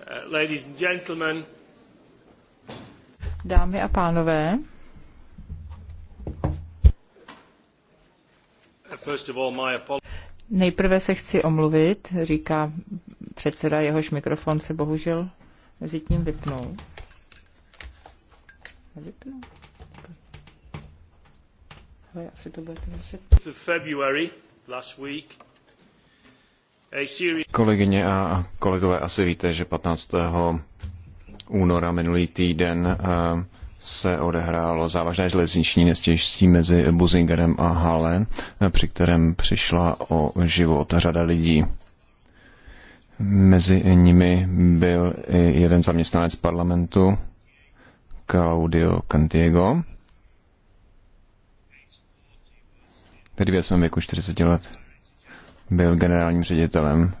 Uh, Dámy a pánové. Uh, Nejprve se chci omluvit, říká předseda, jehož mikrofon se bohužel mezi tím vypnul. Vypnul. Ale asi to budete muset. Kolegyně a kolegové, asi víte, že 15. února minulý týden eh, se odehrálo závažné železniční nestěžství mezi Buzingerem a Halle, eh, při kterém přišla o život řada lidí. Mezi nimi byl i jeden zaměstnanec parlamentu, Claudio Cantiego, který byl svém věku 40 let byl generálním ředitelem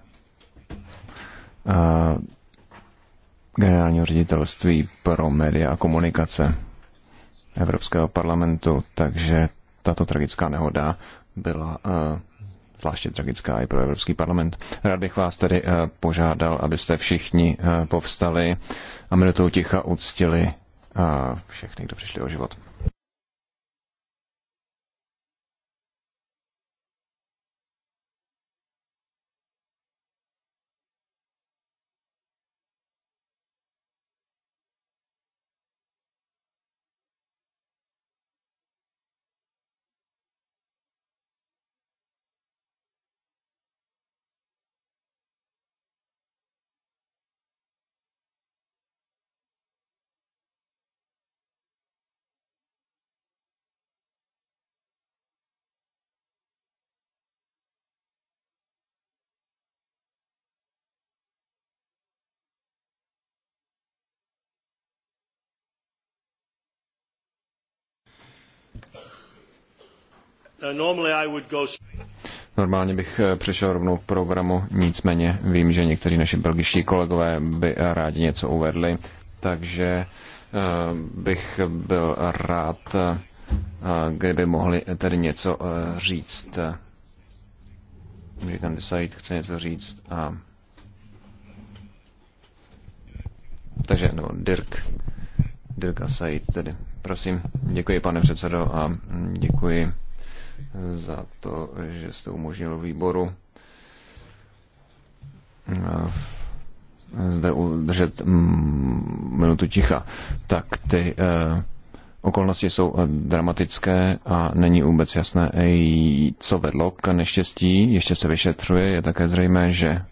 generálního ředitelství pro média a komunikace Evropského parlamentu, takže tato tragická nehoda byla zvláště tragická i pro Evropský parlament. Rád bych vás tedy požádal, abyste všichni povstali a minutou ticha uctili všechny, kdo přišli o život. Uh, Normálně bych eh, přešel rovnou k programu, nicméně vím, že někteří naši belgičtí kolegové by rádi něco uvedli, takže eh, bych byl rád, eh, kdyby mohli tedy něco říct. Říkám, Decide chce něco říct a takže, nebo Dirk, Dirk a Said tedy. Prosím, děkuji pane předsedo a děkuji za to, že jste umožnil výboru eh, zde udržet mm, minutu ticha. Tak ty eh, okolnosti jsou eh, dramatické a není vůbec jasné, co vedlo k neštěstí. Ještě se vyšetřuje, je také zřejmé, že,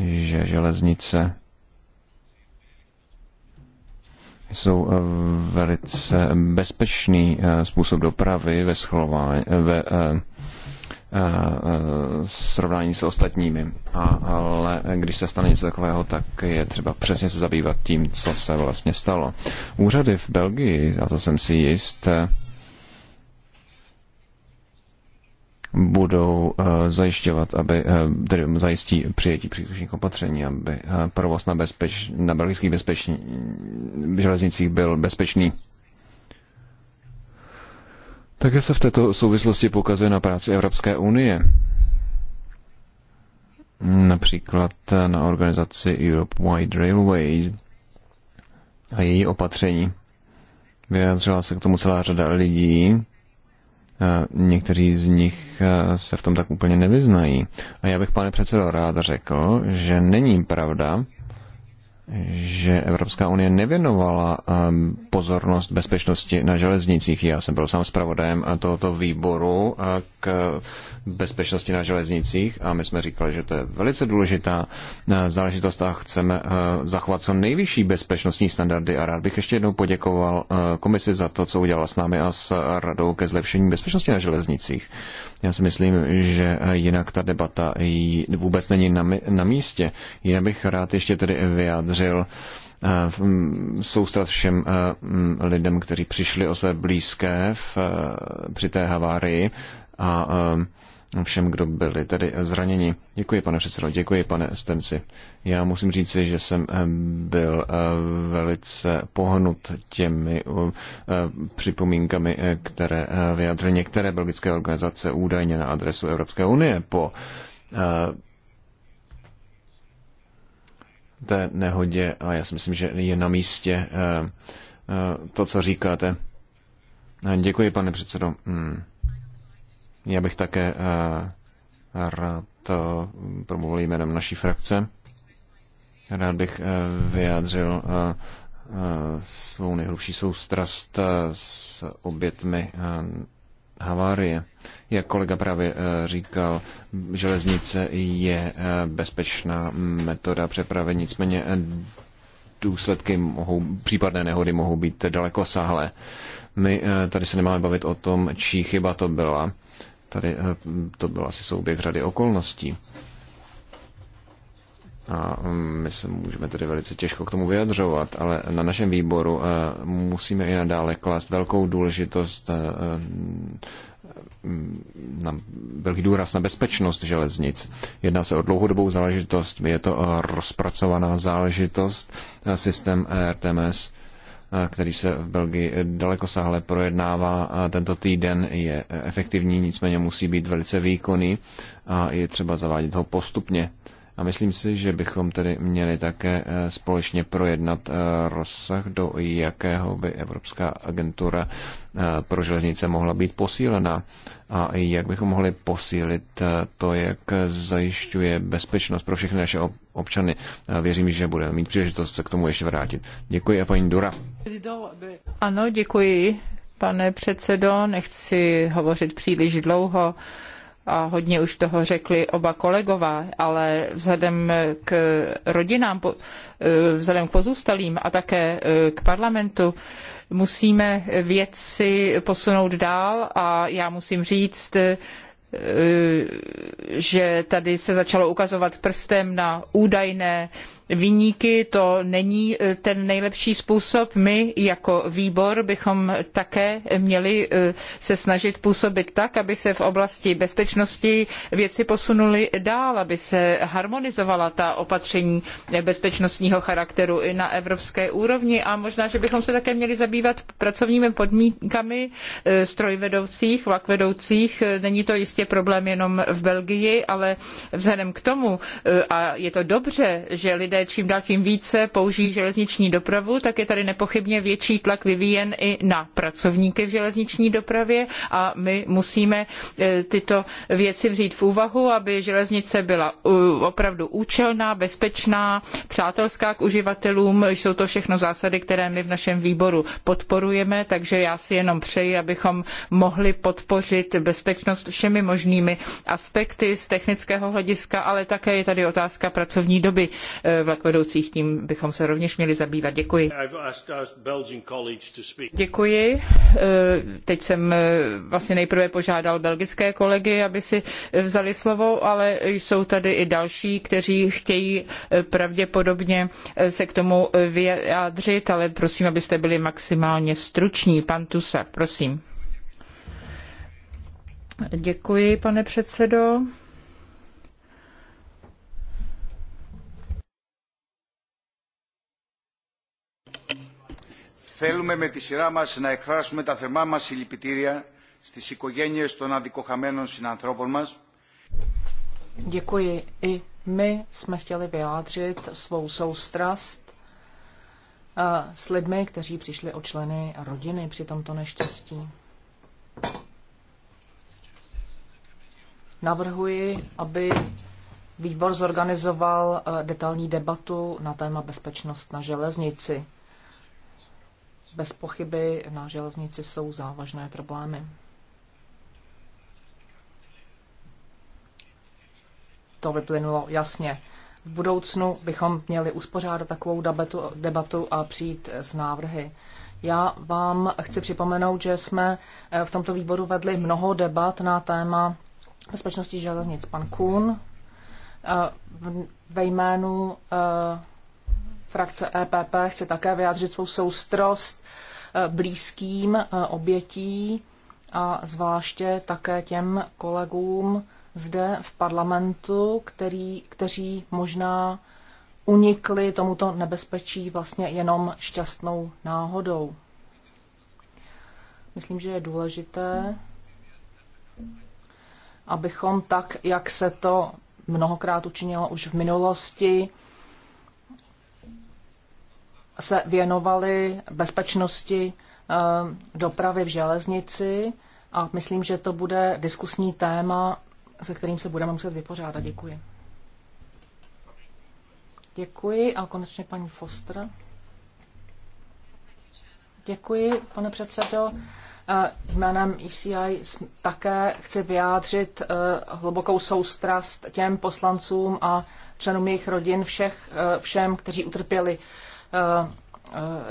že železnice jsou eh, velice bezpečný eh, způsob dopravy ve, schlování, ve eh, srovnání se ostatními. A, ale když se stane něco takového, tak je třeba přesně se zabývat tím, co se vlastně stalo. Úřady v Belgii, a to jsem si jist, budou eh, zajišťovat, aby, eh, tedy zajistí přijetí příslušných opatření, aby eh, provoz na, bezpeč, na belgických bezpečný, železnicích byl bezpečný. Také se v této souvislosti pokazuje na práci Evropské unie. Například na organizaci Europe Wide Railway a její opatření. Vyjádřila se k tomu celá řada lidí, Eh, někteří z nich eh, se v tom tak úplně nevyznají. A já bych, pane předsedo, rád řekl, že není pravda, že Evropská unie nevěnovala ehm, pozornost bezpečnosti na železnicích. Já jsem byl sám zpravodajem eh, tohoto výboru eh, k bezpečnosti na železnicích a my jsme říkali, že to je velice důležitá eh, záležitost a chceme zachovat co nejvyšší bezpečnostní standardy. A rád bych ještě jednou poděkoval komisi za to, co udělala s námi a s radou ke zlepšení bezpečnosti na železnicích. Já si myslím, že eh, jinak ta debata vůbec není na, na místě. Jinak bych rád ještě tedy vyjádřil eh, mm, soustrat všem eh, mm, lidem, kteří přišli o své blízké v, při té havárii a všem, kdo byli tedy zraněni. Děkuji, pane předsedo, děkuji, pane Stenci. Já musím říci, že jsem eh, byl eh, velice pohnut těmi eh, připomínkami, které vyjádřily některé belgické organizace údajně na adresu Evropské unie po té nehodě a já si myslím, že je na místě to, co říkáte. Děkuji, pane předsedo. Hmm. Já bych také eh, rád eh, promluvil jménem naší frakce. Rád bych eh, vyjádřil svou nejhlubší soustrast s obětmi havárie. Jak kolega právě říkal, železnice je bezpečná metoda přepravy, nicméně důsledky mohou, případné nehody mohou být sáhlé. My tady se nemáme bavit o tom, čí chyba to byla Tady eh, to byl asi souběh řady okolností. A mm, my se můžeme tedy velice těžko k tomu vyjadřovat, ale na našem výboru eh, musíme i nadále klást velkou důležitost eh, mm, na velký důraz na bezpečnost železnic. Jedná se o dlouhodobou záležitost, je to rozpracovaná záležitost, systém RTMS Eh, který se v Belgii sáhle projednává a tento týden, je efektivní, nicméně musí být velice výkonný a je třeba zavádět ho postupně. A myslím si, že bychom tedy měli také eh, společně projednat eh, rozsah, do jakého by Evropská agentura pro železnice mohla být posílena a jak bychom mohli posílit to, jak zajišťuje bezpečnost pro všechny naše občany. Věřím, že budeme mít příležitost se k tomu ještě vrátit. Děkuji a paní Dura. Ano, děkuji, pane předsedo. Nechci hovořit příliš dlouho a hodně už toho řekli oba kolegové, ale vzhledem k rodinám, eh, vzhledem k pozůstalým a také eh, k parlamentu, musíme věci posunout dál a já musím říct, eh, že tady se začalo ukazovat prstem na údajné vyníky, to není eh, ten nejlepší způsob. My jako výbor bychom také měli eh, se snažit působit tak, aby se v oblasti bezpečnosti věci posunuly dál, aby se harmonizovala ta opatření bezpečnostního charakteru i na evropské úrovni a možná, že bychom se také měli zabývat pracovními podmínkami eh, strojvedoucích, vlakvedoucích. Není to jistě problém jenom v Belgii, ale vzhledem k tomu, a je to dobře, že lidé lidé čím dál tím více použijí železniční dopravu, tak je tady nepochybně větší tlak vyvíjen i na pracovníky v železniční dopravě a my musíme e, tyto věci vzít v úvahu, aby železnice byla opravdu účelná, bezpečná, přátelská k uživatelům. Jsou to všechno zásady, které my v našem výboru podporujeme, takže já si jenom přeji, abychom mohli podpořit bezpečnost všemi možnými aspekty z technického hlediska, ale také je tady otázka pracovní doby e, tabulek vedoucích, tím bychom se rovněž měli zabývat. Děkuji. Děkuji. Eh, teď jsem eh, vlastně nejprve požádal belgické kolegy, aby si eh, vzali slovo, ale jsou tady i další, kteří chtějí pravděpodobně se k tomu vyjádřit, ale prosím, abyste byli maximálně struční. Pan Tusa, prosím. Děkuji, pane předsedo. Θέλουμε με τη σειρά μας να εκφράσουμε τα θερμά μας συλληπιτήρια στις οικογένειες των αδικοχαμένων συνανθρώπων μας. Děkuji. I my jsme chtěli vyjádřit svou soustrast eh, s lidmi, kteří přišli o členy rodiny při tomto neštěstí. Navrhuji, aby výbor zorganizoval eh, detailní debatu na téma bezpečnost na železnici. Bez pochyby na železnici jsou závažné problémy. To vyplynulo jasně. V budoucnu bychom měli uspořádat takovou debatu a přijít s návrhy. Já vám chci připomenout, že jsme eh, v tomto výboru vedli mnoho debat na téma bezpečnosti železnic. Pan Kuhn eh, ve jménu eh, frakce EPP chci také vyjádřit svou soustrost Eh, blízkým eh, obětí a zvláště také těm kolegům zde v parlamentu, který, kteří možná unikli tomuto nebezpečí vlastně jenom šťastnou náhodou. Myslím, že je důležité, abychom tak, jak se to mnohokrát učinilo už v minulosti, se věnovali bezpečnosti eh, dopravy v železnici a myslím, že to bude diskusní téma, se kterým se budeme muset vypořádat. Děkuji. Děkuji a konečně paní Foster. Děkuji, pane předsedo. Eh, jménem ECI také chci vyjádřit eh, hlubokou soustrast těm poslancům a členům jejich rodin všech, všem, kteří utrpěli Eh,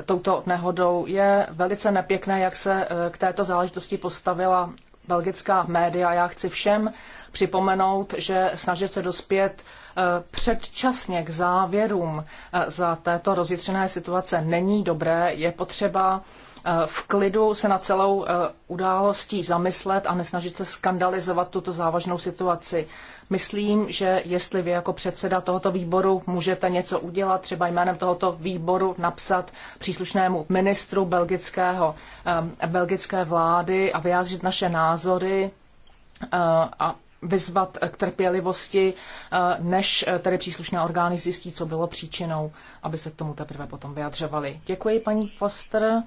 touto nehodou. Je velice nepěkné, jak se eh, k této záležitosti postavila belgická média. Já chci všem připomenout, že snažit se dospět eh, předčasně k závěrům za této rozjitřené situace není dobré. Je potřeba Eh, v klidu se na celou eh, událostí zamyslet a nesnažit se skandalizovat tuto závažnou situaci. Myslím, že jestli vy jako předseda tohoto výboru můžete něco udělat, třeba jménem tohoto výboru napsat příslušnému ministru belgického, eh, belgické vlády a vyjádřit naše názory a vyzvat k trpělivosti, než tedy příslušné orgány zjistí, co bylo příčinou, aby se k tomu teprve potom vyjadřovali. Děkuji, paní Foster.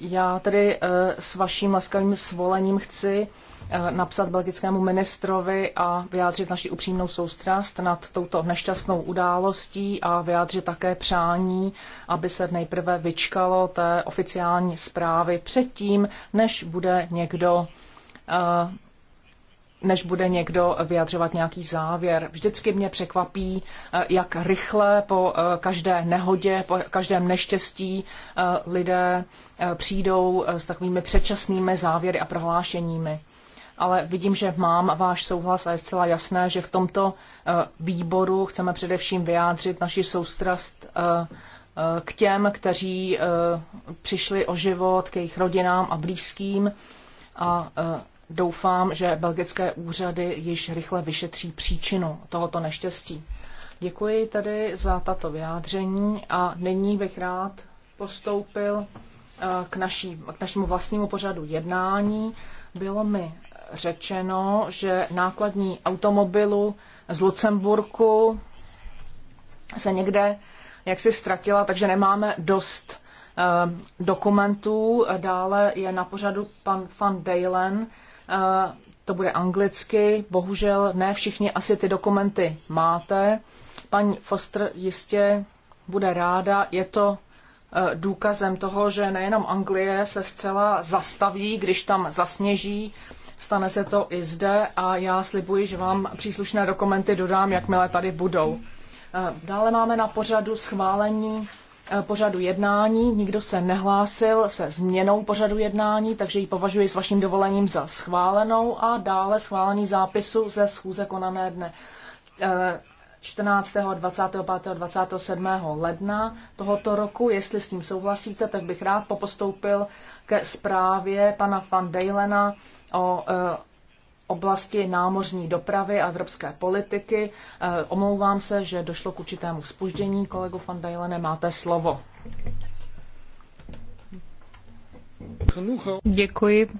Já tedy eh, s vaším laskavým svolením chci eh, napsat belgickému ministrovi a vyjádřit naši upřímnou soustrast nad touto nešťastnou událostí a vyjádřit také přání, aby se nejprve vyčkalo té oficiální zprávy předtím, než bude někdo eh, než bude někdo vyjadřovat nějaký závěr. Vždycky mě překvapí, eh, jak rychle po eh, každé nehodě, po každém neštěstí eh, lidé přijdou s takovými předčasnými závěry a prohlášeními. Ale vidím, že mám váš souhlas a je zcela jasné, že v tomto výboru chceme především vyjádřit naši soustrast k těm, kteří přišli o život, k jejich rodinám a blízkým a doufám, že belgické úřady již rychle vyšetří příčinu tohoto neštěstí. Děkuji tedy za tato vyjádření a nyní bych rád postoupil eh, k, naší, k našemu vlastnímu pořadu jednání. Bylo mi řečeno, že nákladní automobilu z Lucemburku se někde jaksi ztratila, takže nemáme dost eh, dokumentů. Dále je na pořadu pan Van Dalen, Eh, to bude anglicky, bohužel ne všichni asi ty dokumenty máte. Paní Foster jistě bude ráda, je to eh, důkazem toho, že nejenom Anglie se zcela zastaví, když tam zasněží, stane se to i zde a já slibuji, že vám příslušné dokumenty dodám, jakmile tady budou. Eh, dále máme na pořadu schválení Eh, pořadu jednání. Nikdo se nehlásil se změnou pořadu jednání, takže ji považuji s vaším dovolením za schválenou a dále schválení zápisu ze schůze konané dne eh, 14. 25. 27. ledna tohoto roku. Jestli s tím souhlasíte, tak bych rád popostoupil ke zprávě pana van Dejlena o eh, oblasti námořní dopravy a evropské politiky. Eh, omlouvám se, že došlo k určitému spuždění. Kolego van Dijlene, máte slovo. Děkuji,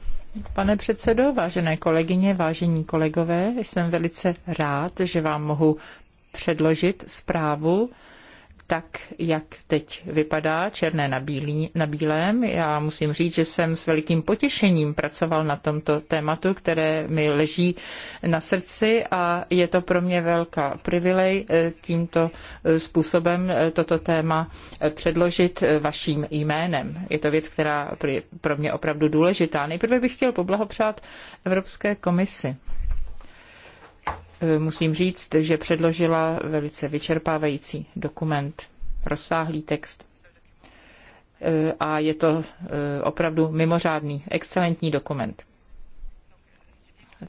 pane předsedo, vážené kolegyně, vážení kolegové. Jsem velice rád, že vám mohu předložit zprávu tak, jak teď vypadá, černé na, bílý, na bílém. Já musím říct, že jsem s velikým potěšením pracoval na tomto tématu, které mi leží na srdci a je to pro mě velká privilej eh, tímto eh, způsobem eh, toto téma předložit vaším jménem. Je to věc, která je pro mě opravdu důležitá. Nejprve bych chtěl poblahopřát Evropské komisi. Eh, musím říct, že předložila velice vyčerpávající dokument, rozsáhlý text. Eh, a je to eh, opravdu mimořádný, excelentní dokument.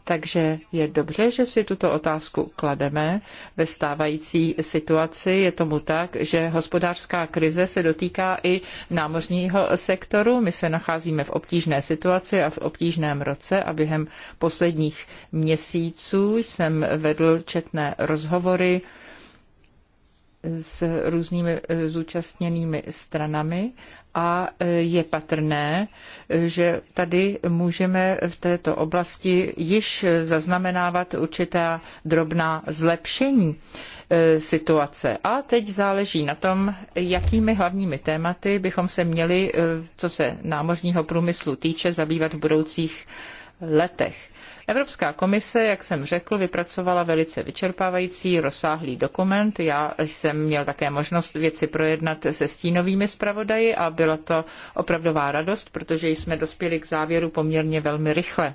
Takže je dobře, že si tuto otázku klademe. Ve stávající situaci je tomu tak, že hospodářská krize se dotýká i námořního sektoru. My se nacházíme v obtížné situaci a v obtížném roce a během posledních měsíců jsem vedl četné rozhovory s různými eh, zúčastněnými stranami a eh, je patrné, eh, že tady můžeme v této oblasti již zaznamenávat určitá drobná zlepšení situace. A teď záleží na tom, jakými hlavními tématy bychom se měli, co se námořního průmyslu týče, zabývat v budoucích letech. Evropská komise, jak jsem řekl, vypracovala velice vyčerpávající, rozsáhlý dokument. Já jsem měl také možnost věci projednat se stínovými zpravodaji a byla to opravdová radost, protože jsme dospěli k závěru poměrně velmi rychle.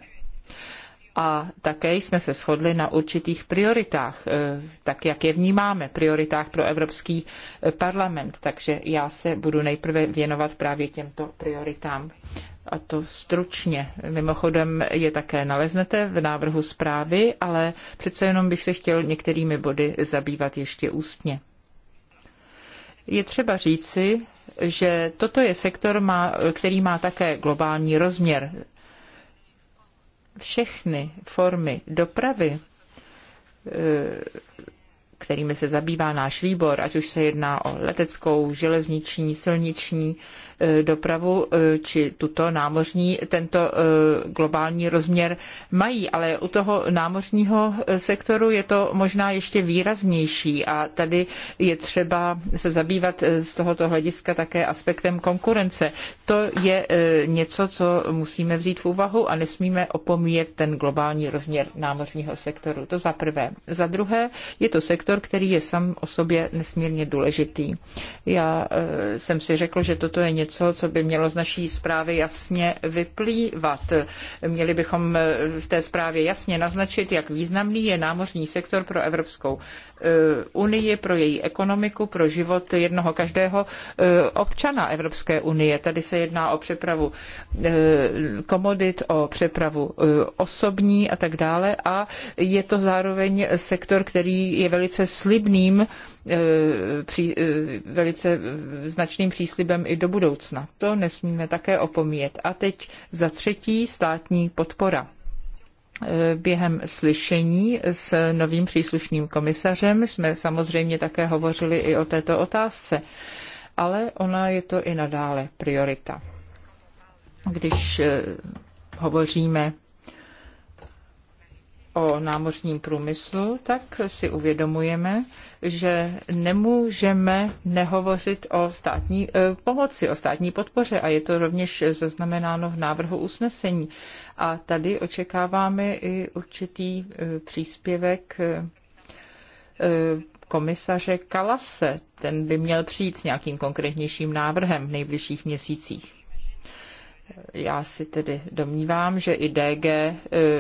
A také jsme se shodli na určitých prioritách, eh, tak jak je vnímáme, prioritách pro Evropský eh, parlament. Takže já se budu nejprve věnovat právě těmto prioritám a to stručně. Mimochodem je také naleznete v návrhu zprávy, ale přece jenom bych se chtěl některými body zabývat ještě ústně. Je třeba říci, že toto je sektor, který má také globální rozměr. Všechny formy dopravy e, kterými se zabývá náš výbor, ať už se jedná o leteckou, železniční, silniční, E, dopravu e, či tuto námořní, tento e, globální rozměr mají, ale u toho námořního sektoru je to možná ještě výraznější a tady je třeba se zabývat z tohoto hlediska také aspektem konkurence. To je něco, co musíme vzít v úvahu a nesmíme opomíjet ten globální rozměr námořního sektoru. To za prvé. Za druhé je to sektor, který je sám o sobě nesmírně důležitý. Já jsem si řekl, že toto je něco, něco, co by mělo z naší zprávy jasně vyplývat. Měli bychom v té zprávě jasně naznačit, jak významný je námořní sektor pro Evropskou Eh, unii, pro její ekonomiku, pro život jednoho každého eh, občana Evropské unie. Tady se jedná o přepravu eh, komodit, o přepravu osobní a tak dále. A je to zároveň sektor, který je velice slibným, velice značným příslibem i do budoucna. To nesmíme také opomíjet. A teď za třetí státní podpora během slyšení s novým příslušným komisařem jsme samozřejmě také hovořili i o této otázce, ale ona je to i nadále priorita. Když eh, hovoříme o námořním průmyslu, tak si uvědomujeme, že nemůžeme nehovořit o státní eh, pomoci, o státní podpoře a je to rovněž zaznamenáno v návrhu usnesení. A tady očekáváme i určitý e, příspěvek e, e, komisaře Kalase. Ten by měl přijít s nějakým konkrétnějším návrhem v nejbližších měsících. Já si tedy domnívám, že i DG eh,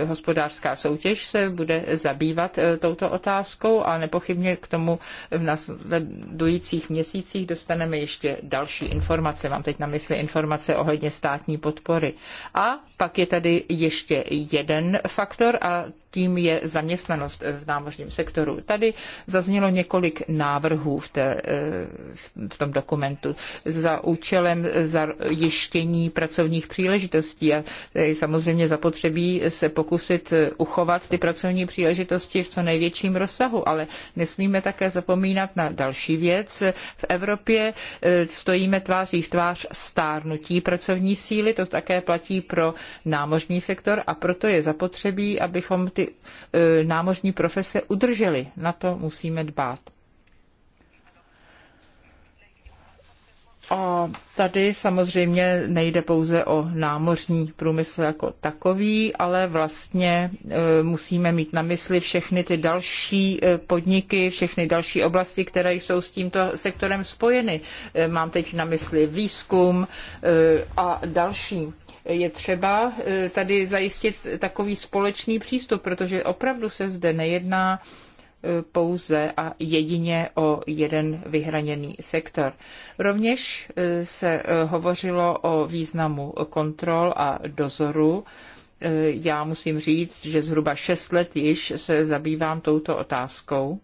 hospodářská soutěž se bude zabývat eh, touto otázkou a nepochybně k tomu v následujících měsících dostaneme ještě další informace. Mám teď na mysli informace ohledně státní podpory. A pak je tady ještě jeden faktor a tím je zaměstnanost v námořním sektoru. Tady zaznělo několik návrhů v, té, eh, v tom dokumentu za účelem zajištění pracovních pracovních příležitostí a samozřejmě zapotřebí se pokusit uchovat ty pracovní příležitosti v co největším rozsahu, ale nesmíme také zapomínat na další věc. V Evropě eh, stojíme tváří v tvář stárnutí pracovní síly, to také platí pro námořní sektor a proto je zapotřebí, abychom ty eh, námořní profese udrželi. Na to musíme dbát. A tady samozřejmě nejde pouze o námořní průmysl jako takový, ale vlastně e, musíme mít na mysli všechny ty další e, podniky, všechny další oblasti, které jsou s tímto sektorem spojeny. E, mám teď na mysli výzkum a další je třeba tady zajistit takový společný přístup, protože opravdu se zde nejedná pouze a jedině o jeden vyhraněný sektor. Rovněž e, se e, hovořilo o významu kontrol a dozoru. E, já musím říct, že zhruba šest let již se zabývám touto otázkou.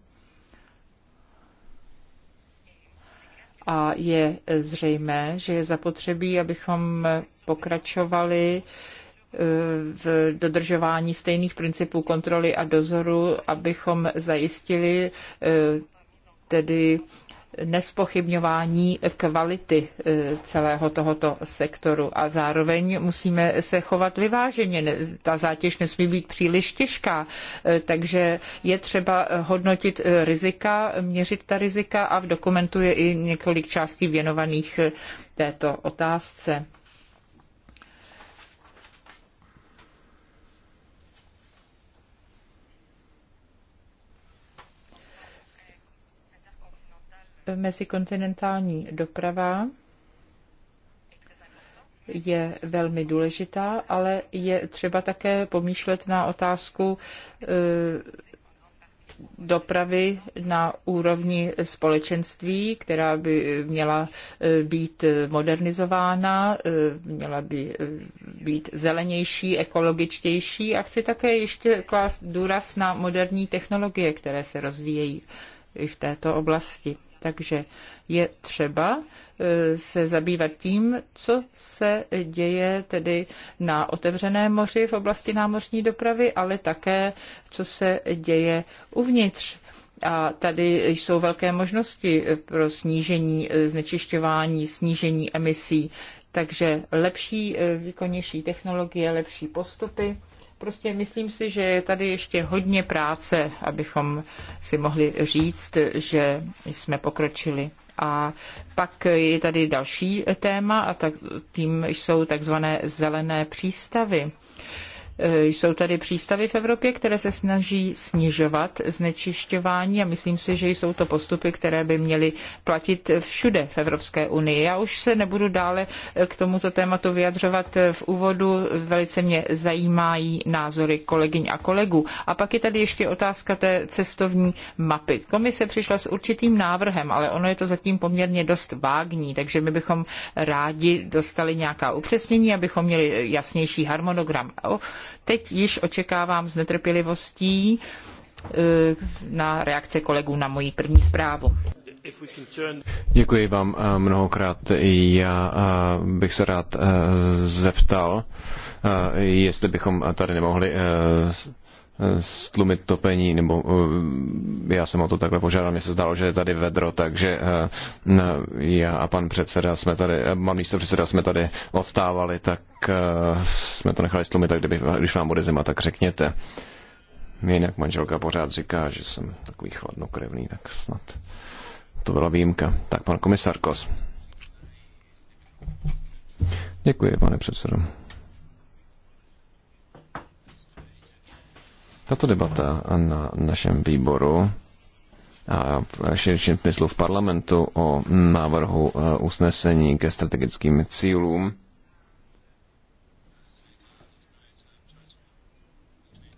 A je zřejmé, že je zapotřebí, abychom pokračovali v dodržování stejných principů kontroly a dozoru, abychom zajistili eh, tedy nespochybňování kvality eh, celého tohoto sektoru a zároveň musíme se chovat vyváženě. Ta zátěž nesmí být příliš těžká, eh, takže je třeba hodnotit rizika, měřit ta rizika a v dokumentu je i několik částí věnovaných této otázce. mezikontinentální doprava je velmi důležitá, ale je třeba také pomýšlet na otázku eh, dopravy na úrovni společenství, která by měla eh, být modernizována, eh, měla by být zelenější, ekologičtější a chci také ještě klást důraz na moderní technologie, které se rozvíjejí i v této oblasti. Takže je třeba eh, se zabývat tím, co se děje tedy na otevřené moři v oblasti námořní dopravy, ale také, co se děje uvnitř. A tady jsou velké možnosti pro snížení eh, znečišťování, snížení emisí, takže lepší, eh, výkonnější technologie, lepší postupy Prostě myslím si, že je tady ještě hodně práce, abychom si mohli říct, že jsme pokročili. A pak je tady další téma a tak, tím jsou takzvané zelené přístavy. Eh, jsou tady přístavy v Evropě, které se snaží snižovat znečišťování a myslím si, že jsou to postupy, které by měly platit všude v Evropské unii. Já už se nebudu dále eh, k tomuto tématu vyjadřovat eh, v úvodu. Velice mě zajímají názory kolegyň a kolegů. A pak je tady ještě otázka té cestovní mapy. Komise přišla s určitým návrhem, ale ono je to zatím poměrně dost vágní, takže my bychom rádi dostali nějaká upřesnění, abychom měli jasnější harmonogram. Teď již očekávám s netrpělivostí e, na reakce kolegů na moji první zprávu. Děkuji vám e, mnohokrát. Já e, bych se rád zeptal, jestli bychom tady nemohli stlumit topení, nebo eh, já jsem o to takhle požádal, mně se zdálo, že je tady vedro, takže eh, já a pan předseda jsme tady, eh, pan místo předseda jsme tady odstávali, tak jsme to nechali stlumit, tak kdyby, když vám bude zima, tak řekněte. Mě jinak manželka pořád říká, že jsem takový chladnokrevný, tak snad to byla výjimka. Tak pan komisar Kos. Děkuji, pane předsedo. Tato debata na našem výboru a v širším smyslu v parlamentu o návrhu e, usnesení ke strategickým cílům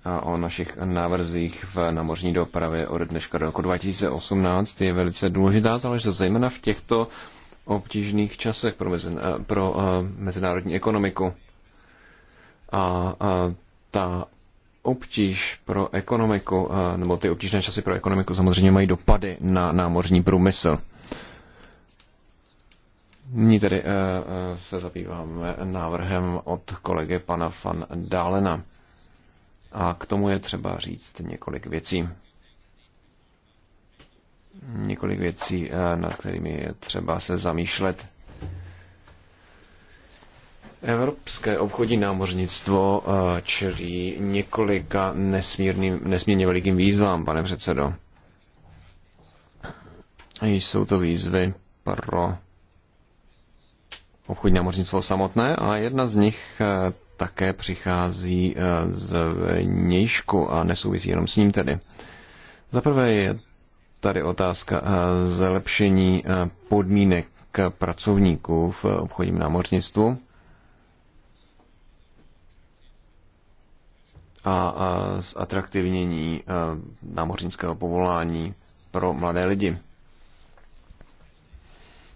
a o našich návrzích v námořní dopravě od dneška do roku 2018 je velice důležitá záležitost, zejména v těchto obtížných časech pro, mezi, e, pro e, mezinárodní ekonomiku. A, a ta obtíž pro ekonomiku, eh, nebo ty obtížné časy pro ekonomiku samozřejmě mají dopady na námořní průmysl. Nyní tedy eh, eh, se zabýváme návrhem od kolegy pana Van Dálena. A k tomu je třeba říct několik věcí. Několik věcí, nad kterými je třeba se zamýšlet. Evropské obchodní námořnictvo eh, čelí několika nesmírným, nesmírně velikým výzvám, pane předsedo. Jsou to výzvy pro obchodní námořnictvo samotné a jedna z nich eh, také přichází eh, z vnějšku a nesouvisí jenom s ním tedy. Za prvé je tady otázka zlepšení podmínek pracovníků v obchodním námořnictvu. a, a zatraktivnění e, námořnického povolání pro mladé lidi.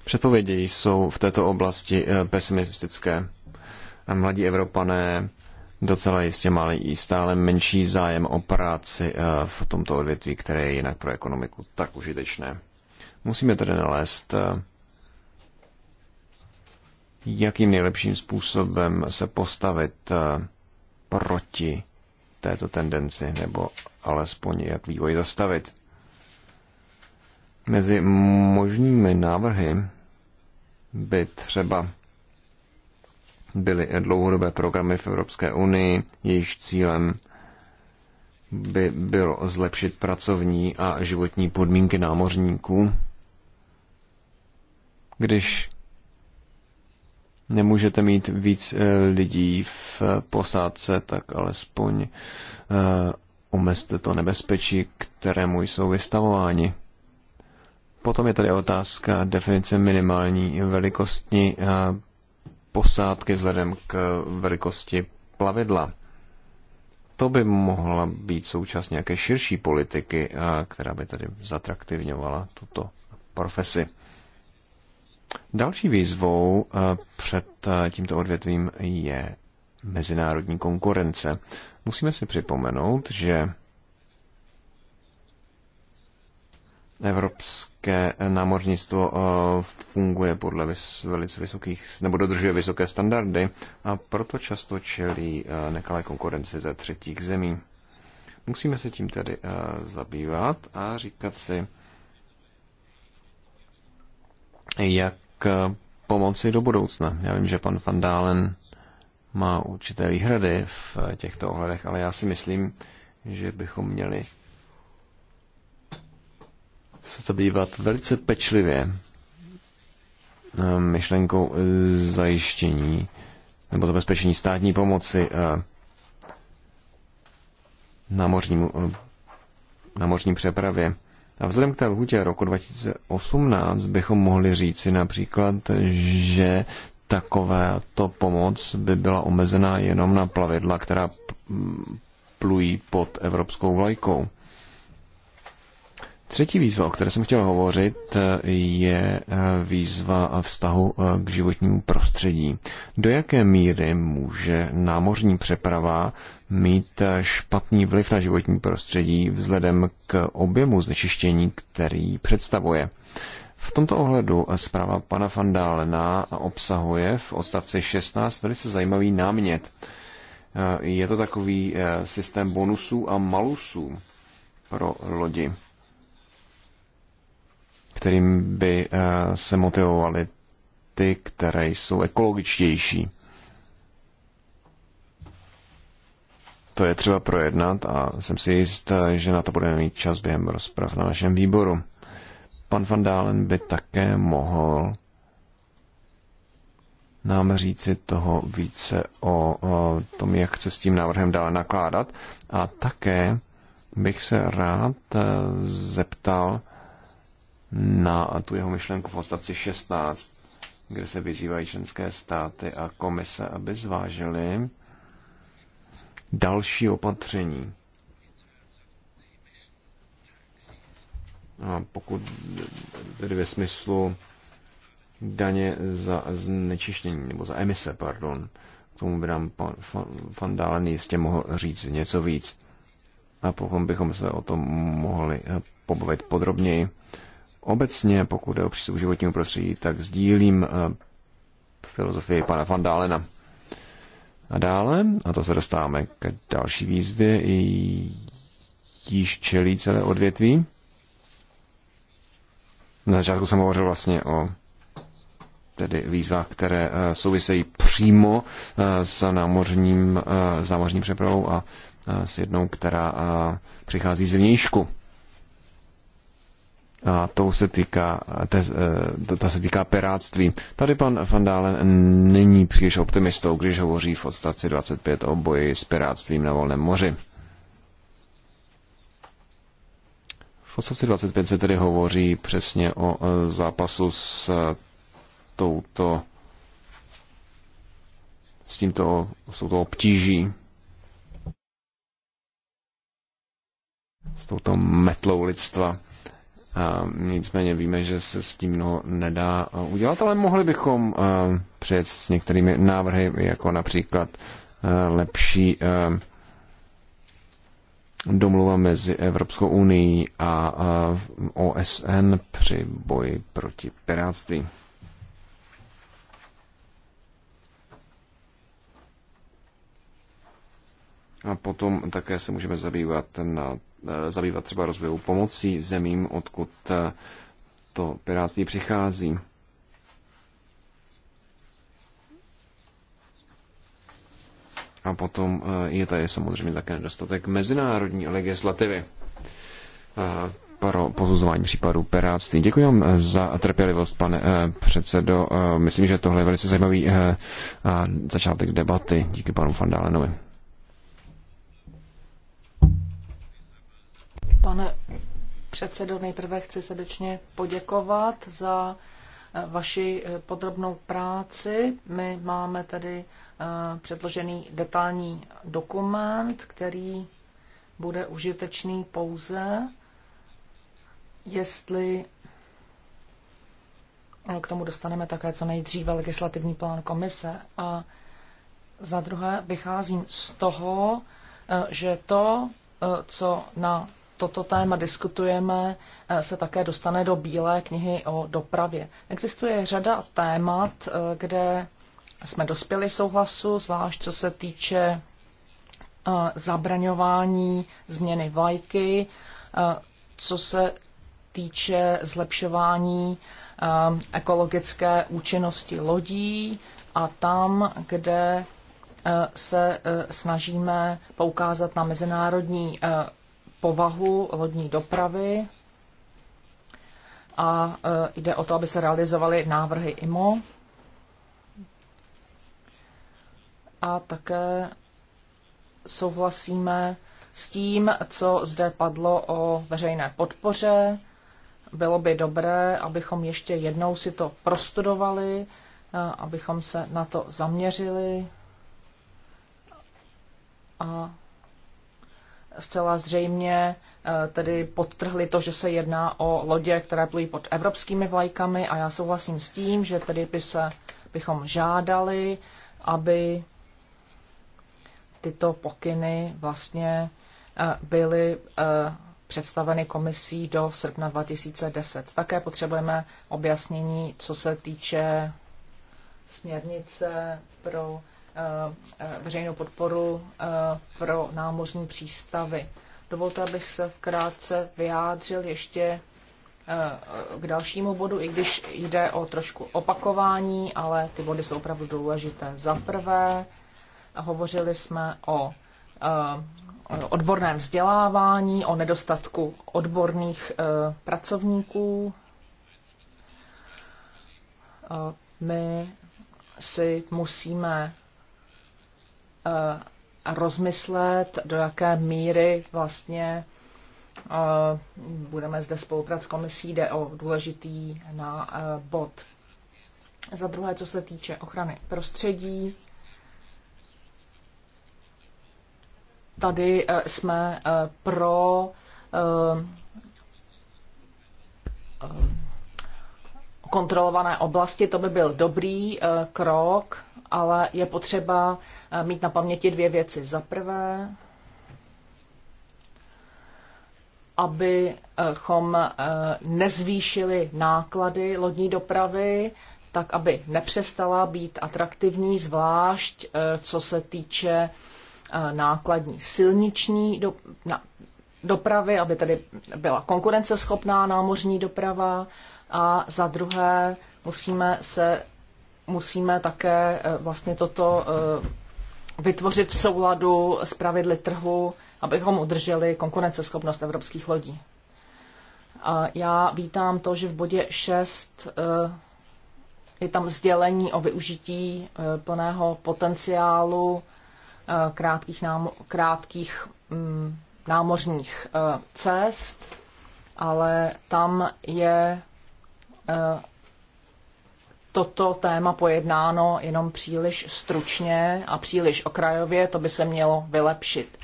Předpovědi jsou v této oblasti e, pesimistické. Mladí Evropané docela jistě mají stále menší zájem o práci e, v tomto odvětví, které je jinak pro ekonomiku tak užitečné. Musíme tedy nalézt, jakým nejlepším způsobem se postavit proti této tendenci, nebo alespoň jak vývoj zastavit. Mezi možnými návrhy by třeba byly dlouhodobé programy v Evropské unii, jejichž cílem by bylo zlepšit pracovní a životní podmínky námořníků, když nemůžete mít víc eh, lidí v eh, posádce, tak alespoň eh, omezte to nebezpečí, kterému jsou vystavováni. Potom je tady otázka definice minimální velikosti posádky vzhledem k velikosti plavidla. To by mohla být součást nějaké širší politiky, která by tady zatraktivňovala tuto profesi. Další výzvou eh, před eh, tímto odvětvím je mezinárodní konkurence. Musíme si připomenout, že evropské námořnictvo eh, funguje podle velice vysokých, nebo dodržuje vysoké standardy a proto často čelí nekalé konkurenci ze třetích zemí. Musíme se tím tedy zabývat a říkat si, jak pomoci do budoucna. Já vím, že pan Van Dalen má určité výhrady v těchto ohledech, ale já si myslím, že bychom měli se zabývat velice pečlivě eh, myšlenkou eh, zajištění nebo zabezpečení státní pomoci eh, námořnímu, námořní přepravě a vzhledem k té lhůtě roku 2018 bychom mohli říci například, že takováto pomoc by byla omezená jenom na plavidla, která plují pod evropskou vlajkou. Třetí výzva, o které jsem chtěl hovořit, je eh, výzva vztahu eh, k životnímu prostředí. Do jaké míry může námořní přeprava mít eh, špatný vliv na životní prostředí vzhledem k objemu znečištění, který představuje. V tomto ohledu eh, zpráva pana van obsahuje v odstavci 16 velice zajímavý námět. Eh, je to takový systém bonusů a malusů pro lodi, kterým by se motivovaly ty, které jsou ekologičtější. To je třeba projednat a jsem si jist, že na to budeme mít čas během rozprav na našem výboru. Pan Van Dalen by také mohl nám říci toho více o, o tom, jak se s tím návrhem dále nakládat. A také bych se rád eh, zeptal na tu jeho myšlenku v odstavci 16, kde se vyzývají členské státy a komise, aby zvážili, další opatření. A pokud tedy ve smyslu daně za znečištění, nebo za emise, pardon, k tomu by nám pan, fan, Dálen jistě mohl říct něco víc. A potom bychom se o tom mohli pobavit podrobněji. Obecně, pokud je o přístup životního prostředí, tak sdílím eh, filozofii pana Van Dálena. A dále, a to se dostáváme k další výzvě, již čelí celé odvětví. Na začátku jsem hovořil vlastně o tedy výzvách, které eh, souvisejí přímo eh, s, námořním, eh, s námořním přepravou a s jednou, která přichází z vnějšku a tou se týká, te, eh, ta se týká peráctví. Tady pan Fandále není příliš optimistou, když hovoří v odstavci 25 o boji s peráctvím na volném moři. V odstavci 25 se tedy hovoří přesně o eh, zápasu s eh, touto s tímto s touto obtíží, s touto metlou lidstva. Nicméně víme, že se s tím mnoho nedá eh, udělat, ale mohli bychom eh, přijet s některými návrhy, jako například eh, lepší domluva mezi Evropskou unii a OSN při boji proti piráctví. A potom také se můžeme zabývat nad Eh, zabývat třeba rozvojovou pomocí zemím, odkud eh, to pirátství přichází. A potom eh, je tady samozřejmě také nedostatek mezinárodní legislativy pro posuzování případů peráctví. Děkuji vám za trpělivost, pane předsedo. Myslím, že tohle je velice zajímavý začátek debaty. Díky panu Fandálenovi. Pane předsedo, nejprve chci srdečně poděkovat za eh, vaši eh, podrobnou práci. My máme tedy eh, předložený detailní dokument, který bude užitečný pouze, jestli k tomu dostaneme také co nejdříve legislativní plán komise. A za druhé vycházím z toho, že to, co na toto téma diskutujeme, eh, se také dostane do Bílé knihy o dopravě. Existuje řada témat, eh, kde jsme dospěli souhlasu, zvlášť co se týče eh, zabraňování změny vlajky, co se týče zlepšování ekologické účinnosti lodí a tam, kde se snažíme poukázat na mezinárodní povahu lodní dopravy a e, jde o to, aby se realizovaly návrhy IMO a také souhlasíme s tím, co zde padlo o veřejné podpoře. Bylo by dobré, abychom ještě jednou si to prostudovali, e, abychom se na to zaměřili a zcela zřejmě eh, tedy podtrhli to, že se jedná o lodě, které plují pod evropskými vlajkami a já souhlasím s tím, že tedy by se, bychom žádali, aby tyto pokyny vlastně eh, byly eh, představeny komisí do srpna 2010. Také potřebujeme objasnění, co se týče směrnice pro Eh, veřejnou podporu eh, pro námořní přístavy. Dovolte, abych se krátce vyjádřil ještě eh, k dalšímu bodu, i když jde o trošku opakování, ale ty body jsou opravdu důležité. Za prvé, hovořili jsme o odborném vzdělávání, o nedostatku odborných pracovníků. My si musíme Eh, rozmyslet, do jaké míry vlastně eh, budeme zde spolupracovat s komisí, jde o důležitý na eh, bod. Za druhé, co se týče ochrany prostředí, tady jsme pro kontrolované oblasti, to by byl dobrý krok, ale je potřeba Eh, mít na paměti dvě věci. Za prvé, abychom eh, nezvýšili náklady lodní dopravy, tak aby nepřestala být atraktivní, zvlášť eh, co se týče nákladní silniční dopravy, aby tedy byla konkurenceschopná námořní doprava. A za druhé musíme se musíme také vlastně toto vytvořit v souladu s pravidly trhu, abychom udrželi konkurenceschopnost evropských lodí. A já vítám to, že v bodě 6 eh, je tam sdělení o využití eh, plného potenciálu eh, krátkých, námo- krátkých mm, námořních cest, ale tam je toto téma pojednáno jenom příliš stručně a příliš okrajově, to by se mělo vylepšit.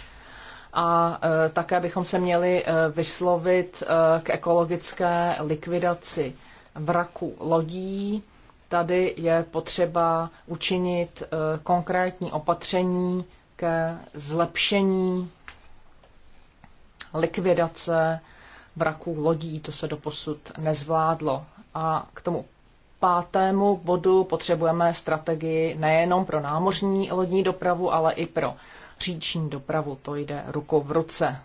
A e, také bychom se měli e, vyslovit e, k ekologické likvidaci vraku lodí. Tady je potřeba učinit e, konkrétní opatření ke zlepšení likvidace vraků lodí. To se doposud nezvládlo. A k tomu pátému bodu potřebujeme strategii nejenom pro námořní lodní dopravu, ale i pro říční dopravu. To jde ruku v ruce.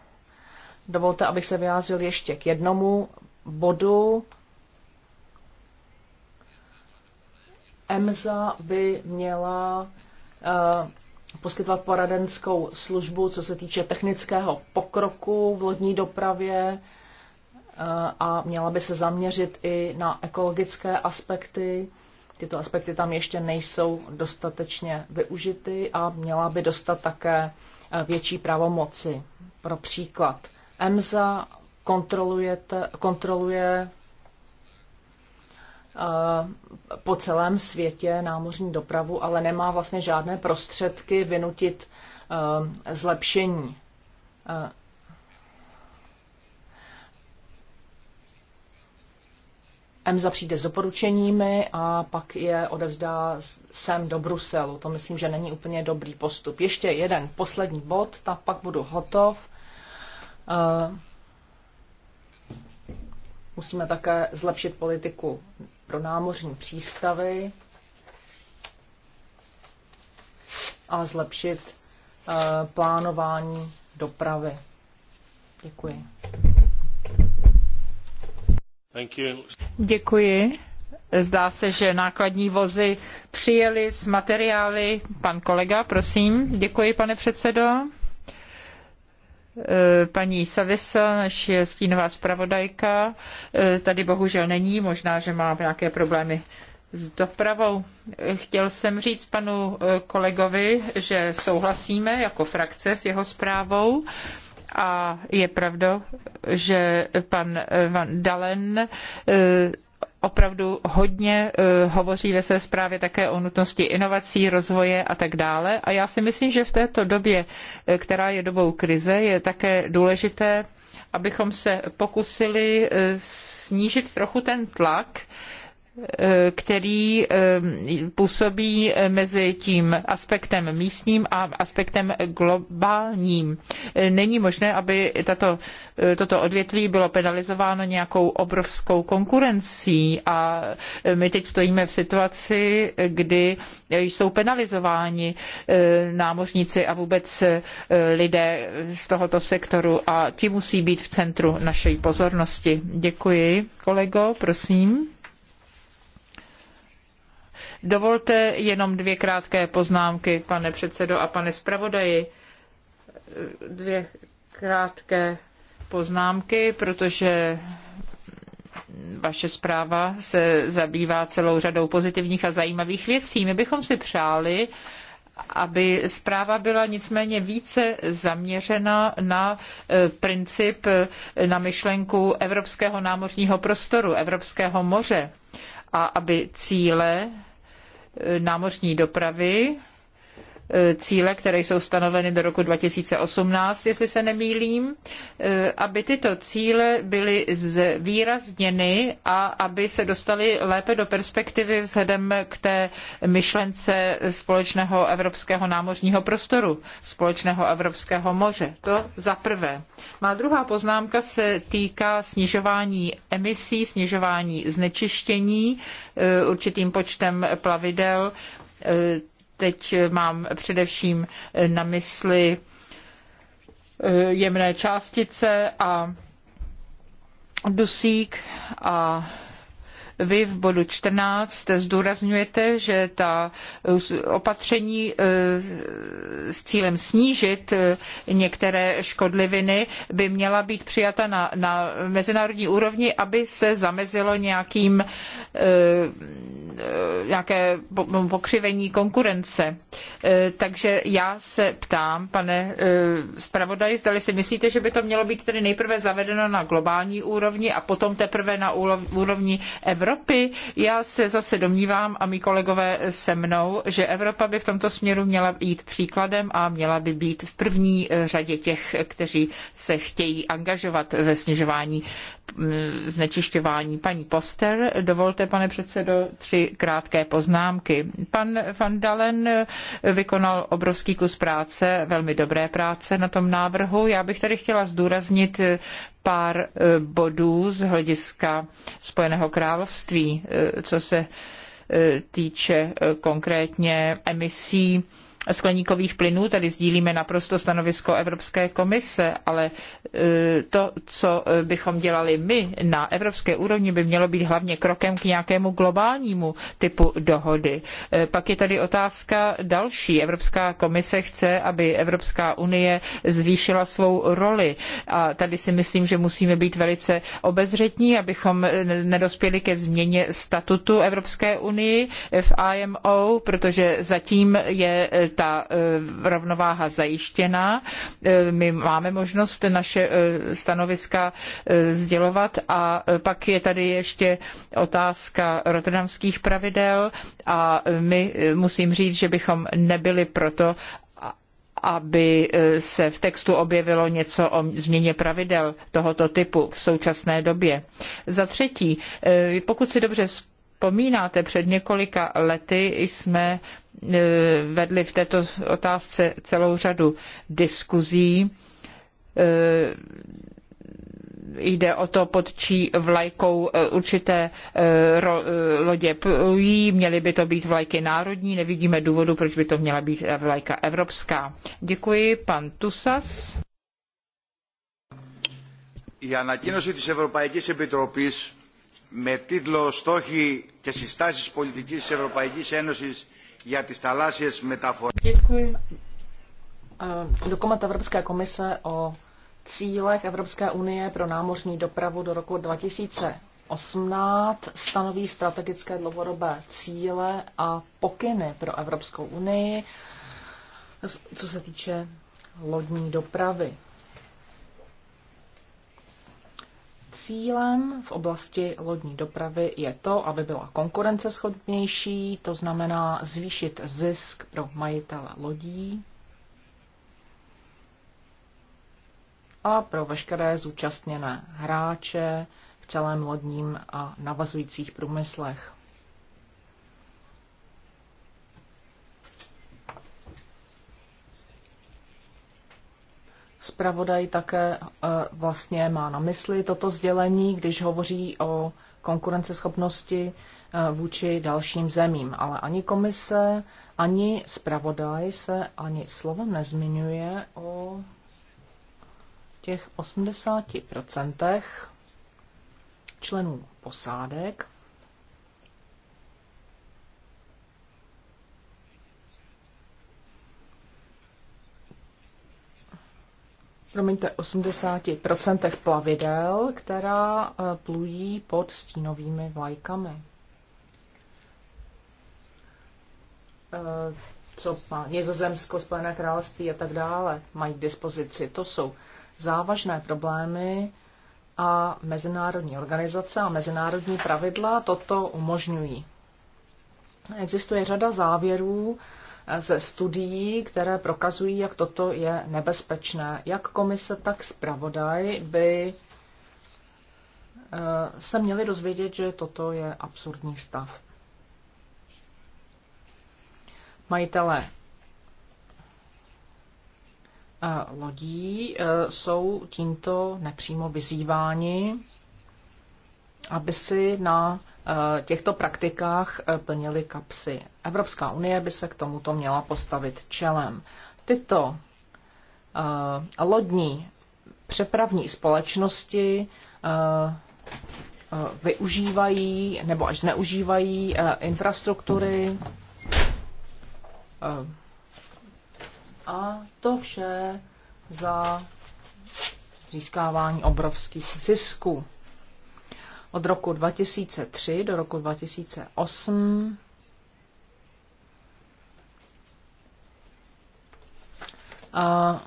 Dovolte, abych se vyjádřil ještě k jednomu bodu. EMSA by měla eh, poskytovat poradenskou službu, co se týče technického pokroku v lodní dopravě Eh, a měla by se zaměřit i na ekologické aspekty. Tyto aspekty tam ještě nejsou dostatečně využity a měla by dostat také eh, větší pravomoci. Pro příklad, EMSA kontroluje eh, po celém světě námořní dopravu, ale nemá vlastně žádné prostředky vynutit zlepšení EMSA přijde s doporučeními a pak je odevzdá sem do Bruselu. To myslím, že není úplně dobrý postup. Ještě jeden poslední bod, tak pak budu hotov. Eh, musíme také zlepšit politiku pro námořní přístavy a zlepšit eh, plánování dopravy. Děkuji. Děkuji. Zdá se, že nákladní vozy přijeli s materiály. Pan kolega, prosím. Děkuji, pane předsedo. E, paní Savisa, naše stínová zpravodajka, e, tady bohužel není, možná, že má nějaké problémy s dopravou. E, chtěl jsem říct panu kolegovi, že souhlasíme jako frakce s jeho zprávou a je pravda, že pan Van Dalen eh, opravdu hodně eh, hovoří ve své zprávě také o nutnosti inovací, rozvoje a tak dále. A já si myslím, že v této době, eh, která je dobou krize, je také důležité, abychom se pokusili snížit trochu ten tlak, Eh, který eh, působí mezi tím aspektem místním a aspektem globálním. Eh, není možné, aby tato, toto odvětví bylo penalizováno nějakou obrovskou konkurencí a my teď stojíme v situaci, kdy jsou penalizováni námořníci a vůbec lidé z tohoto sektoru a ti musí být v centru naší pozornosti. Děkuji, kolego, prosím. Dovolte jenom dvě krátké poznámky, pane předsedo a pane zpravodaji. Dvě krátké poznámky, protože vaše zpráva se zabývá celou řadou pozitivních a zajímavých věcí. My bychom si přáli, aby zpráva byla nicméně více zaměřena na e, princip, e, na myšlenku evropského námořního prostoru, evropského moře a aby cíle E, námořní dopravy E, cíle, které jsou stanoveny do roku 2018, jestli se nemýlím, e, aby tyto cíle byly zvýrazněny a aby se dostaly lépe do perspektivy vzhledem k té myšlence společného evropského námořního prostoru, společného evropského moře. To za prvé. Má druhá poznámka se týká snižování emisí, snižování znečištění e, určitým počtem plavidel Teď mám především na mysli eh, jemné částice a dusík a vy v bodu 14 zdůrazňujete, že ta uh, opatření uh, s cílem snížit uh, některé škodliviny by měla být přijata na, na mezinárodní úrovni, aby se zamezilo nějakým, nějaké no, pokřivení konkurence. Takže já se ptám, pane zpravodaji, zdali si myslíte, že by to mělo být tedy nejprve zavedeno na globální úrovni a potom teprve na úrovni Evropy Evropy. Já se zase domnívám a mý kolegové se mnou, že Evropa by v tomto směru měla jít příkladem a měla by být v první eh, řadě těch, kteří se chtějí angažovat ve snižování mm, znečišťování. Paní Poster, dovolte, pane předsedo, tři krátké poznámky. Pan Van Dalen eh, vykonal obrovský kus práce, velmi dobré práce na tom návrhu. Já bych tady chtěla zdůraznit eh, pár e, bodů z hlediska Spojeného království, e, co se e, týče konkrétně emisí skleníkových plynů. Tady sdílíme naprosto stanovisko Evropské komise, ale e, to, co e, bychom dělali my na evropské úrovni, by mělo být hlavně krokem k nějakému globálnímu typu dohody. E, pak je tady otázka další. Evropská komise chce, aby Evropská unie zvýšila svou roli. A tady si myslím, že musíme být velice obezřetní, abychom nedospěli ke změně statutu Evropské unie v IMO, protože zatím je ta e, rovnováha zajištěna. E, my máme možnost naše e, stanoviska sdělovat a pak je tady ještě otázka rotterdamských pravidel a my musím říct, že bychom nebyli proto, aby se v textu objevilo něco o změně pravidel tohoto typu v současné době. Za třetí, pokud si dobře vzpomínám, vzpomínáte, před několika lety jsme e, vedli v této otázce celou řadu diskuzí. E, jde o to, pod čí vlajkou e, určité lodě plují. Měly by to být vlajky národní. Nevidíme důvodu, proč by to měla být vlajka evropská. Děkuji. Pan Tusas. Η ανακοίνωση της Ευρωπαϊκής Επιτροπής με τίτλο «Στόχοι και συστάσεις πολιτικής της Ευρωπαϊκής Ένωσης για τις θαλάσσιες μεταφορές». Dokument Evropské komise o cílech Evropské unie pro námořní dopravu do roku 2018 stanoví strategické dlouhodobé cíle a pokyny pro Evropskou unii, co se týče lodní dopravy. Cílem v oblasti lodní dopravy je to, aby byla konkurenceschopnější, to znamená zvýšit zisk pro majitele lodí a pro veškeré zúčastněné hráče v celém lodním a navazujících průmyslech. Spravodaj také e, vlastně má na mysli toto sdělení, když hovoří o konkurenceschopnosti e, vůči dalším zemím. Ale ani komise, ani zpravodaj se ani slovem nezmiňuje o těch 80% členů posádek, promiňte, 80% plavidel, která eh, plují pod stínovými vlajkami. Eh, co má Nizozemsko, Spojené království a tak dále mají k dispozici. To jsou závažné problémy a mezinárodní organizace a mezinárodní pravidla toto umožňují. Existuje řada závěrů ze studií, které prokazují, jak toto je nebezpečné. Jak komise, tak zpravodaj by eh, se měli dozvědět, že toto je absurdní stav. Majitele eh, lodí eh, jsou tímto nepřímo vyzýváni, aby si na Eh, těchto praktikách eh, plnili kapsy. Evropská unie by se k tomuto měla postavit čelem. Tyto eh, lodní přepravní společnosti využívají nebo až zneužívají infrastruktury a to vše za získávání obrovských zisků od roku 2003 do roku 2008 a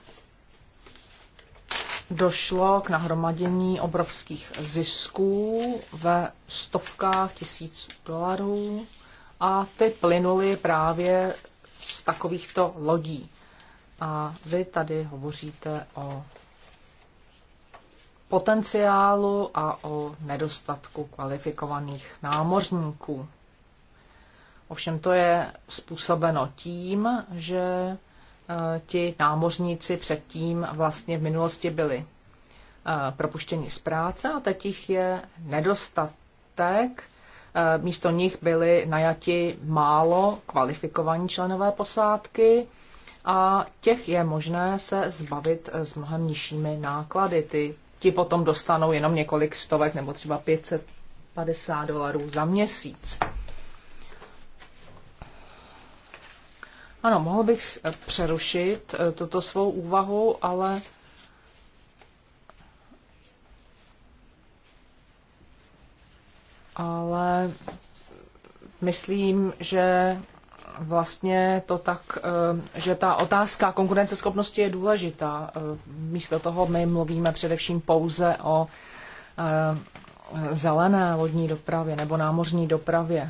došlo k nahromadění obrovských zisků ve stovkách tisíc dolarů a ty plynuly právě z takovýchto lodí. A vy tady hovoříte o potenciálu a o nedostatku kvalifikovaných námořníků. Ovšem to je způsobeno tím, že eh, ti námořníci předtím vlastně v minulosti byli eh, propuštěni z práce a teď jich je nedostatek. Eh, místo nich byli najati málo kvalifikovaní členové posádky a těch je možné se zbavit s mnohem nižšími náklady. Ty ti potom dostanou jenom několik stovek nebo třeba 550 dolarů za měsíc. Ano, mohl bych přerušit eh, tuto svou úvahu, ale ale myslím, že vlastně to tak, eh, že ta otázka konkurenceschopnosti je důležitá. Eh, místo toho my mluvíme především pouze o eh, zelené lodní dopravě nebo námořní dopravě.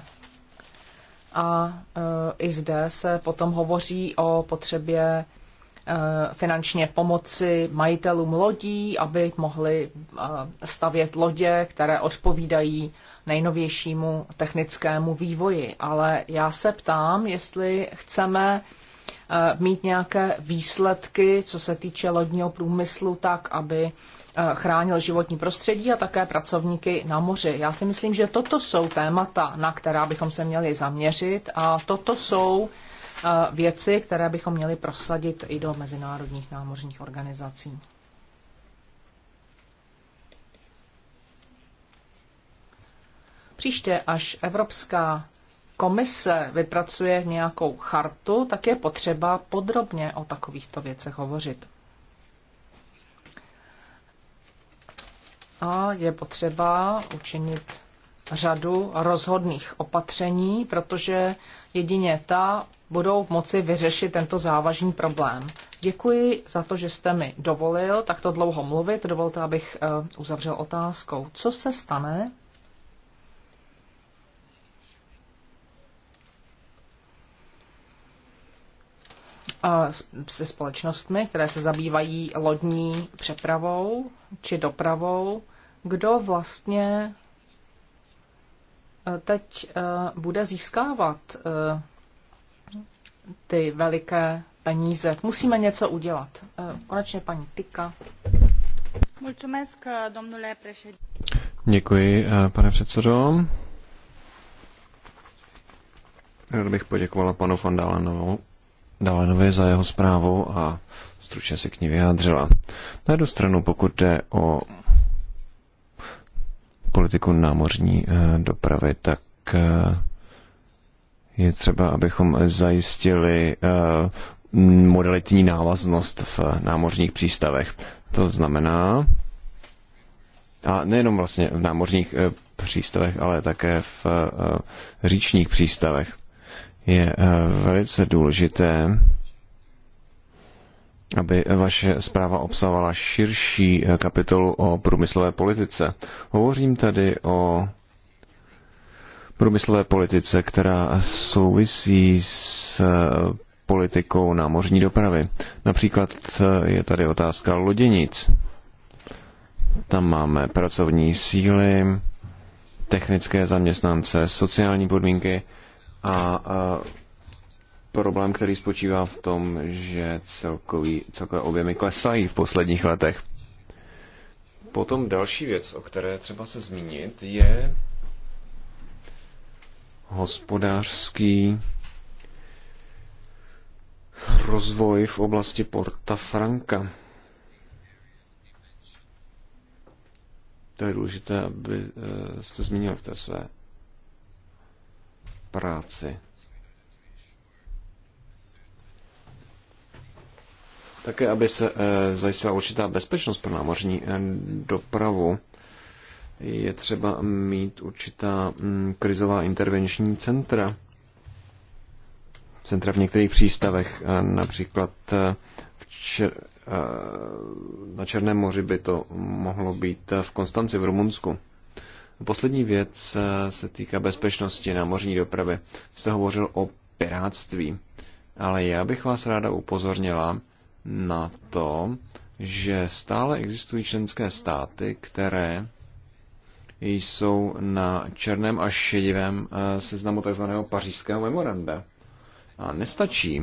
A i zde se potom hovoří o potřebě Eh, finančně pomoci majitelům lodí, aby mohli eh, stavět lodě, které odpovídají nejnovějšímu technickému vývoji. Ale já se ptám, jestli chceme eh, mít nějaké výsledky, co se týče lodního průmyslu, tak, aby chránil životní prostředí a také pracovníky na moři. Já si myslím, že toto jsou témata, na která bychom se měli zaměřit a toto jsou věci, které bychom měli prosadit i do mezinárodních námořních organizací. Příště, až Evropská komise vypracuje nějakou chartu, tak je potřeba podrobně o takovýchto věcech hovořit. A je potřeba učinit řadu rozhodných opatření, protože jedině ta budou moci vyřešit tento závažný problém. Děkuji za to, že jste mi dovolil takto dlouho mluvit. Dovolte, abych eh, uzavřel otázkou. Co se stane, eh, se společnostmi, které se zabývají lodní přepravou či dopravou, kdo vlastně teď eh, bude získávat eh, ty veliké peníze. Musíme něco udělat. Eh, konečně paní Tyka. Děkuji, pane předsedo. Rád bych poděkovala panu van Dálenovu Dalenovi za jeho zprávu a stručně se k ní vyjádřila. Na jednu stranu, pokud jde o politiku námořní eh, dopravy, tak eh, je třeba, abychom zajistili eh, modalitní návaznost v námořních přístavech. To znamená, a nejenom vlastně v námořních přístavech, ale také v říčních přístavech, je velice důležité aby vaše zpráva obsahovala širší eh, kapitolu o průmyslové politice. Hovořím tady o průmyslové politice, která souvisí s eh, politikou námořní dopravy. Například eh, je tady otázka loděnic. Tam máme pracovní síly, technické zaměstnance, sociální podmínky a problém, který spočívá v tom, že celkový, celkové objemy klesají v posledních letech. Potom další věc, o které třeba se zmínit, je hospodářský rozvoj v oblasti Porta Franca. To je důležité, aby eh, jste zmínil v té své práci. také, aby se eh, zajistila určitá bezpečnost pro námořní eh, dopravu, je třeba mít určitá mm, krizová intervenční centra. Centra v některých přístavech, eh, například v čer, na Černém moři by to mohlo být v Konstanci v Rumunsku. Poslední věc se týká bezpečnosti námořní dopravy. Jste hovořil o piráctví, ale já bych vás ráda upozornila, na to, že stále existují členské státy, které jsou na černém a šedivém eh, seznamu tzv. pařížského memoranda. A nestačí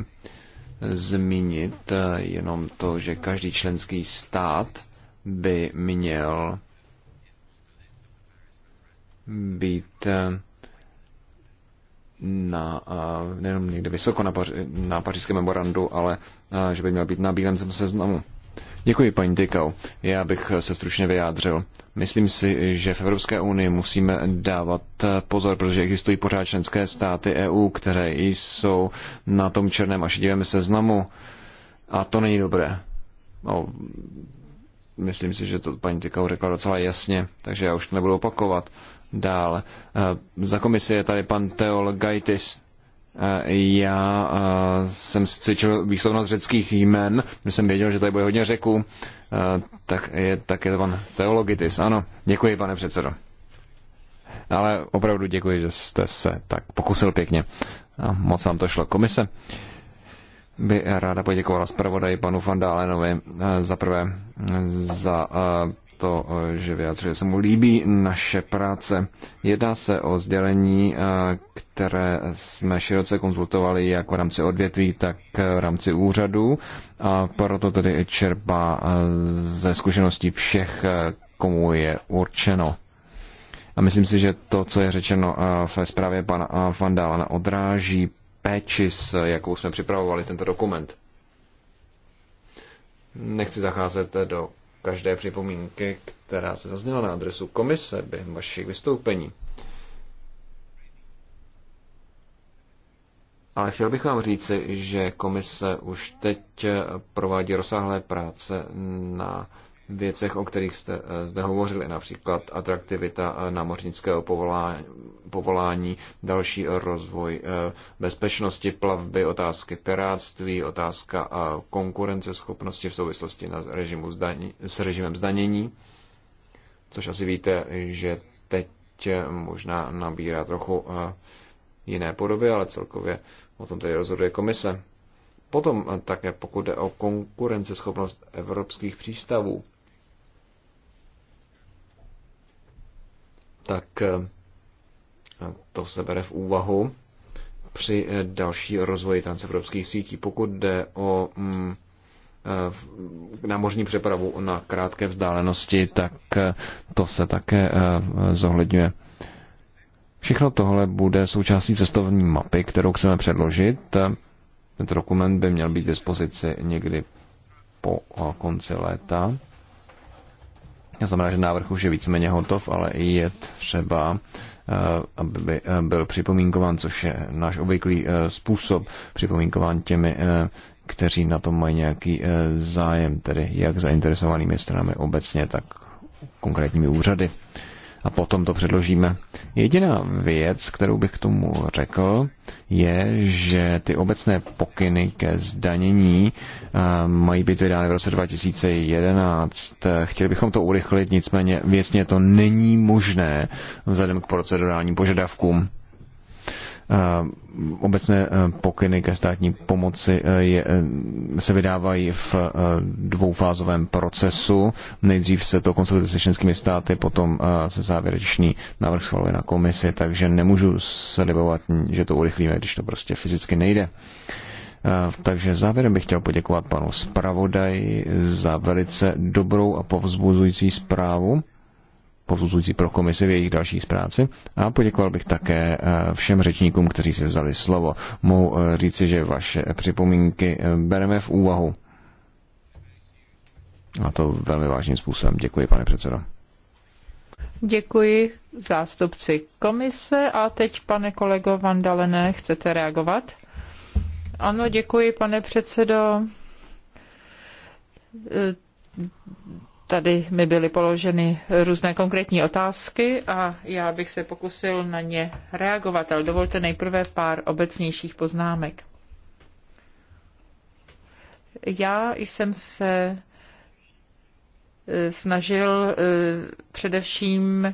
zmínit eh, jenom to, že každý členský stát by měl být eh, na, nejenom někde vysoko na, Paři, na pařížském memorandu, ale že by měl být na bílém seznamu. Děkuji, paní Tykau. Já bych se stručně vyjádřil. Myslím si, že v Evropské unii musíme dávat pozor, protože existují pořád členské státy EU, které jsou na tom černém a šedivém seznamu a to není dobré. No, myslím si, že to paní Tykau řekla docela jasně, takže já už to nebudu opakovat dál. Eh, za komisi je tady pan Teol Gaitis. Eh, já eh, jsem si cvičil výslovnost řeckých jmen, protože jsem věděl, že tady bude hodně řeků, tak je, tak je to pan Teologitis. Ano, děkuji, pane předsedo. Ale opravdu děkuji, že jste se tak pokusil pěkně. A moc vám to šlo. Komise by ráda poděkovala zpravodaji panu Van za prvé za to, eh, že vyjádřil, že se mu líbí naše práce. Jedná se o sdělení, eh, které jsme široce konzultovali jak v rámci odvětví, tak eh, v rámci úřadů a proto tedy čerpá ze zkušeností všech, komu je určeno. A myslím si, že to, co je řečeno ve zprávě pana Vandálana, odráží péči, s jakou jsme připravovali tento dokument. Nechci zacházet do každé připomínky, která se zazněla na adresu komise během vašich vystoupení. Ale chtěl bych vám říci, že komise už teď provádí rozsáhlé práce na věcech, o kterých jste eh, zde hovořili, například atraktivita eh, námořnického povolání, povolání další rozvoj eh, bezpečnosti plavby, otázky piráctví, otázka konkurenceschopnosti v souvislosti na režimu zdaní, s režimem zdanění, což asi víte, že teď možná nabírá trochu jiné podoby, ale celkově o tom tedy rozhoduje komise. Potom také pokud jde o konkurenceschopnost evropských přístavů, tak eh, to se bere v úvahu při eh, další rozvoji transevropských sítí. Pokud jde o mm, eh, námořní přepravu na krátké vzdálenosti, tak to se také zohledňuje. Všechno tohle bude součástí cestovní mapy, kterou chceme předložit. Tento dokument by měl být k dispozici někdy po konci léta. To znamená, že návrh už je víceméně hotov, ale je třeba eh, aby eh, byl připomínkován, což je náš obvyklý eh, způsob připomínkování těmi, kteří na tom mají nějaký zájem, tedy jak zainteresovanými stranami obecně, tak konkrétními úřady a potom to předložíme. Jediná věc, kterou bych k tomu řekl, je, že ty obecné pokyny ke zdanění eh, mají být vydány v roce 2011. Chtěli bychom to urychlit, nicméně věcně to není možné vzhledem k procedurálním požadavkům. Eh, obecné eh, pokyny ke státní pomoci eh, je, se vydávají v dvoufázovém procesu. Nejdřív se to konsultuje se členskými státy, potom se závěrečný návrh schvaluje na komisi, takže nemůžu se libovat, že to urychlíme, když to prostě fyzicky nejde. Takže závěrem bych chtěl poděkovat panu zpravodaji za velice dobrou a povzbuzující zprávu povzbuzující pro komisi v jejich další zpráci. A poděkoval bych také eh, všem řečníkům, kteří si vzali slovo. Mohu eh, říci, že vaše připomínky eh, bereme v úvahu. A to velmi vážným způsobem. Děkuji, pane předsedo. Děkuji zástupci komise a teď, pane kolego Vandalené, chcete reagovat? Ano, děkuji, pane předsedo Tady mi byly položeny různé konkrétní otázky a já bych se pokusil na ně reagovat, ale dovolte nejprve pár obecnějších poznámek. Já jsem se eh, snažil eh, především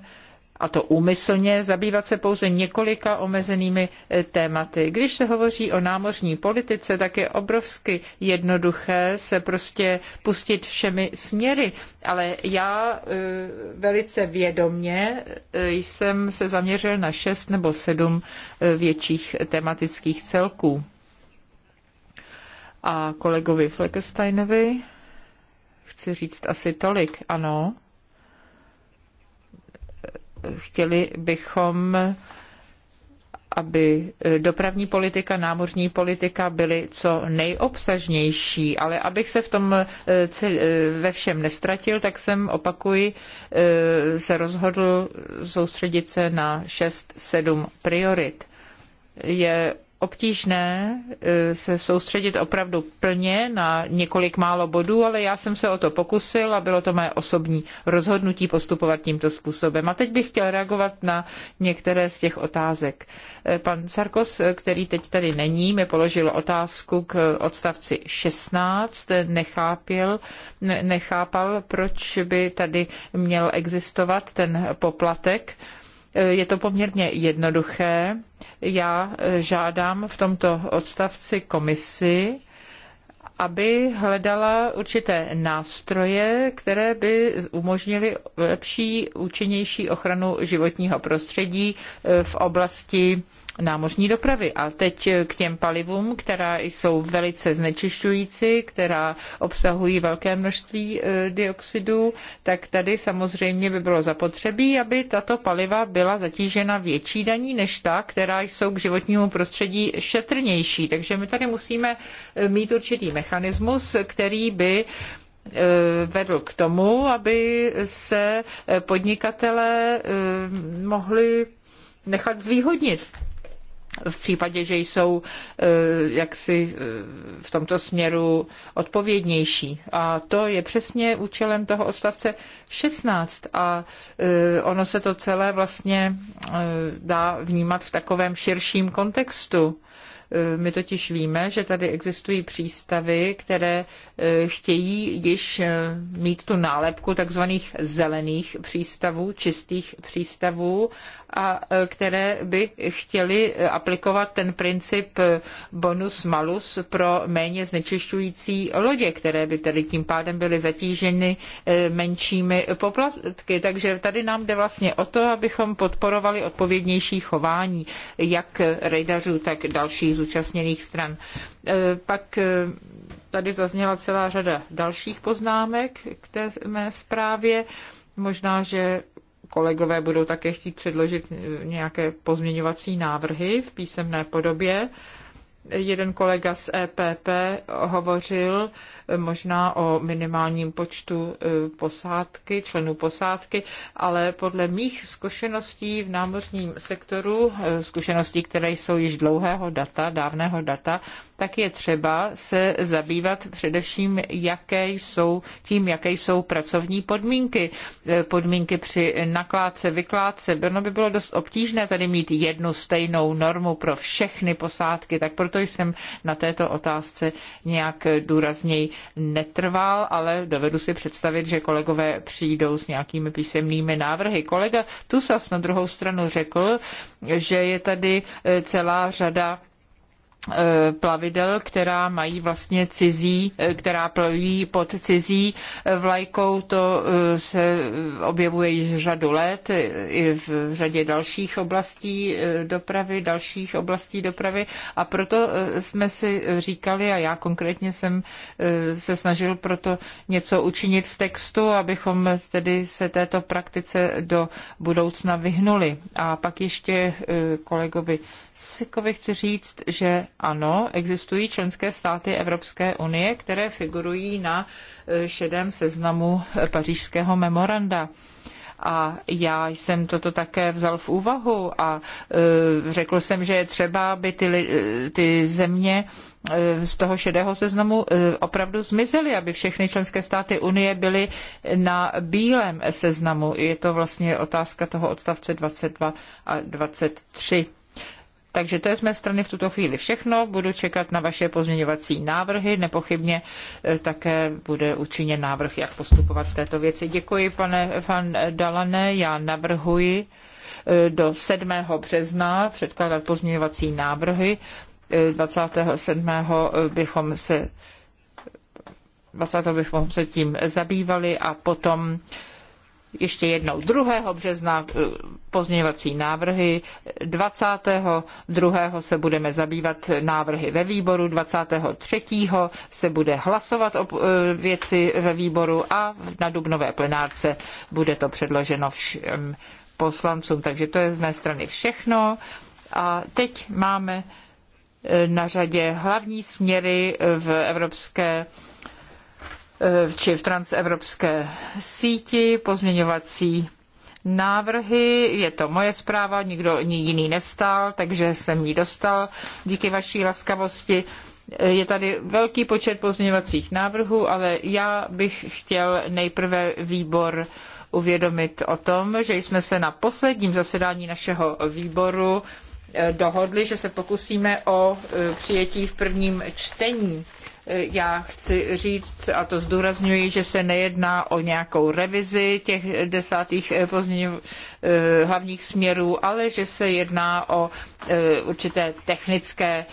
a to úmyslně, zabývat se pouze několika omezenými eh, tématy. Když se hovoří o námořní politice, tak je obrovsky jednoduché se prostě pustit všemi směry. Ale já eh, velice vědomně eh, jsem se zaměřil na šest nebo sedm větších tematických celků. A kolegovi Fleckesteinovi chci říct asi tolik, ano chtěli bychom aby dopravní politika, námořní politika byly co nejobsažnější, ale abych se v tom eh, eh, ve všem nestratil, tak jsem, opakuji, eh, se rozhodl soustředit se na šest sedm priorit. Je obtížné eh, se soustředit opravdu plně na několik málo bodů, ale já jsem se o to pokusil a bylo to mé osobní rozhodnutí postupovat tímto způsobem. A teď bych chtěl reagovat na některé z těch otázek. Eh, pan Sarkos, eh, který teď tady není, mi položil otázku k odstavci 16, nechápil, nechápal, proč by tady měl existovat ten poplatek Eh, je to poměrně jednoduché. Já eh, žádám v tomto odstavci komisi, aby hledala určité nástroje, které by umožnily lepší, účinnější ochranu životního prostředí eh, v oblasti námořní dopravy. A teď k těm palivům, která jsou velice znečišťující, která obsahují velké množství e, dioxidu, tak tady samozřejmě by bylo zapotřebí, aby tato paliva byla zatížena větší daní než ta, která jsou k životnímu prostředí šetrnější. Takže my tady musíme e, mít určitý mechanismus, který by e, vedl k tomu, aby se podnikatelé mohli nechat zvýhodnit v případě, že jsou eh, jaksi eh, v tomto směru odpovědnější. A to je přesně účelem toho odstavce 16 a eh, ono se to celé vlastně dá vnímat v takovém širším kontextu. My totiž víme, že tady existují přístavy, které chtějí již mít tu nálepku takzvaných zelených přístavů, čistých přístavů a e, které by chtěly aplikovat ten princip e, bonus malus pro méně znečišťující lodě, které by tedy tím pádem byly zatíženy e, menšími poplatky. Takže tady nám jde vlastně o to, abychom podporovali odpovědnější chování jak rejdařů, tak dalších zúčastněných stran. Pak tady zazněla celá řada dalších poznámek k té mé zprávě. Možná, že kolegové budou také chtít předložit nějaké pozměňovací návrhy v písemné podobě Jeden kolega z EPP hovořil eh, možná o minimálním počtu eh, posádky, členů posádky, ale podle mých zkušeností v námořním sektoru, eh, zkušeností, které jsou již dlouhého data, dávného data, tak je třeba se zabývat především jaké jsou, tím, jaké jsou pracovní podmínky. Podmínky při nakládce, vykládce. Ono by bylo dost obtížné tady mít jednu stejnou normu pro všechny posádky, tak proto proto jsem na této otázce nějak důrazněji netrval, ale dovedu si představit, že kolegové přijdou s nějakými písemnými návrhy. Kolega Tusas na druhou stranu řekl, že je tady eh, celá řada Eh, plavidel, která mají vlastně cizí, eh, která plují pod cizí eh, vlajkou. To se objevuje již řadu let i v řadě dalších oblastí dopravy, dalších oblastí dopravy a proto jsme si říkali a já konkrétně jsem se snažil proto něco učinit v textu, abychom tedy se této praktice do budoucna vyhnuli. A pak ještě kolegovi Sikovi chci říct, že ano, existují členské státy Evropské unie, které figurují na eh, šedém seznamu eh, pařížského memoranda a já jsem toto také vzal v úvahu a e, řekl jsem, že je třeba, aby ty, ty země e, z toho šedého seznamu e, opravdu zmizely, aby všechny členské státy Unie byly na bílém seznamu. Je to vlastně otázka toho odstavce 22 a 23. Takže to je z mé strany v tuto chvíli všechno. Budu čekat na vaše pozměňovací návrhy. Nepochybně e, také bude učiněn návrh, jak postupovat v této věci. Děkuji, pane Van Dalane. Já navrhuji e, do 7. března předkládat pozměňovací návrhy. 27. E, bychom se 20. bychom se tím zabývali a potom ještě jednou 2. března eh, pozměňovací návrhy. 22. se budeme zabývat návrhy ve výboru, 23. se bude hlasovat o eh, věci ve výboru a na dubnové plenárce bude to předloženo všem poslancům. Takže to je z mé strany všechno. A teď máme eh, na řadě hlavní směry v Evropské Eh, či v transevropské síti, pozměňovací návrhy. Je to moje zpráva, nikdo ní jiný nestál, takže jsem ji dostal díky vaší laskavosti. Eh, je tady velký počet pozměňovacích návrhů, ale já bych chtěl nejprve výbor uvědomit o tom, že jsme se na posledním zasedání našeho výboru eh, dohodli, že se pokusíme o přijetí v prvním čtení já chci říct, a to zdůrazňuji, že se nejedná o nějakou revizi těch desátých eh, pozměňů, eh, hlavních směrů, ale že se jedná o eh, určité technické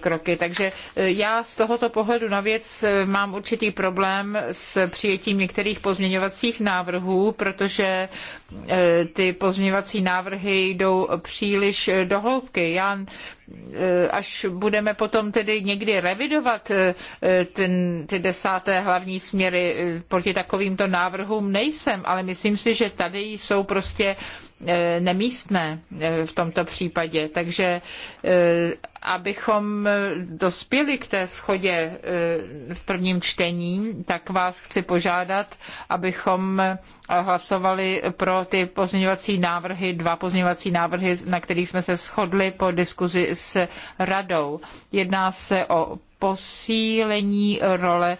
kroky. Takže já z tohoto pohledu na věc mám určitý problém s přijetím některých pozměňovacích návrhů, protože ty pozměňovací návrhy jdou příliš do hloubky. Já Eh, až budeme potom tedy někdy revidovat eh, ten, ty desáté hlavní směry, eh, proti takovýmto návrhům nejsem, ale myslím si, že tady jsou prostě nemístné v tomto případě. Takže abychom dospěli k té schodě v prvním čtení, tak vás chci požádat, abychom hlasovali pro ty pozměňovací návrhy, dva pozměňovací návrhy, na kterých jsme se shodli po diskuzi s radou. Jedná se o posílení role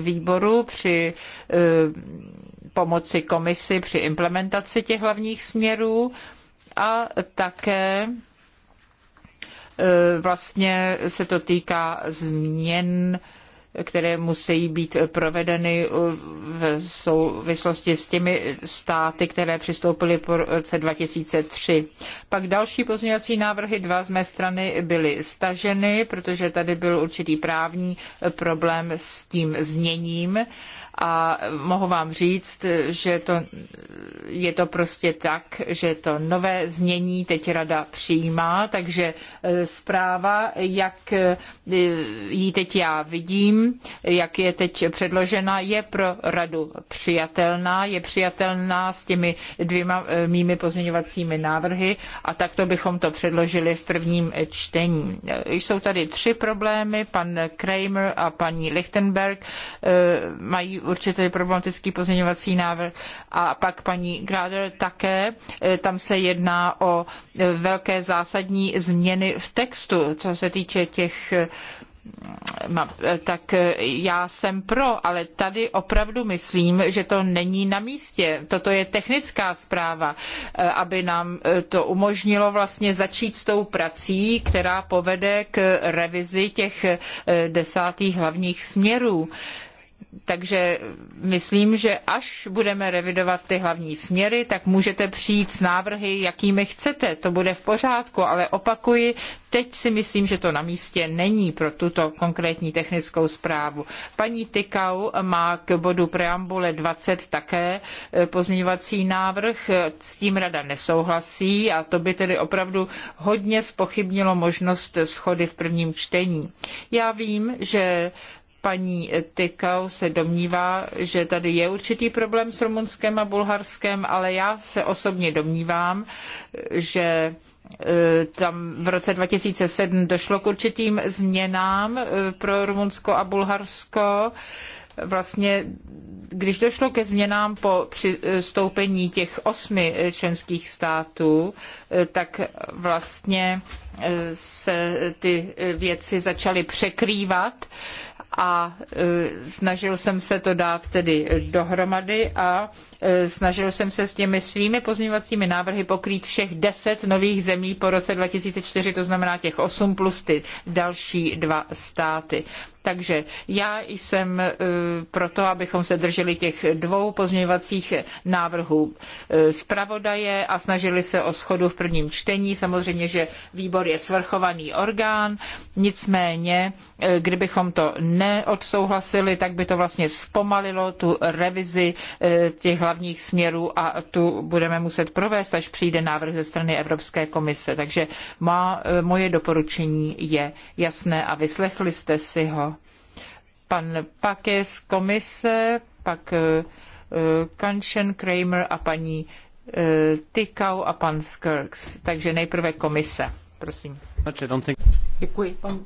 výboru při eh, pomoci komisi při implementaci těch hlavních směrů a také eh, vlastně se to týká změn které musí být provedeny v souvislosti s těmi státy, které přistoupily po roce 2003. Pak další pozměňovací návrhy, dva z mé strany, byly staženy, protože tady byl určitý právní problém s tím zněním a mohu vám říct, že to, je to prostě tak, že to nové znění teď rada přijímá, takže e, zpráva, jak e, ji teď já vidím, jak je teď předložena, je pro radu přijatelná, je přijatelná s těmi dvěma e, mými pozměňovacími návrhy a takto bychom to předložili v prvním čtení. Jsou tady tři problémy, pan Kramer a paní Lichtenberg mají určitý problematický pozměňovací návrh. A pak paní Gráder také, eh, tam se jedná o eh, velké zásadní změny v textu, co se týče těch eh, tak já jsem pro, ale tady opravdu myslím, že to není na místě. Toto je technická zpráva, aby nám to umožnilo vlastně začít s tou prací, která povede k revizi těch desátých hlavních směrů. Takže myslím, že až budeme revidovat ty hlavní směry, tak můžete přijít s návrhy, jakými chcete. To bude v pořádku, ale opakuji, teď si myslím, že to na místě není pro tuto konkrétní technickou zprávu. Paní Tykau má k bodu preambule 20 také eh, pozměňovací návrh. S tím rada nesouhlasí a to by tedy opravdu hodně spochybnilo možnost schody v prvním čtení. Já vím, že paní Tykau se domnívá, že tady je určitý problém s Rumunskem a Bulharskem, ale já se osobně domnívám, že e, tam v roce 2007 došlo k určitým změnám e, pro Rumunsko a Bulharsko vlastně, když došlo ke změnám po přistoupení těch osmi členských států, e, tak vlastně se ty věci začaly překrývat a e, snažil jsem se to dát tedy dohromady a e, snažil jsem se s těmi svými pozměňovacími návrhy pokrýt všech deset nových zemí po roce 2004, to znamená těch osm plus ty další dva státy. Takže já jsem e, proto, abychom se drželi těch dvou pozměňovacích návrhů e, zpravodaje a snažili se o schodu v prvním čtení. Samozřejmě, že výbor je svrchovaný orgán, nicméně, e, kdybychom to neodsouhlasili, tak by to vlastně zpomalilo tu revizi těch hlavních směrů a tu budeme muset provést, až přijde návrh ze strany Evropské komise. Takže má, moje doporučení je jasné a vyslechli jste si ho pan Pake komise, pak eh, Kanchen, Kramer a paní eh, Tykau a pan Skirks. Takže nejprve komise. Prosím. Děkuji, pan,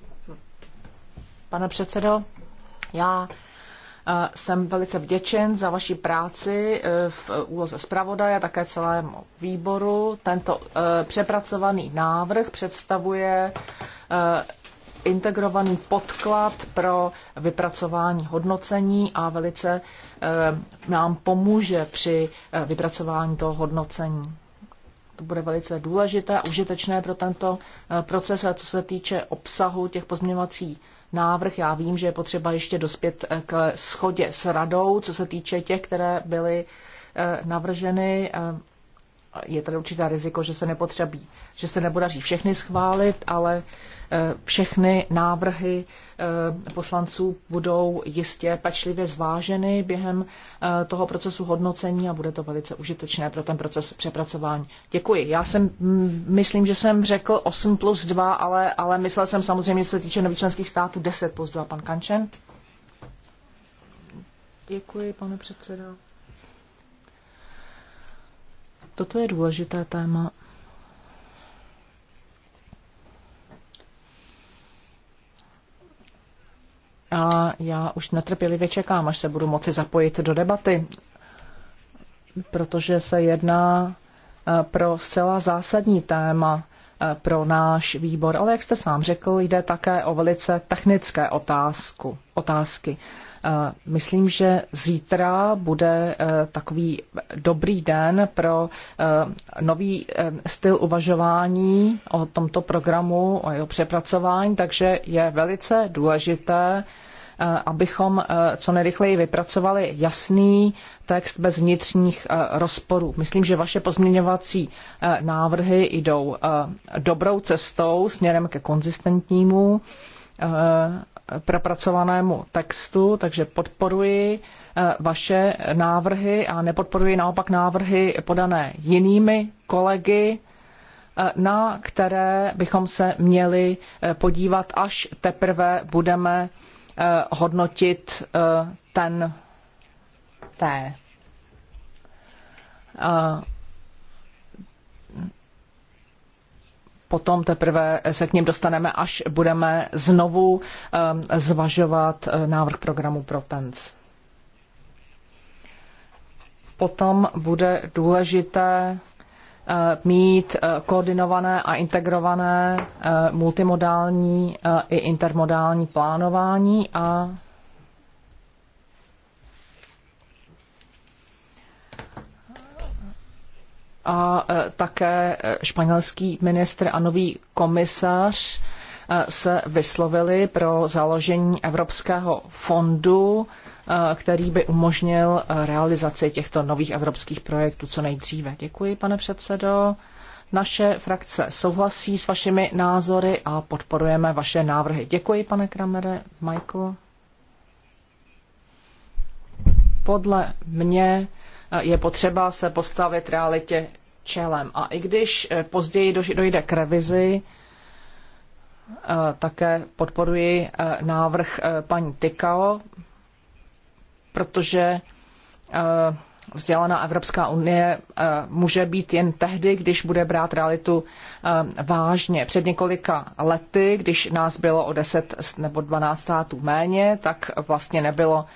pane předsedo. Já eh, jsem velice vděčen za vaši práci v úloze zpravodaje, také celému výboru. Tento přepracovaný návrh představuje integrovaný podklad pro vypracování hodnocení a velice eh, nám pomůže při eh, vypracování toho hodnocení. To bude velice důležité a užitečné pro tento eh, proces. A co se týče obsahu těch pozměňovací návrh, já vím, že je potřeba ještě dospět k schodě s radou, co se týče těch, které byly navrženy je tady určitá riziko, že se nepotřebí, že se nepodaří všechny schválit, ale Eh, všechny návrhy eh, poslanců budou jistě pečlivě zváženy během eh, toho procesu hodnocení a bude to velice užitečné pro ten proces přepracování. Děkuji. Já jsem, mm, myslím, že jsem řekl 8 plus 2, ale, ale myslel jsem samozřejmě, že se týče nových členských států 10 plus 2. Pan Kančen? Děkuji, pane předsedo. Toto je důležité téma. A já už netrpělivě čekám, až se budu moci zapojit do debaty, protože se jedná eh, pro zcela zásadní téma eh, pro náš výbor. Ale jak jste sám řekl, jde také o velice technické otázku, otázky. Eh, myslím, že zítra bude takový dobrý den pro nový styl uvažování o tomto programu, o jeho přepracování, takže je velice důležité, Eh, abychom eh, co nejrychleji vypracovali jasný text bez vnitřních eh, rozporů. Myslím, že vaše pozměňovací návrhy jdou dobrou cestou směrem ke konzistentnímu propracovanému textu, takže podporuji vaše návrhy a nepodporuji naopak návrhy podané jinými kolegy, na které bychom se měli podívat, až teprve budeme Eh, hodnotit eh, ten té eh, potom teprve se k ním dostaneme, až budeme znovu zvažovat návrh programu pro TENS. Potom bude důležité Eh, mít eh, koordinované a integrované eh, multimodální i intermodální plánování a a také španělský ministr a nový komisař Eh, se vyslovili pro založení Evropského fondu, eh, který by umožnil eh, realizaci těchto nových evropských projektů co nejdříve. Děkuji, pane předsedo. Naše frakce souhlasí s vašimi názory a podporujeme vaše návrhy. Děkuji, pane Kramere. Michael? Podle mě je potřeba se postavit realitě čelem. A i když později dojde k revizi, také podporuji e, návrh e, paní Tykao, protože e, vzdělaná Evropská unie může být jen tehdy, když bude brát realitu vážně. Před několika lety, když nás bylo o 10 nebo 12 států méně, tak vlastně nebylo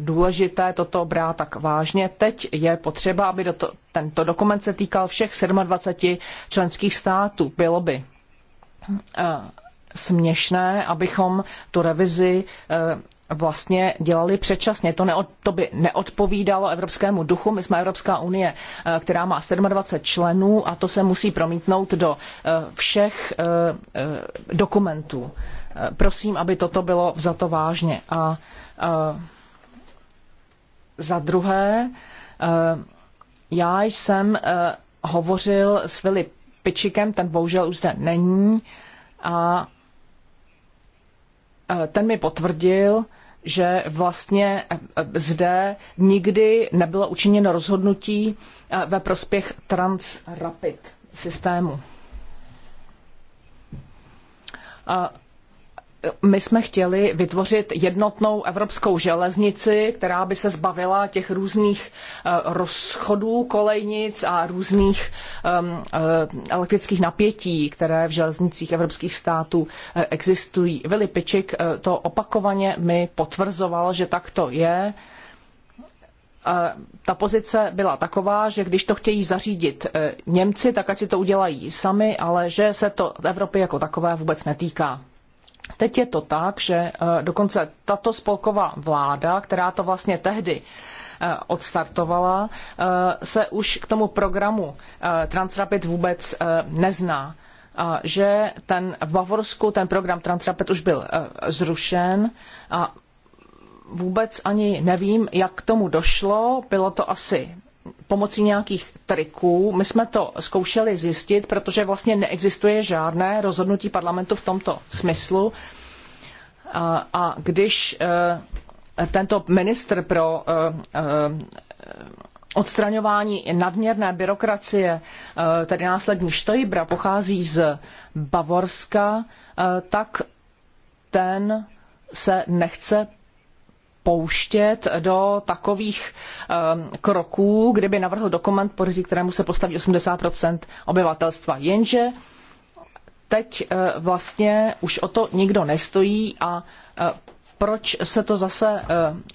důležité toto brát tak vážně. Teď je potřeba, aby do to, tento dokument se týkal všech 27 členských států. Bylo by Eh, směšné, abychom tu revizi eh, vlastně dělali předčasně. To, neod, to by neodpovídalo evropskému duchu. My jsme Evropská unie, eh, která má 27 členů a to se musí promítnout do všech dokumentů. Prosím, aby toto bylo vzato vážně. A za druhé, já jsem hovořil s Filip Pičikem, ten bohužel už zde není, a e, ten mi potvrdil, že vlastně e, e, zde nikdy nebylo učiněno rozhodnutí ve prospěch Transrapid systému my jsme chtěli vytvořit jednotnou evropskou železnici, která by se zbavila těch různých eh, rozchodů kolejnic a různých ehm, eh, elektrických napětí, které v železnicích evropských států eh, existují. Vili Pičik to opakovaně mi potvrzoval, že tak to je ta pozice byla taková, že když to chtějí zařídit Němci, tak ať si to udělají sami, ale že se to Evropy jako takové vůbec netýká. Teď je to tak, že eh, dokonce tato spolková vláda, která to vlastně tehdy eh, odstartovala, eh, se už k tomu programu Transrapid vůbec nezná. Že ten v Bavorsku ten program Transrapid už byl zrušen a vůbec ani nevím, jak k tomu došlo. Bylo to asi pomocí nějakých triků. My jsme to zkoušeli zjistit, protože vlastně neexistuje žádné rozhodnutí parlamentu v tomto smyslu. A, a když e, tento ministr pro e, e, odstraňování nadměrné byrokracie, tedy následní Štojbra, pochází z Bavorska, tak ten se nechce pouštět do takových um, kroků, kdyby navrhl dokument, proti kterému se postaví 80 obyvatelstva. Jenže teď uh, vlastně už o to nikdo nestojí a uh, proč se to zase uh,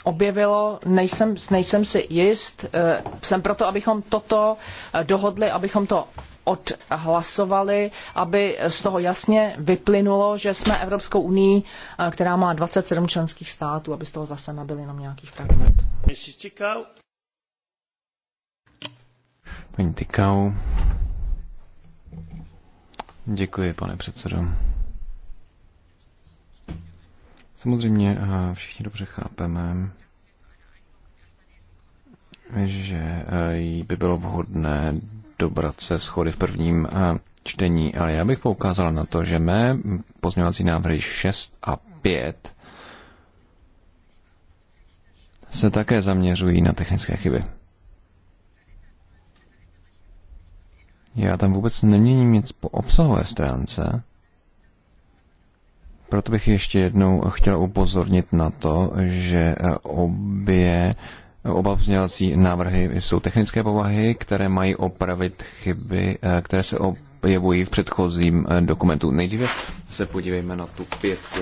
objevilo, nejsem, nejsem si jist. Uh, jsem proto, abychom toto uh, dohodli, abychom to odhlasovali, aby z toho jasně vyplynulo, že jsme Evropskou unii, eh, která má 27 členských států, aby z toho zase nabili jenom nějaký fragment. Paní Tykau. Děkuji, pane předsedo. Samozřejmě eh, všichni dobře chápeme, že eh, by bylo vhodné dobrat se schody v prvním eh, čtení, ale já bych poukázal na to, že mé pozměňovací návrhy 6 a 5 se také zaměřují na technické chyby. Já tam vůbec neměním nic po obsahové stránce, proto bych ještě jednou chtěl upozornit na to, že eh, obě Oba pozměňovací návrhy jsou technické povahy, které mají opravit chyby, eh, které se objevují v předchozím eh, dokumentu. Nejdříve se podívejme na tu pětku.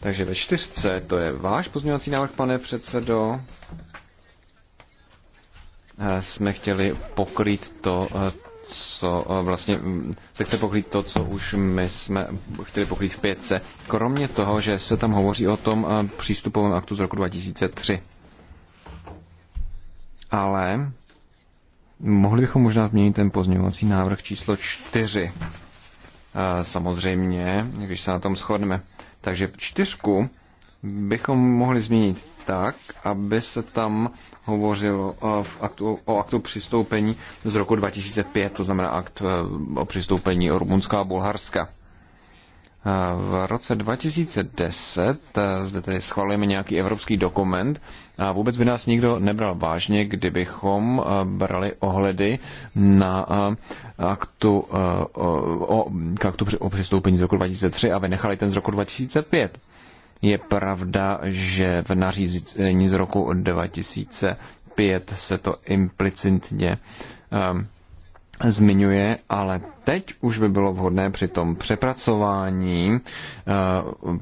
Takže ve čtyřce to je váš pozměňovací návrh, pane předsedo. Eh, jsme chtěli pokrýt to, co eh, vlastně mm, se chce pokrýt to, co už my jsme chtěli pokrýt v pětce. Kromě toho, že se tam hovoří o tom eh, přístupovém aktu z roku 2003. Ale mohli bychom možná změnit ten pozměňovací návrh číslo 4. Eh, samozřejmě, když se na tom shodneme. Takže čtyřku bychom mohli změnit tak, aby se tam hovořil eh, v aktu, o aktu přistoupení z roku 2005, to znamená akt eh, o přistoupení Rumunska a Bulharska. Eh, v roce 2010 zde tedy schvalujeme nějaký evropský dokument a vůbec by nás nikdo nebral vážně, kdybychom brali ohledy na aktu, o, o, o, aktu o přistoupení z roku 2003 a vynechali ten z roku 2005. Je pravda, že v nařízení z roku 2005 se to implicitně um, zmiňuje, ale teď už by bylo vhodné při tom přepracování uh,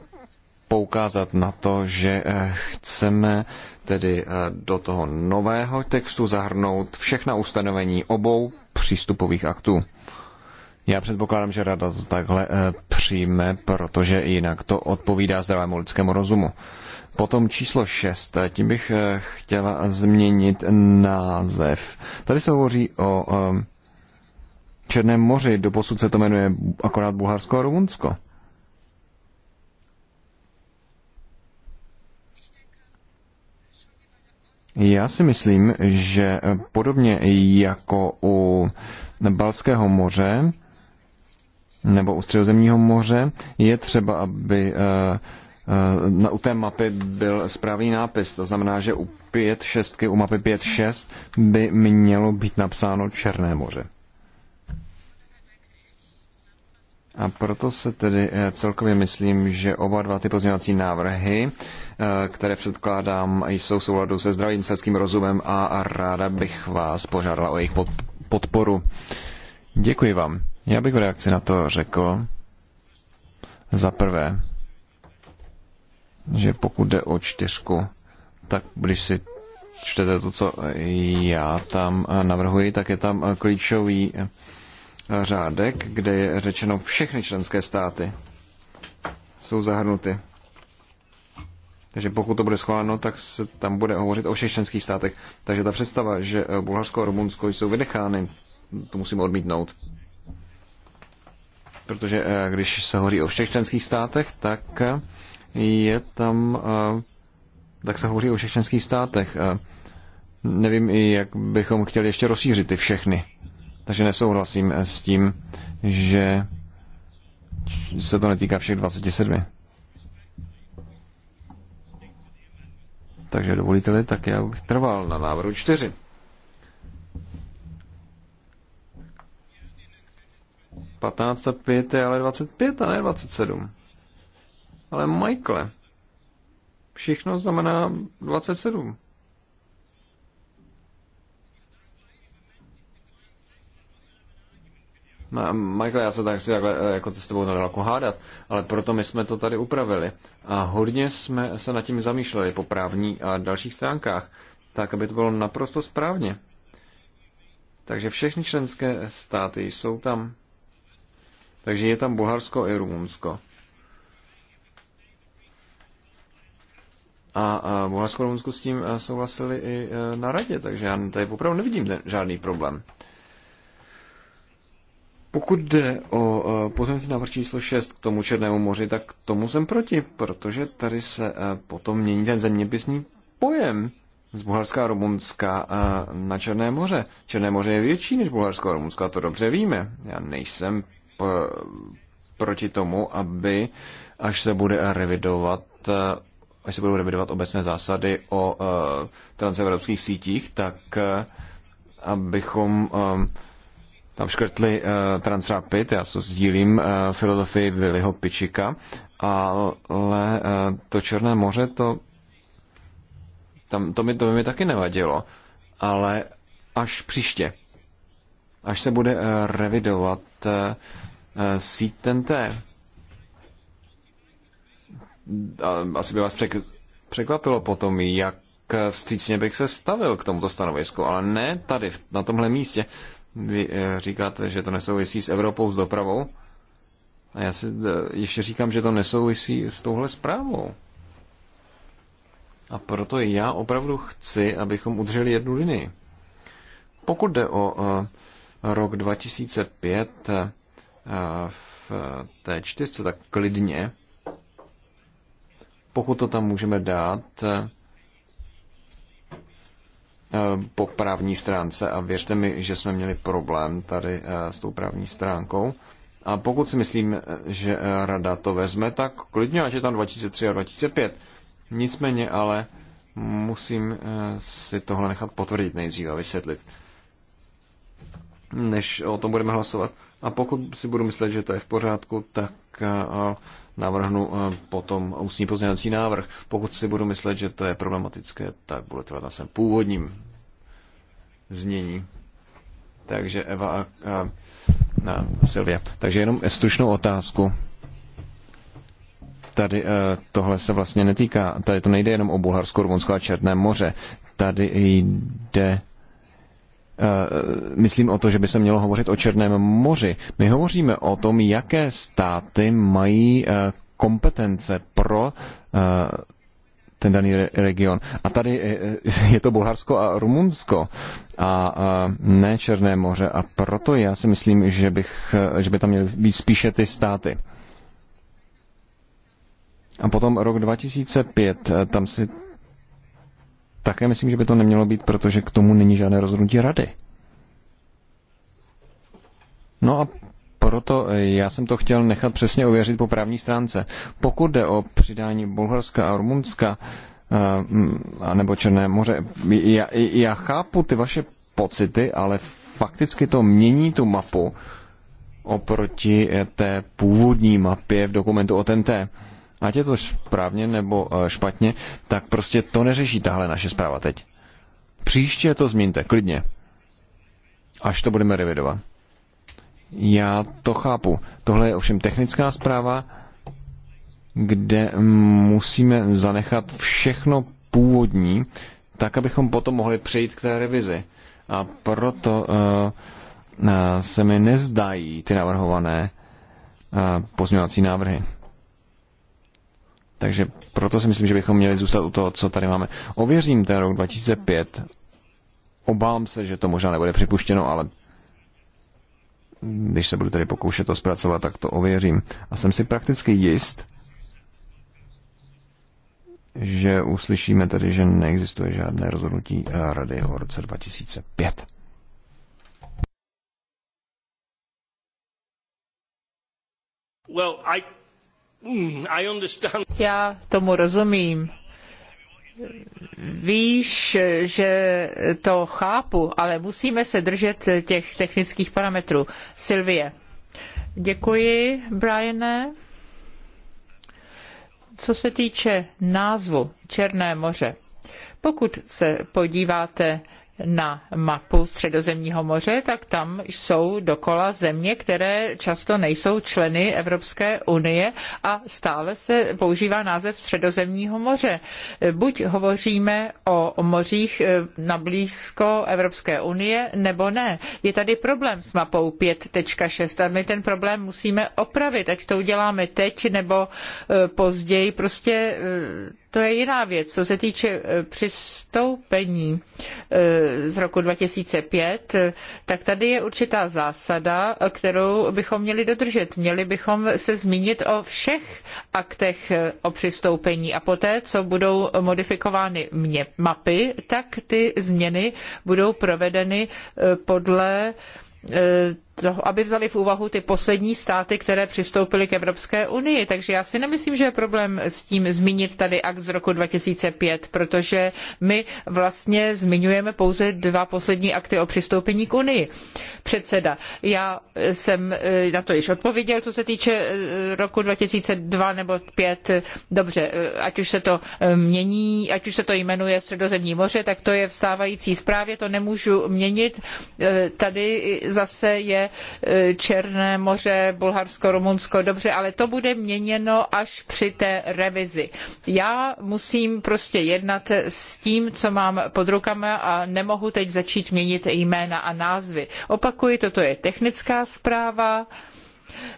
poukázat na to, že eh, chceme tedy eh, do toho nového textu zahrnout všechna ustanovení obou přístupových aktů. Já předpokládám, že rada to takhle eh, přijme, protože jinak to odpovídá zdravému lidskému rozumu. Potom číslo 6, eh, tím bych eh, chtěla změnit název. Tady se hovoří o ehm, Černém moři, doposud se to jmenuje akorát Bulharsko a Rumunsko. Já si myslím, že podobně jako u Balského moře, nebo u středozemního moře, je třeba, aby eh, eh, na, u té mapy byl správný nápis. To znamená, že u 5 šestky, u mapy 5 6 by mělo být napsáno Černé moře. A proto se tedy eh, celkově myslím, že oba dva ty pozměňovací návrhy, které předkládám, jsou v souladu se zdravým selským rozumem a ráda bych vás požádala o jejich podporu. Děkuji vám. Já bych v reakci na to řekl za prvé, že pokud jde o čtyřku, tak když si čtete to, co já tam navrhuji, tak je tam klíčový řádek, kde je řečeno všechny členské státy jsou zahrnuty. Takže pokud to bude schváleno, tak se tam bude hovořit o všech členských státech. Takže ta představa, že Bulharsko a Rumunsko jsou vynechány, to musím odmítnout protože eh, když se hovoří o všech členských státech, tak eh, je tam, eh, tak se hovoří o všech členských státech. Nevím, jak bychom chtěli ještě rozšířit ty všechny. Takže nesouhlasím s tím, že se to netýká všech 27. Takže dovolíte-li, tak já bych trval na návrhu 4. 15 a 5 je ale 25 a ne 27. Ale Michael, všechno znamená 27. No, Michael, já se tak si takhle eh, jako s tebou nedal jako hádat, ale proto my jsme to tady upravili a hodně jsme se nad tím zamýšleli po právní a dalších stránkách, tak aby to bylo naprosto správně. Takže všechny členské státy jsou tam. Takže je tam Bulharsko i Rumunsko. A, a Bulharsko a Rumunsko s tím souhlasili i e, na radě, takže já tady opravdu nevidím ten, žádný problém. Pokud jde o e, pozemní návrh číslo 6 k tomu Černému moři, tak tomu jsem proti, protože tady se e, potom mění ten zeměpisný pojem z Bulharska a Rumunska na Černé moře. Černé moře je větší než Bulharsko a Rumunsko a to dobře víme. Já nejsem proti tomu, aby až se bude revidovat až se budou revidovat obecné zásady o eh, transevropských sítích, tak eh, abychom eh, tam škrtli Transrapid, já se sdílím filozofii Viliho Pičika, ale to Černé moře, to, tam, to, mi, to by mi taky nevadilo, ale až příště až se bude eh, revidovat eh, eh, síť TNT. Asi by vás překvapilo potom, jak vstřícně bych se stavil k tomuto stanovisku, ale ne tady, na tomhle místě. Vy říkáte, že to nesouvisí s Evropou, s dopravou. A já si ještě říkám, že to nesouvisí s touhle zprávou. A proto já opravdu chci, abychom udrželi jednu linii. Pokud jde o uh, rok 2005 eh, v té čtyřce, tak klidně, pokud to tam můžeme dát eh, po právní stránce a věřte mi, že jsme měli problém tady eh, s tou právní stránkou. A pokud si myslím, že rada to vezme, tak klidně, ať je tam 2003 a 2005. Nicméně ale musím si tohle nechat potvrdit nejdříve a vysvětlit než o tom budeme hlasovat. A pokud si budu myslet, že to je v pořádku, tak eh, navrhnu eh, potom ústní pozměňovací návrh. Pokud si budu myslet, že to je problematické, tak budu trvat na svém původním znění. Takže Eva a, a, a Silvia. Takže jenom stručnou otázku. Tady eh, tohle se vlastně netýká, tady to nejde jenom o Bulharsko, Rumunsko a Černé moře. Tady jde Eh, myslím o to, že by se mělo hovořit o Černém moři. My hovoříme o tom, jaké státy mají eh, kompetence pro eh, ten daný region. A tady je to Bulharsko a Rumunsko a ne Černé moře. A proto já si myslím, že, bych, že by tam měly být spíše ty státy. A potom rok 2005, tam si také myslím, že by to nemělo být, protože k tomu není žádné rozhodnutí rady. No a proto eh, já jsem to chtěl nechat přesně ověřit po právní stránce. Pokud jde o přidání Bulharska a Rumunska, eh, a nebo Černé moře, já, já chápu ty vaše pocity, ale fakticky to mění tu mapu oproti eh, té původní mapě v dokumentu o TNT ať je to správně nebo eh, špatně, tak prostě to neřeší tahle naše zpráva teď. Příště to zmíníte, klidně. Až to budeme revidovat. Já to chápu. Tohle je ovšem technická zpráva, kde musíme zanechat všechno původní, tak abychom potom mohli přejít k té revizi. A proto uh, se mi nezdají ty navrhované uh, pozměňovací návrhy. Takže proto si myslím, že bychom měli zůstat u toho, co tady máme. Ověřím ten rok 2005. Obávám se, že to možná nebude připuštěno, ale když se budu tady pokoušet to zpracovat, tak to ověřím. A jsem si prakticky jist, že uslyšíme tady, že neexistuje žádné rozhodnutí Rady o roce 2005. Well, I Hmm, Já tomu rozumím. Víš, že to chápu, ale musíme se držet těch technických parametrů. Silvie. Děkuji, Briane. Co se týče názvu Černé moře, pokud se podíváte na mapu Středozemního moře, tak tam jsou dokola země, které často nejsou členy Evropské unie a stále se používá název Středozemního moře. Buď hovoříme o mořích eh, na blízko Evropské unie, nebo ne. Je tady problém s mapou 5.6 a my ten problém musíme opravit, ať to uděláme teď nebo eh, později. Prostě eh, to je jiná věc. Co se týče e, přistoupení e, z roku 2005, e, tak tady je určitá zásada, kterou bychom měli dodržet. Měli bychom se zmínit o všech aktech o přistoupení a poté, co budou modifikovány mě, mapy, tak ty změny budou provedeny podle toho, aby vzali v úvahu ty poslední státy, které přistoupily k Evropské unii. Takže já si nemyslím, že je problém s tím zmínit tady akt z roku 2005, protože my vlastně zmiňujeme pouze dva poslední akty o přistoupení k unii. Předseda, já jsem eh, na to již odpověděl, co se týče eh, roku 2002 nebo 2005. Dobře, eh, ať už se to mění, ať už se to jmenuje Středozemní moře, tak to je vstávající stávající zprávě, to nemůžu měnit. Tady zase je Černé moře, Bulharsko, Rumunsko, dobře, ale to bude měněno až při té revizi. Já musím prostě jednat s tím, co mám pod rukama a nemohu teď začít měnit jména a názvy. Opakuji, toto je technická zpráva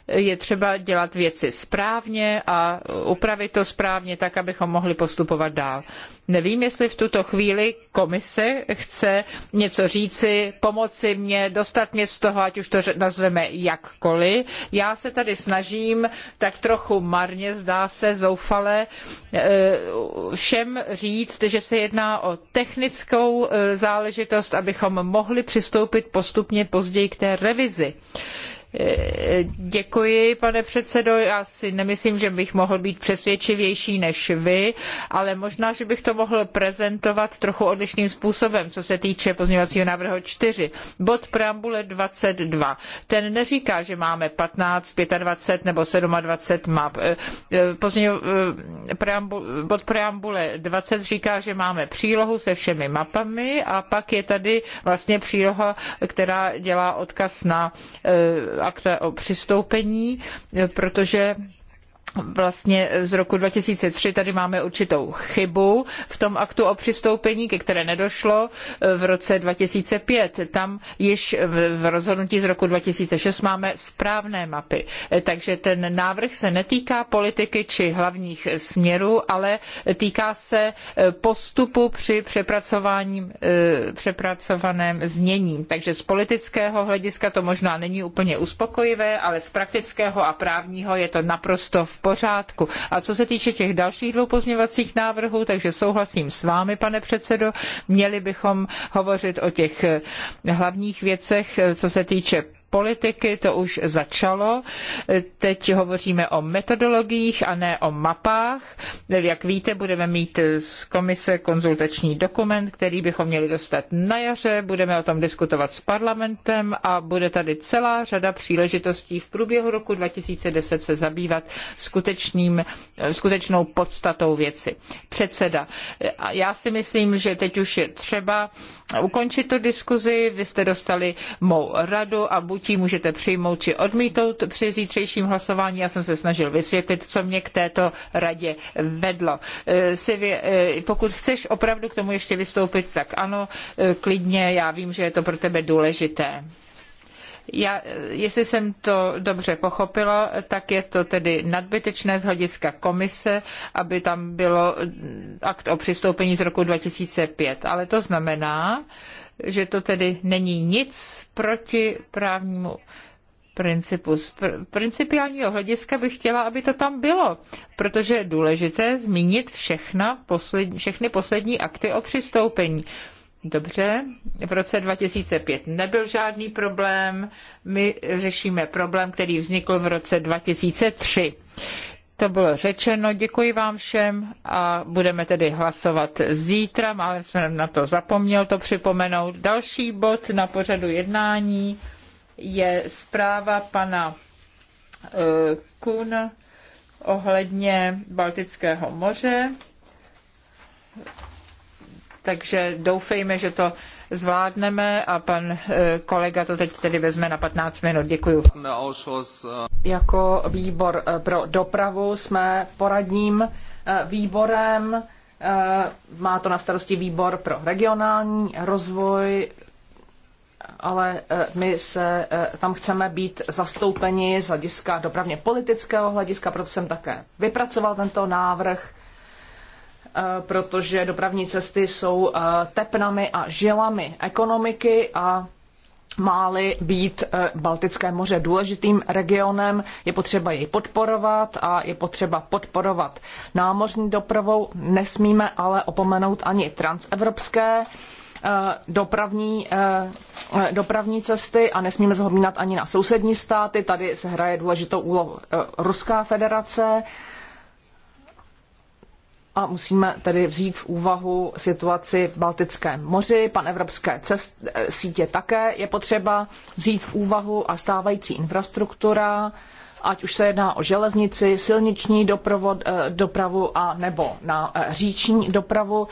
je třeba dělat věci správně a upravit to správně tak, abychom mohli postupovat dál. Nevím, jestli v tuto chvíli komise chce něco říci, pomoci mě, dostat mě z toho, ať už to nazveme jakkoliv. Já se tady snažím tak trochu marně, zdá se, zoufale e, všem říct, že se jedná o technickou e, záležitost, abychom mohli přistoupit postupně později k té revizi. Děkuji, pane předsedo. Já si nemyslím, že bych mohl být přesvědčivější než vy, ale možná, že bych to mohl prezentovat trochu odlišným způsobem, co se týče pozměňovacího návrhu 4. Bod preambule 22. Ten neříká, že máme 15, 25 nebo 27 map. Eh, eh, pozměňo, eh, preambu, bod preambule 20 říká, že máme přílohu se všemi mapami a pak je tady vlastně příloha, která dělá odkaz na akta o přistoupení, protože vlastně z roku 2003 tady máme určitou chybu v tom aktu o přistoupení, ke které nedošlo e, v roce 2005. Tam již v rozhodnutí z roku 2006 máme správné mapy. E, takže ten návrh se netýká politiky či hlavních směrů, ale týká se e, postupu při přepracování, přepracovaném znění. Takže z politického hlediska to možná není úplně uspokojivé, ale z praktického a právního je to naprosto v pořádku. A co se týče těch dalších dvou pozměňovacích návrhů, takže souhlasím s vámi, pane předsedo, měli bychom hovořit o těch hlavních věcech, co se týče politiky, to už začalo. Teď hovoříme o metodologiích a ne o mapách. Jak víte, budeme mít z komise konzultační dokument, který bychom měli dostat na jaře, budeme o tom diskutovat s parlamentem a bude tady celá řada příležitostí v průběhu roku 2010 se zabývat skutečným, skutečnou podstatou věci. Předseda, já si myslím, že teď už je třeba ukončit tu diskuzi, vy jste dostali mou radu a buď rozhodnutí můžete přijmout či odmítnout při zítřejším hlasování. Já jsem se snažil vysvětlit, co mě k této radě vedlo. Eh, eh, pokud chceš opravdu k tomu ještě vystoupit, tak ano, eh, klidně, já vím, že je to pro tebe důležité. Já, jestli jsem to dobře pochopila, tak je to tedy nadbytečné z hlediska komise, aby tam bylo mm, akt o přistoupení z roku 2005. Ale to znamená, že to tedy není nic proti právnímu principu. Z pr- principiálního hlediska bych chtěla, aby to tam bylo, protože je důležité zmínit všechna poslední, všechny poslední akty o přistoupení. Dobře, v roce 2005 nebyl žádný problém, my řešíme problém, který vznikl v roce 2003. To bylo řečeno, děkuji vám všem a budeme tedy hlasovat zítra, málem jsem na to zapomněl to připomenout. Další bod na pořadu jednání je zpráva pana eh, Kun ohledně Baltického moře. Takže doufejme, že to zvládneme a pan eh, kolega to teď tedy vezme na 15 minut. Děkuji. Jako výbor eh, pro dopravu jsme poradním eh, výborem. Má to na starosti výbor pro regionální rozvoj, ale my se tam chceme být zastoupeni z hlediska dopravně politického hlediska, proto jsem také vypracoval tento návrh Eh, protože dopravní cesty jsou eh, tepnami a žilami ekonomiky a máli být eh, Baltické moře důležitým regionem, je potřeba jej podporovat a je potřeba podporovat námořní dopravou. Nesmíme ale opomenout ani transevropské dopravní, dopravní cesty a nesmíme zapomínat ani na sousední státy. Tady se hraje důležitou úlohu Ruská federace a musíme tedy vzít v úvahu situaci v Baltickém moři, panevropské cest, eh, sítě také je potřeba vzít v úvahu a stávající infrastruktura, ať už se jedná o železnici, silniční doprovod, eh, dopravu a nebo na eh, říční dopravu,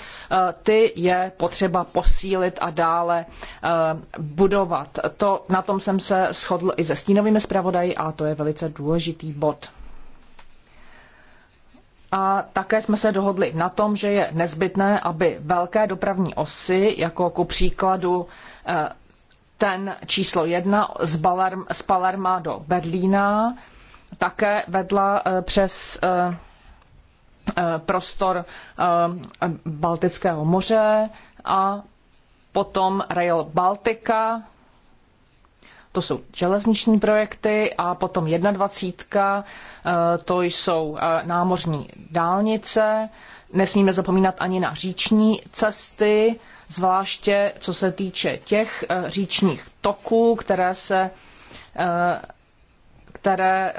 ty je potřeba posílit a dále budovat. To, na tom jsem se shodl i se stínovými zpravodaji a to je velice důležitý bod a také jsme se dohodli na tom, že je nezbytné, aby velké dopravní osy, jako ku příkladu eh, ten číslo jedna z Palerma do Berlína, také vedla eh, přes eh, prostor Baltického moře a potom Rail Baltica to jsou železniční projekty a potom 21, eh, to jsou eh, námořní dálnice. Nesmíme zapomínat ani na říční cesty, zvláště co se týče těch eh, říčních toků, které se které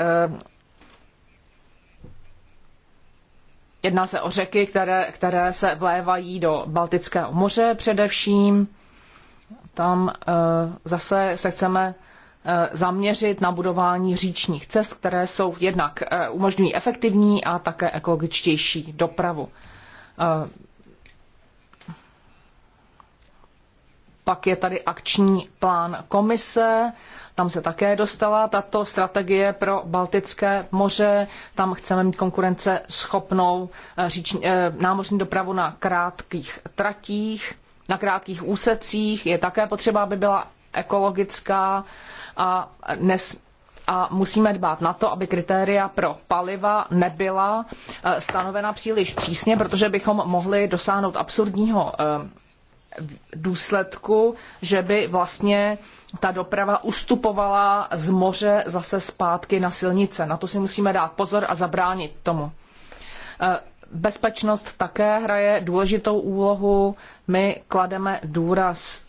jedná se o řeky, které, které se vlévají do Baltického moře především. Tam zase se chceme Eh, zaměřit na budování říčních cest, které jsou jednak eh, umožňují efektivní a také ekologičtější dopravu. Eh, pak je tady akční plán komise, tam se také dostala tato strategie pro Baltické moře. Tam chceme mít konkurence schopnou říční, námořní dopravu na krátkých tratích, na krátkých úsecích. Je také potřeba, aby byla ekologická a, nes, a musíme dbát na to, aby kritéria pro paliva nebyla eh, stanovena příliš přísně, protože bychom mohli dosáhnout absurdního eh, důsledku, že by vlastně ta doprava ustupovala z moře zase zpátky na silnice. Na to si musíme dát pozor a zabránit tomu. Eh, bezpečnost také hraje důležitou úlohu. My klademe důraz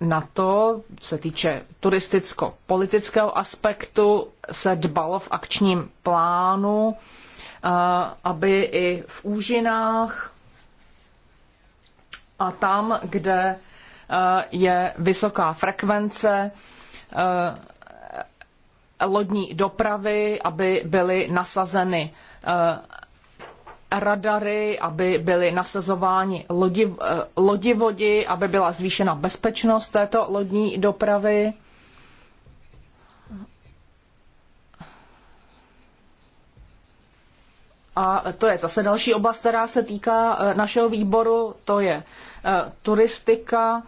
na to, se týče turisticko-politického aspektu, se dbalo v akčním plánu, eh, aby i v úžinách a tam, kde eh, je vysoká frekvence eh, lodní dopravy, aby byly nasazeny radary, aby byly nasazovány lodi, eh, lodivodi, aby byla zvýšena bezpečnost této lodní dopravy. A to je zase další oblast, která se týká eh, našeho výboru, to je eh, turistika,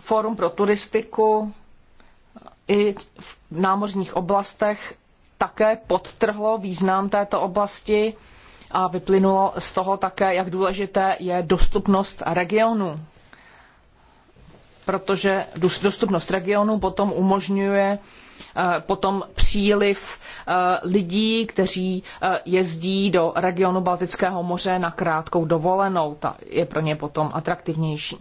fórum pro turistiku i v námořních oblastech také podtrhlo význam této oblasti a vyplynulo z toho také, jak důležité je dostupnost regionu. Protože dostupnost regionu potom umožňuje eh, potom příliv eh, lidí, kteří eh, jezdí do regionu Baltického moře na krátkou dovolenou. Ta je pro ně potom atraktivnější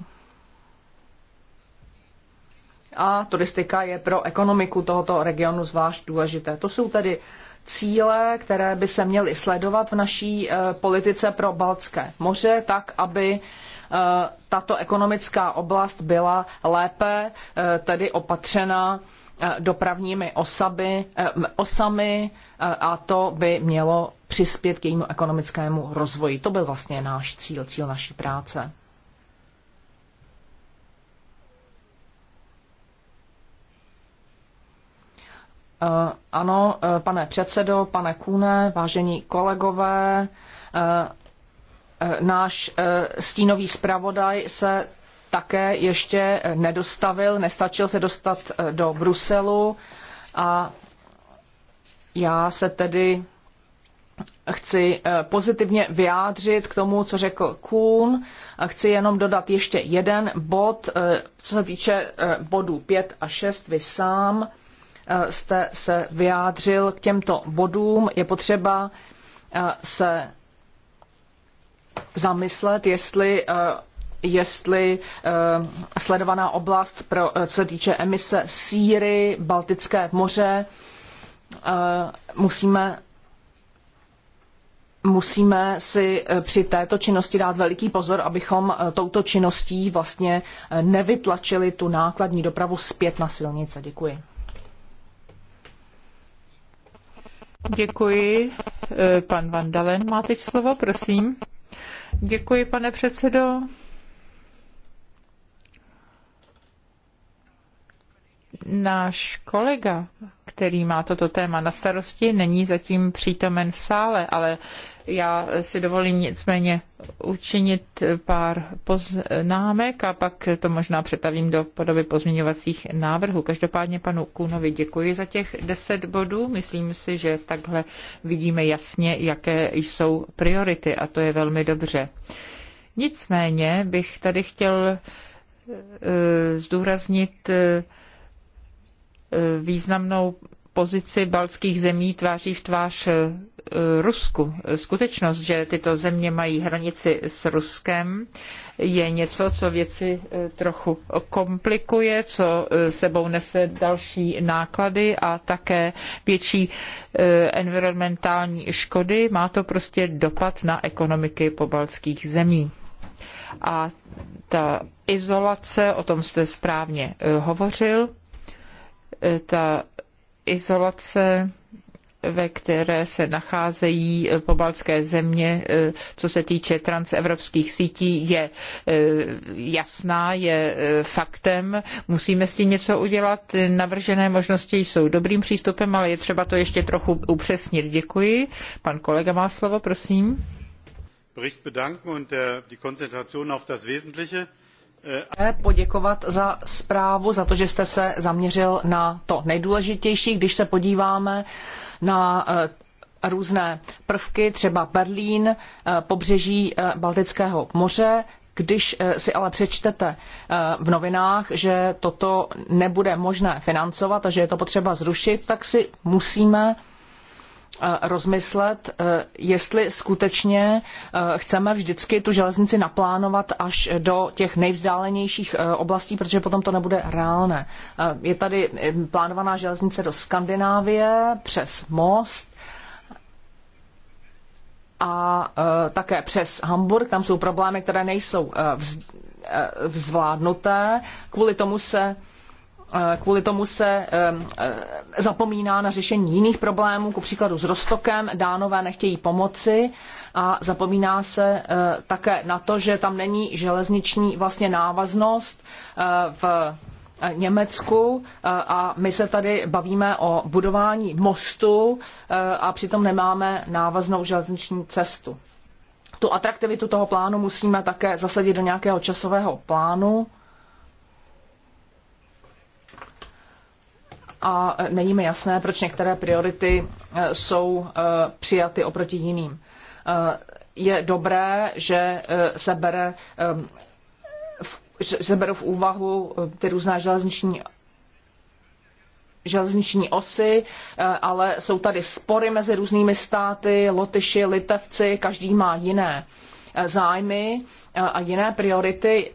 a turistika je pro ekonomiku tohoto regionu zvlášť důležité. To jsou tedy cíle, které by se měly sledovat v naší eh, politice pro Baltské moře, tak aby eh, tato ekonomická oblast byla lépe eh, tedy opatřena dopravními osaby, osami a to by mělo přispět k jejímu ekonomickému rozvoji. To byl vlastně náš cíl, cíl naší práce. Eh, ano, eh, pane předsedo, pane Kune, vážení kolegové, eh, náš stínový zpravodaj se také ještě nedostavil, nestačil se dostat do Bruselu a já se tedy chci pozitivně vyjádřit k tomu, co řekl Kuhn. a Chci jenom dodat ještě jeden bod, co se týče bodů 5 a 6, vy sám Eh, jste se vyjádřil k těmto bodům. Je potřeba eh, se zamyslet, jestli eh, jestli sledovaná oblast, pro, co se týče emise síry, Baltické moře, musíme musíme si při této činnosti dát veliký pozor, abychom touto činností vlastně nevytlačili tu nákladní dopravu zpět na silnice. Děkuji. Děkuji. E, pan Vandalen má teď slovo, prosím. Děkuji, pane předsedo. Náš kolega, který má toto téma na starosti, není zatím přítomen v sále, ale já si dovolím nicméně učinit pár poznámek a pak to možná přetavím do podoby pozměňovacích návrhů. Každopádně panu Kůnovi děkuji za těch deset bodů. Myslím si, že takhle vidíme jasně, jaké jsou priority a to je velmi dobře. Nicméně bych tady chtěl eh, zdůraznit eh, významnou pozici baltských zemí tváří v tvář e, Rusku. Skutečnost, že tyto země mají hranici s Ruskem, je něco, co věci e, trochu komplikuje, co e, sebou nese další náklady a také větší environmentální škody. Má to prostě dopad na ekonomiky pobaltských zemí. A ta izolace, o tom jste správně hovořil, ta izolace, ve které se nacházejí e, pobaltské země, e, co se týče transevropských sítí, je e, jasná, je faktem. Musíme s tím něco udělat. Navržené možnosti jsou dobrým přístupem, ale je třeba to ještě trochu upřesnit. Děkuji. Pan kolega má slovo, prosím. Bericht bedanken und äh, die Konzentration auf das Wesentliche poděkovat za zprávu, za to, že jste se zaměřil na to nejdůležitější. Když se podíváme na eh, různé prvky, třeba Berlín, eh, pobřeží eh, Baltického moře, když si ale přečtete v novinách, že toto nebude možné financovat a že je to potřeba zrušit, tak si musíme Eh, rozmyslet, eh, jestli skutečně eh, chceme vždycky tu železnici naplánovat až do těch nejvzdálenějších oblastí, protože potom to nebude reálné. Je tady plánovaná železnice do Skandinávie přes most a také přes Hamburg. Tam jsou problémy, které nejsou vz, zvládnuté. Kvůli tomu se Eh, kvůli tomu se ehm, eh, zapomíná na řešení jiných problémů, ku příkladu s Rostokem, dánové nechtějí pomoci a zapomíná se eh, také na to, že tam není železniční vlastně návaznost v Německu a my se tady bavíme o budování mostu a přitom nemáme návaznou železniční cestu. Tu atraktivitu toho plánu musíme také zasadit do nějakého časového plánu a není mi jasné, proč některé priority e, jsou e, přijaty oproti jiným. E, je dobré, že se bere že se berou v úvahu ty různé železniční železniční osy, ale jsou tady spory mezi různými státy, Lotyši, Litevci, každý má jiné zájmy a jiné priority.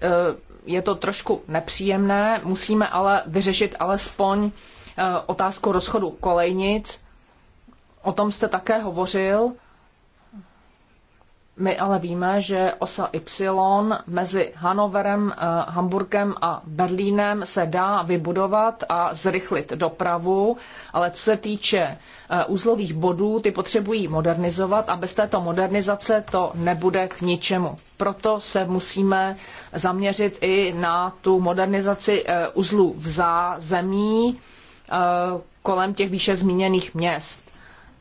Je to trošku nepříjemné, musíme ale vyřešit alespoň Eh, otázku rozchodu kolejnic. O tom jste také hovořil. My ale víme, že osa Y mezi Hanoverem, eh, Hamburgem a Berlínem se dá vybudovat a zrychlit dopravu, ale co se týče eh, uzlových bodů, ty potřebují modernizovat a bez této modernizace to nebude k ničemu. Proto se musíme zaměřit i na tu modernizaci uzlů v zázemí, zemí Eh, kolem těch výše zmíněných měst.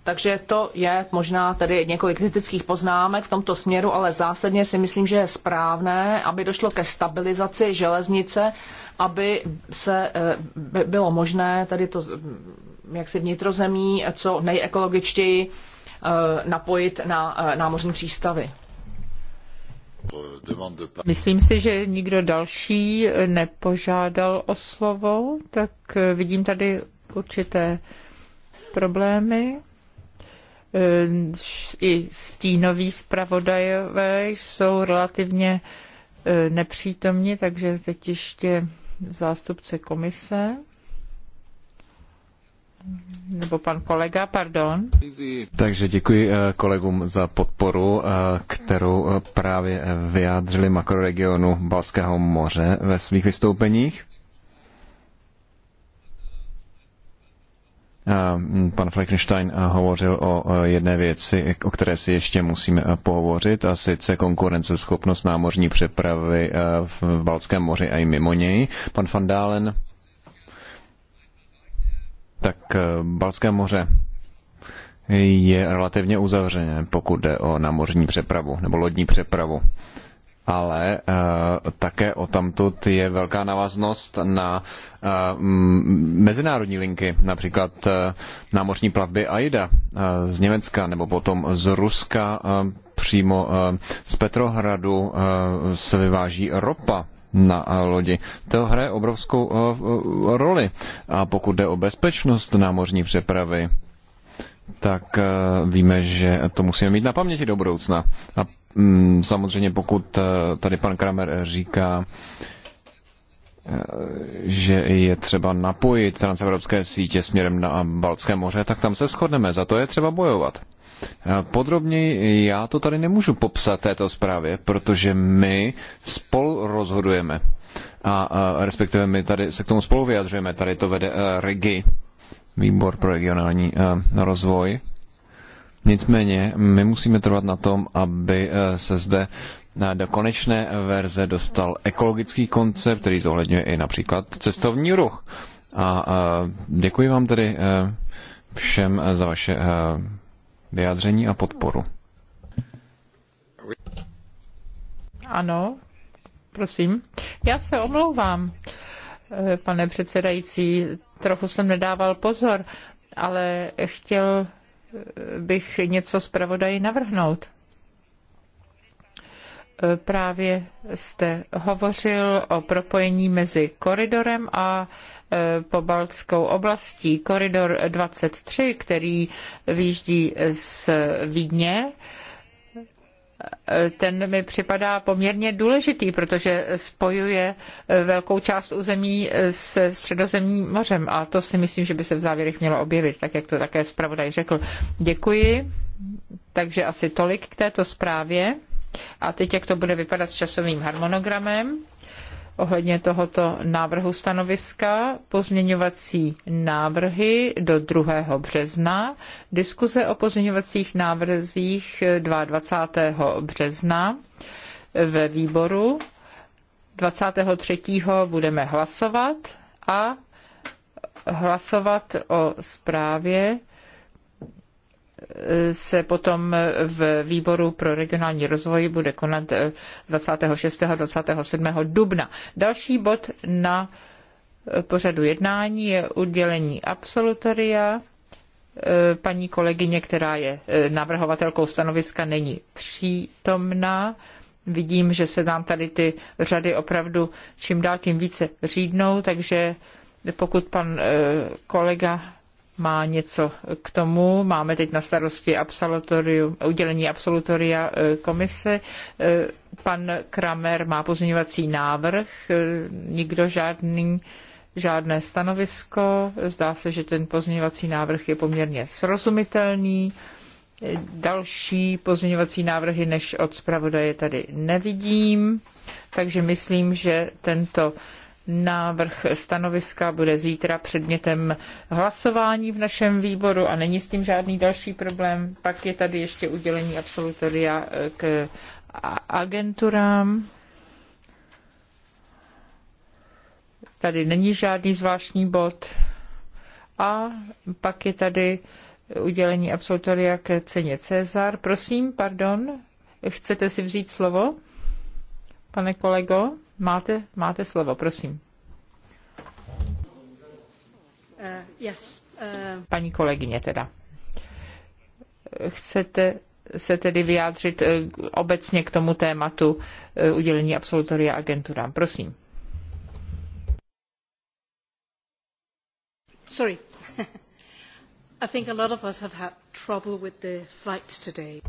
Takže to je možná tedy několik kritických poznámek v tomto směru, ale zásadně si myslím, že je správné, aby došlo ke stabilizaci železnice, aby se eh, by bylo možné tady to mm, jak vnitrozemí co nejekologičtěji eh, napojit na námořní přístavy. Myslím si, že nikdo další nepožádal o slovo, tak eh, vidím tady určité problémy. Eh, I stínoví zpravodajové jsou relativně eh, nepřítomní, takže teď ještě zástupce komise nebo pan kolega, pardon. Takže děkuji eh, kolegům za podporu, eh, kterou eh, právě vyjádřili makroregionu Balského moře ve svých vystoupeních. Pan Fleckenstein hovořil o jedné věci, o které si ještě musíme pohovořit, a sice konkurenceschopnost námořní přepravy v Balském moři a i mimo něj. Pan Van Dalen tak eh, Balské moře je relativně uzavřené, pokud jde o námořní přepravu nebo lodní přepravu. Ale e, také o tamtud je velká navaznost na e, mezinárodní linky, například e, námořní plavby AIDA e, z Německa nebo potom z Ruska. E, přímo e, z Petrohradu e, se vyváží ropa na eh, lodi. To hraje obrovskou eh, eh, roli. A pokud jde o bezpečnost námořní přepravy, tak víme, že to musíme mít na paměti do budoucna. A mm, samozřejmě pokud tady pan Kramer říká, že je třeba napojit transevropské sítě směrem na Baltské moře, tak tam se shodneme. Za to je třeba bojovat. Podrobněji já to tady nemůžu popsat této zprávě, protože my spolu rozhodujeme. A, a respektive my tady se k tomu spolu vyjadřujeme. Tady to vede uh, REGI, Výbor pro regionální uh, rozvoj. Nicméně my musíme trvat na tom, aby uh, se zde do konečné verze dostal ekologický koncept, který zohledňuje i například cestovní ruch. A děkuji vám tedy všem za vaše vyjádření a podporu. Ano, prosím. Já se omlouvám, eh, pane předsedající, trochu jsem nedával pozor, ale chtěl eh, bych něco zpravodaji navrhnout. Eh, právě jste hovořil o propojení mezi koridorem a Eh, pobaltskou oblastí. Koridor 23, který výjíždí z Vídně, eh, ten mi připadá poměrně důležitý, protože spojuje eh, velkou část území se středozemním mořem a to si myslím, že by se v závěrech mělo objevit, tak jak to také zpravodaj řekl. Děkuji, takže asi tolik k této zprávě. A teď, jak to bude vypadat s časovým harmonogramem? ohledně tohoto návrhu stanoviska, pozměňovací návrhy do 2. března, diskuze o pozměňovacích návrzích 22. března ve výboru. 23. budeme hlasovat a hlasovat o zprávě se potom v výboru pro regionální rozvoj bude konat 26. a 27. dubna. Další bod na pořadu jednání je udělení absolutoria. Paní kolegyně, která je navrhovatelkou stanoviska, není přítomná. Vidím, že se nám tady ty řady opravdu čím dál tím více řídnou, takže pokud pan eh, kolega má něco k tomu. Máme teď na starosti absolutorium, udělení absolutoria e, komise. E, pan Kramer má pozměňovací návrh, e, nikdo žádný žádné stanovisko. Zdá se, že ten pozměňovací návrh je poměrně srozumitelný. Další pozměňovací návrhy než od zpravodaje tady nevidím, takže myslím, že tento Návrh stanoviska bude zítra předmětem hlasování v našem výboru a není s tím žádný další problém. Pak je tady ještě udělení absolutoria eh, k agenturám. Tady není žádný zvláštní bod. A pak je tady udělení absolutoria k ceně Cezar. Prosím, pardon, chcete si vzít slovo, pane kolego? Máte, máte slovo, prosím. Uh, yes, uh... Paní kolegyně teda. Chcete se tedy vyjádřit eh, obecně k tomu tématu udělení absolutoria agenturám. Prosím. Sorry.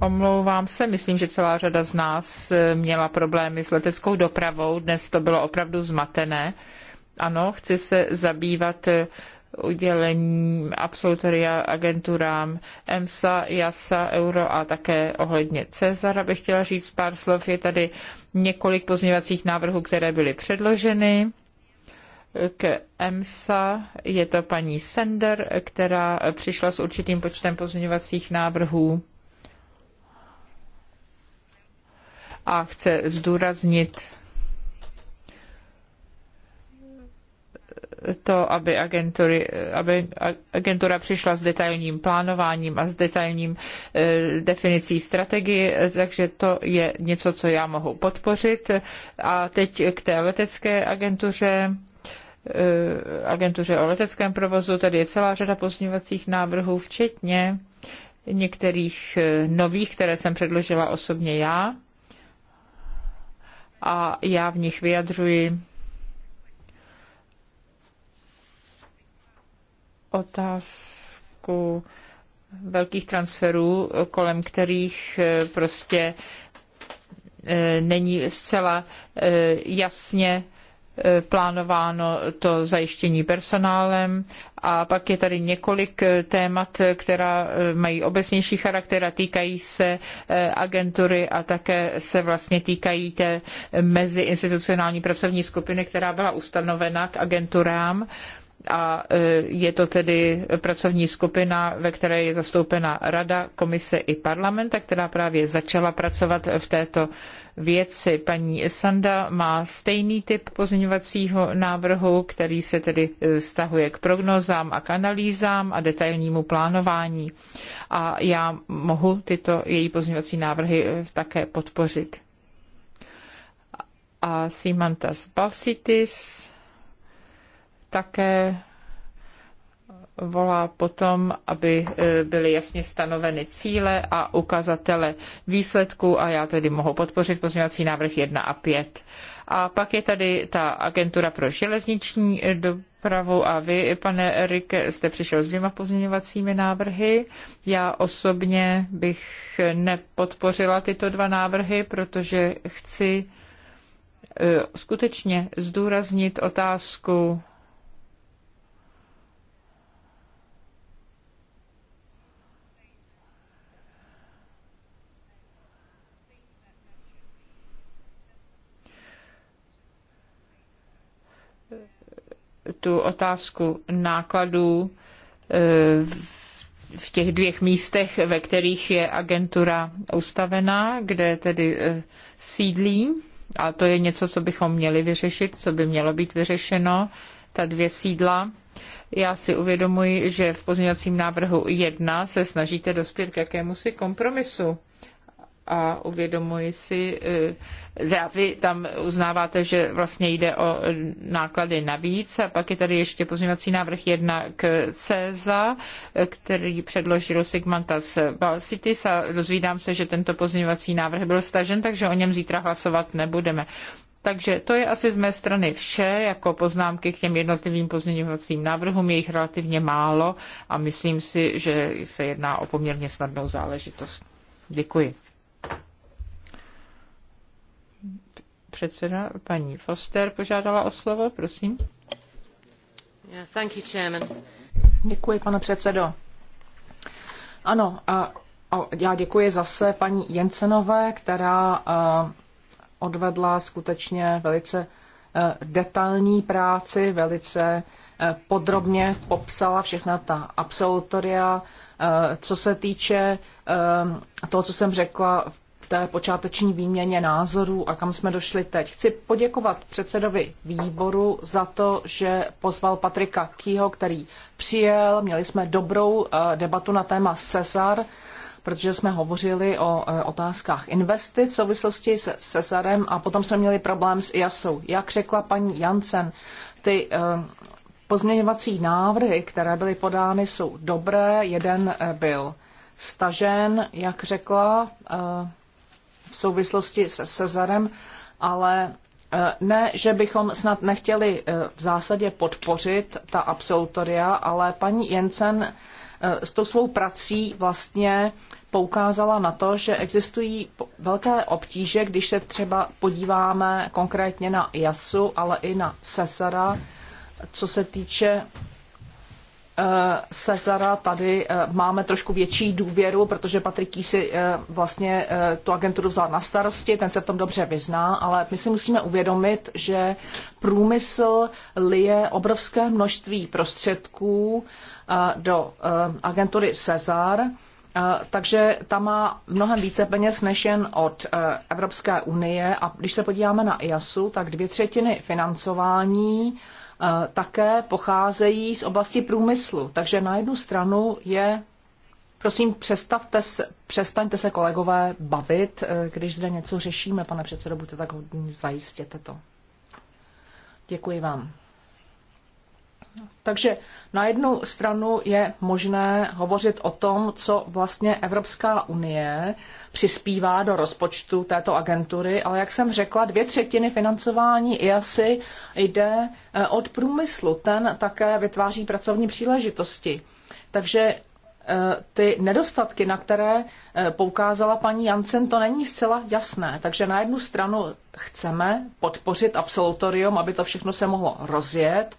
Omlouvám se, myslím, že celá řada z nás eh, měla problémy s leteckou dopravou. Dnes to bylo opravdu zmatené. Ano, chci se zabývat eh, udělením absolutoria agenturám EMSA, JASA, Euro a také ohledně Cesar. Abych chtěla říct pár slov. Je tady několik pozměňovacích návrhů, které byly předloženy k EMSA. Je to paní Sender, která přišla s určitým počtem pozměňovacích návrhů a chce zdůraznit to, aby, agentury, aby agentura přišla s detailním plánováním a s detailním e, definicí strategii, takže to je něco, co já mohu podpořit. A teď k té letecké agentuře. Eh, agentuře o leteckém provozu. Tady je celá řada pozměňovacích návrhů, včetně některých eh, nových, které jsem předložila osobně já. A já v nich vyjadřuji otázku velkých transferů, kolem kterých eh, prostě není zcela jasně Eh, plánováno to zajištění personálem a pak je tady několik eh, témat, eh, která mají obecnější charakter a týkají se agentury a také se vlastně týkají té meziinstitucionální pracovní skupiny, která byla ustanovena k agenturám a je to tedy pracovní skupina, ve které je zastoupena Rada, Komise i parlament, která právě začala pracovat v této věci. Paní Sanda má stejný typ pozměňovacího návrhu, který se tedy e, stahuje k prognozám a k analýzám a detailnímu plánování. A já mohu tyto její pozměňovací návrhy e, také podpořit. A Simantas Balsitis také volá potom, aby e, byly jasně stanoveny cíle a ukazatele výsledků a já tedy mohu podpořit pozměňovací návrh 1 a 5. A pak je tady ta agentura pro železniční dopravu a vy, pane Erik, jste přišel s dvěma pozměňovacími návrhy. Já osobně bych nepodpořila tyto dva návrhy, protože chci e, skutečně zdůraznit otázku tu otázku nákladů eh, v těch dvěch místech, ve kterých je agentura ustavená, kde tedy eh, sídlí. A to je něco, co bychom měli vyřešit, co by mělo být vyřešeno, ta dvě sídla. Já si uvědomuji, že v pozměňovacím návrhu 1 se snažíte dospět k jakémusi kompromisu a uvědomuji si, že eh, vy tam uznáváte, že vlastně jde o náklady navíc a pak je tady ještě pozměňovací návrh 1 k CESA, eh, který předložil z Balsitis a dozvídám se, že tento pozměňovací návrh byl stažen, takže o něm zítra hlasovat nebudeme. Takže to je asi z mé strany vše, jako poznámky k těm jednotlivým pozměňovacím návrhům, je jich relativně málo a myslím si, že se jedná o poměrně snadnou záležitost. Děkuji. Předseda paní Foster požádala o slovo, prosím. Yeah, thank you, chairman. Děkuji, pane předsedo. Ano, a, a já děkuji zase paní Jensenové, která a, odvedla skutečně velice e, detailní práci, velice e, podrobně popsala všechna ta absolutoria. E, co se týče toho, co jsem řekla v té počáteční výměně názorů a kam jsme došli teď. Chci poděkovat předsedovi výboru za to, že pozval Patrika Kýho, který přijel. Měli jsme dobrou eh, debatu na téma Cezar, protože jsme hovořili o eh, otázkách investic v souvislosti se Cezarem a potom jsme měli problém s IASou. Jak řekla paní Jansen, ty eh, pozměňovací návrhy, které byly podány, jsou dobré. Jeden byl stažen, jak řekla, v souvislosti se Sezarem, ale eh, ne, že bychom snad nechtěli eh, v zásadě podpořit ta absolutoria, ale paní Jensen eh, s tou svou prací vlastně poukázala na to, že existují velké obtíže, když se třeba podíváme konkrétně na JASu, ale i na SESARA, co se týče Cezara eh, tady eh, máme trošku větší důvěru, protože Patriký si eh, vlastně tu agenturu vzal na starosti, ten se v tom dobře vyzná, ale my si musíme uvědomit, že průmysl lije obrovské množství prostředků do agentury Cezar, takže ta má mnohem více peněz než jen od Evropské unie a když se podíváme na IASu, tak dvě třetiny financování Eh, také pocházejí z oblasti průmyslu. Takže na jednu stranu je, prosím, přestavte se, přestaňte se kolegové bavit, eh, když zde něco řešíme, pane předsedo, buďte tak hodní, zajistěte to. Děkuji vám. Takže na jednu stranu je možné hovořit o tom, co vlastně Evropská unie přispívá do rozpočtu této agentury, ale jak jsem řekla, dvě třetiny financování i asi jde eh, od průmyslu. Ten také vytváří pracovní příležitosti. Takže eh, ty nedostatky, na které eh, poukázala paní Jansen, to není zcela jasné. Takže na jednu stranu chceme podpořit absolutorium, aby to všechno se mohlo rozjet,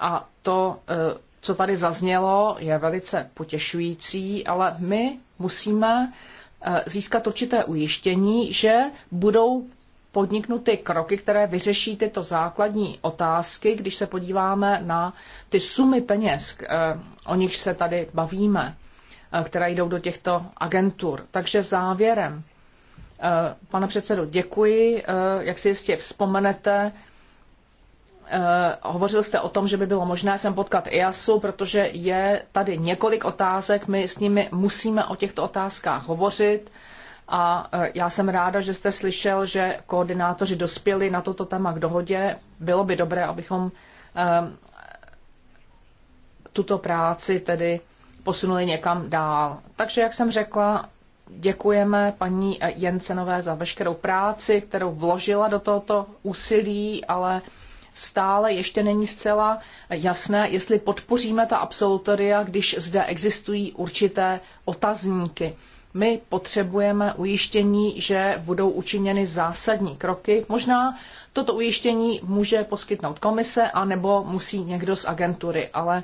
a to, e, co tady zaznělo, je velice potěšující, ale my musíme e, získat určité ujištění, že budou podniknuty kroky, které vyřeší tyto základní otázky, když se podíváme na ty sumy peněz, e, o nich se tady bavíme, které jdou do těchto agentur. Takže závěrem, pane předsedo, děkuji. Jak si jistě vzpomenete, Eh, hovořil jste o tom, že by bylo možné sem potkat IASu, protože je tady několik otázek, my s nimi musíme o těchto otázkách hovořit. A eh, já jsem ráda, že jste slyšel, že koordinátoři dospěli na toto téma k dohodě. Bylo by dobré, abychom eh, tuto práci tedy posunuli někam dál. Takže, jak jsem řekla, děkujeme paní Jensenové za veškerou práci, kterou vložila do tohoto úsilí, ale stále ještě není zcela jasné, jestli podpoříme ta absolutoria, když zde existují určité otazníky. My potřebujeme ujištění, že budou učiněny zásadní kroky. Možná toto ujištění může poskytnout komise, anebo musí někdo z agentury, ale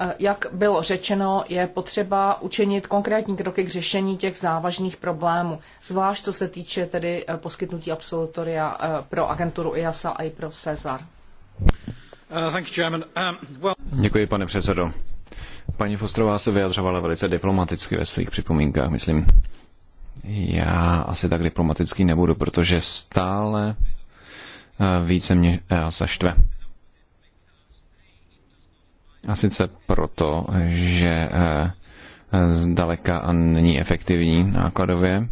Eh, jak bylo řečeno, je potřeba učinit konkrétní kroky k řešení těch závažných problémů, zvlášť co se týče tedy eh, poskytnutí absolutoria eh, pro agenturu IASA e a i pro CESAR. Um, Děkuji, pane předsedo. Paní Fosterová se vyjadřovala velice diplomaticky ve svých připomínkách, myslím. Já asi tak diplomatický nebudu, protože stále více mě EASA štve. A sice proto, že eh, zdaleka není efektivní nákladově.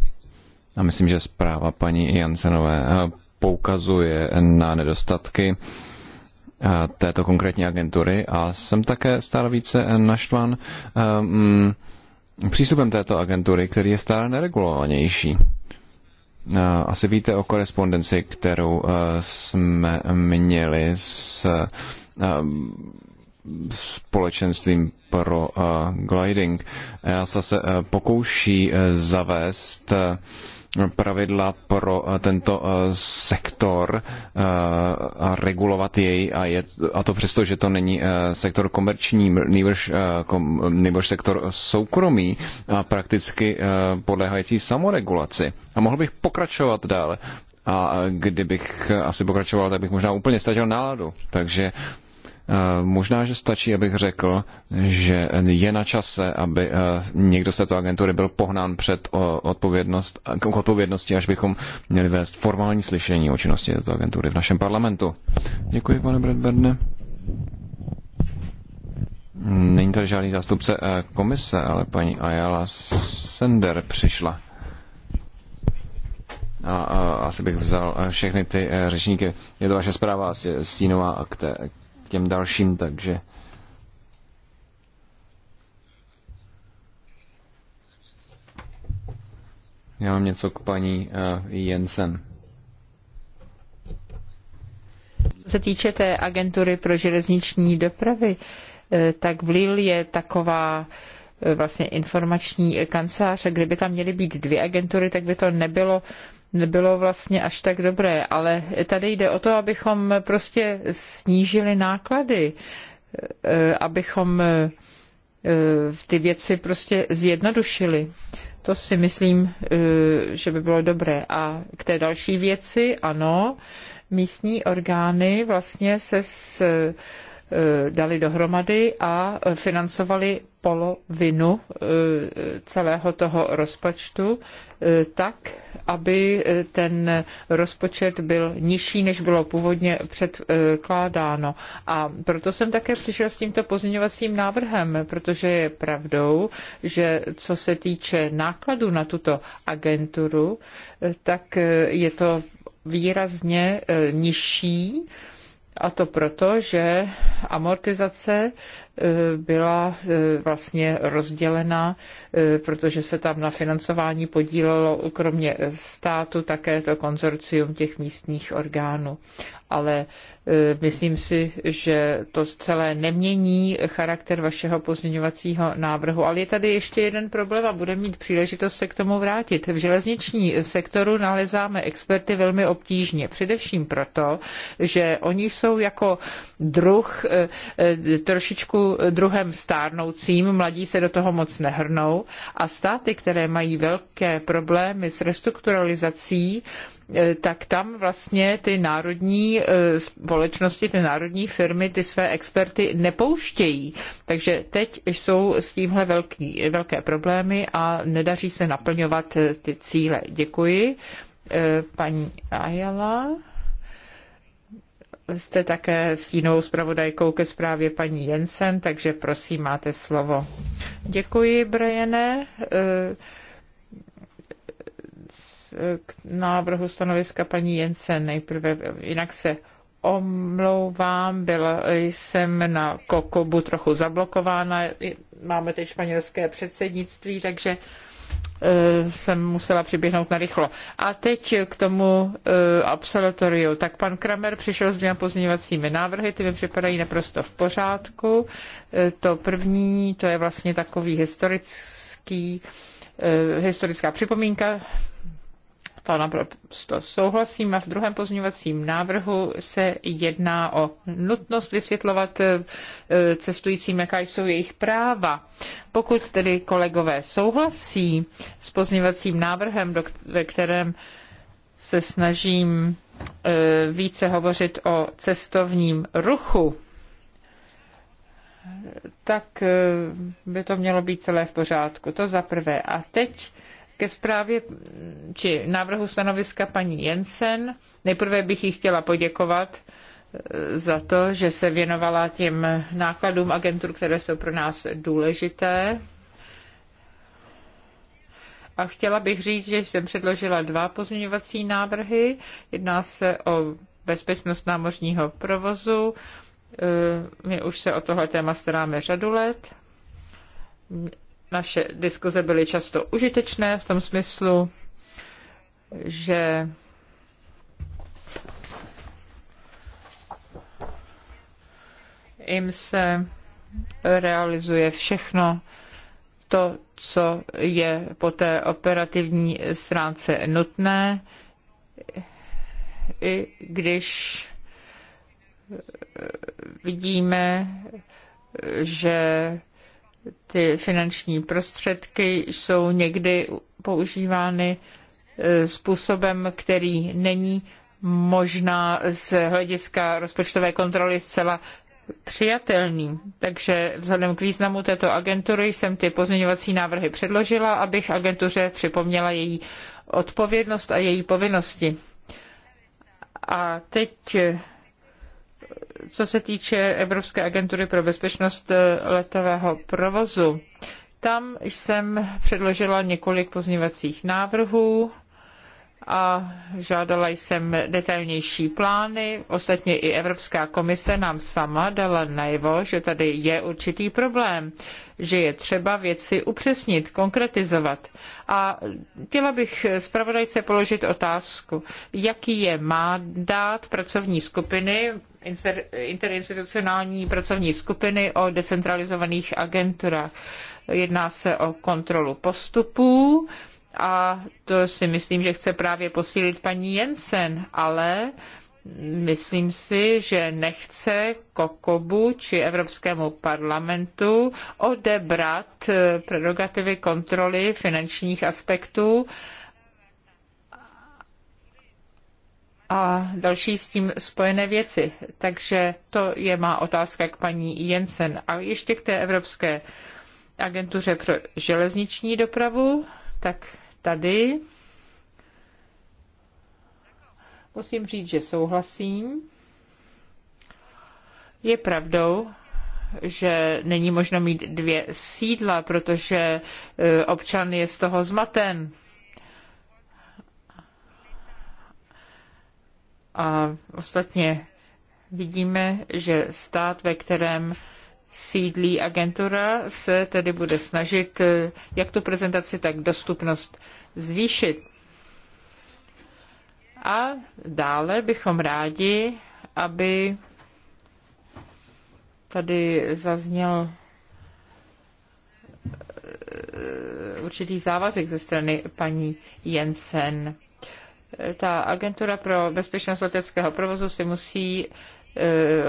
A myslím, že zpráva paní Jansenové eh, poukazuje na nedostatky eh, této konkrétní agentury a jsem také stále více naštvan um, mm, přístupem této agentury, který je stále neregulovanější. Asi víte o korespondenci, kterou jsme měli s společenstvím pro eh, gliding. EASA se eh, pokouší eh, zavést pravidla pro tento sektor a regulovat jej a, je, a to přesto, že to není sektor komerční, nejbrž, nejbrž sektor soukromý a prakticky podléhající samoregulaci. A mohl bych pokračovat dále. A kdybych asi pokračoval, tak bych možná úplně ztratil náladu. Takže Eh, možná, že stačí, abych řekl, že je na čase, aby eh, někdo z této agentury byl pohnán před odpovědnost, k odpovědnosti, až bychom měli vést formální slyšení o činnosti této agentury v našem parlamentu. Děkuji, pane Bradberne. Není tady žádný zástupce eh, komise, ale paní Ayala Sender přišla. A, a asi bych vzal všechny ty řečníky. Je to vaše zpráva, stínová k té k těm dalším, takže Já mám něco k paní uh, Jensen. Co se týče té agentury pro železniční dopravy, eh, tak v Lille je taková eh, vlastně informační kancelář. Kdyby tam měly být dvě agentury, tak by to nebylo uh, nebylo vlastně až tak dobré, ale tady jde o to, abychom prostě snížili náklady, eh, abychom eh, ty věci prostě zjednodušili. To si myslím, eh, že by bylo dobré. A k té další věci, ano, místní orgány vlastně se s, dali dohromady a financovali polovinu celého toho rozpočtu, E, tak, aby e, ten rozpočet byl nižší, než bylo původně předkládáno. A proto jsem také přišel s tímto pozměňovacím návrhem, protože je pravdou, že co se týče nákladu na tuto agenturu, e, tak je to výrazně nižší, a to proto, že amortizace byla eh, vlastně rozdělena, eh, protože se tam na financování podílelo kromě státu také to konzorcium těch místních orgánů ale e, myslím si, že to celé nemění charakter vašeho pozměňovacího návrhu. Ale je tady ještě jeden problém a budeme mít příležitost se k tomu vrátit. V železniční sektoru nalezáme experty velmi obtížně, především proto, že oni jsou jako druh e, e, trošičku druhem stárnoucím, mladí se do toho moc nehrnou a státy, které mají velké problémy s restrukturalizací, E, tak tam vlastně ty národní e, společnosti, ty národní firmy ty své experty nepouštějí. Takže teď jsou s tímhle velký, velké problémy a nedaří se naplňovat e, ty cíle. Děkuji. Paní Ayala jste také stínovou zpravodajkou ke zprávě paní Jensen, takže prosím, máte slovo. Děkuji, Brajene k návrhu stanoviska paní Jence nejprve, jinak se omlouvám, byla jsem na Kokobu trochu zablokována, máme teď španělské předsednictví, takže e, jsem musela přiběhnout na rychlo. A teď k tomu e, absolutoriu. Tak pan Kramer přišel s dvěma pozměňovacími návrhy, ty mi připadají naprosto v pořádku. E, to první, to je vlastně takový historický historická připomínka to naprosto souhlasím. A v druhém pozměňovacím návrhu se jedná o nutnost vysvětlovat eh, cestujícím, jaká jsou jejich práva. Pokud tedy kolegové souhlasí s pozměňovacím návrhem, ve kterém se snažím eh, více hovořit o cestovním ruchu, tak eh, by to mělo být celé v pořádku. To za prvé. A teď ke zprávě či návrhu stanoviska paní Jensen. Nejprve bych jí chtěla poděkovat eh, za to, že se věnovala těm nákladům agentur, které jsou pro nás důležité. A chtěla bych říct, že jsem předložila dva pozměňovací návrhy. Jedná se o bezpečnost námořního provozu. Eh, my už se o tohle téma staráme řadu let. Naše diskuze byly často užitečné v tom smyslu, že jim se realizuje všechno to, co je po té operativní stránce nutné, i když vidíme, že ty finanční prostředky jsou někdy používány e, způsobem, který není možná z hlediska rozpočtové kontroly zcela přijatelný. Takže vzhledem k významu této agentury jsem ty pozměňovací návrhy předložila, abych agentuře připomněla její odpovědnost a její povinnosti. A teď co se týče Evropské agentury pro bezpečnost eh, letového provozu, tam jsem předložila několik pozněvacích návrhů a žádala jsem detailnější plány. Ostatně i Evropská komise nám sama dala najevo, že tady je určitý problém, že je třeba věci upřesnit, konkretizovat. A chtěla bych zpravodajce položit otázku, jaký je mandát pracovní skupiny interinstitucionální pracovní skupiny o decentralizovaných agenturách. Jedná se o kontrolu postupů a to si myslím, že chce právě posílit paní Jensen, ale myslím si, že nechce Kokobu či Evropskému parlamentu odebrat eh, prerogativy kontroly finančních aspektů a další s tím spojené věci. Takže to je má otázka k paní Jensen. A ještě k té Evropské agentuře pro železniční dopravu, tak tady musím říct, že souhlasím. Je pravdou, že není možno mít dvě sídla, protože eh, občan je z toho zmaten A ostatně vidíme, že stát, ve kterém sídlí agentura, se tedy bude snažit eh, jak tu prezentaci, tak dostupnost zvýšit. A dále bychom rádi, aby tady zazněl eh, určitý závazek ze strany paní Jensen ta agentura pro bezpečnost leteckého provozu si musí e,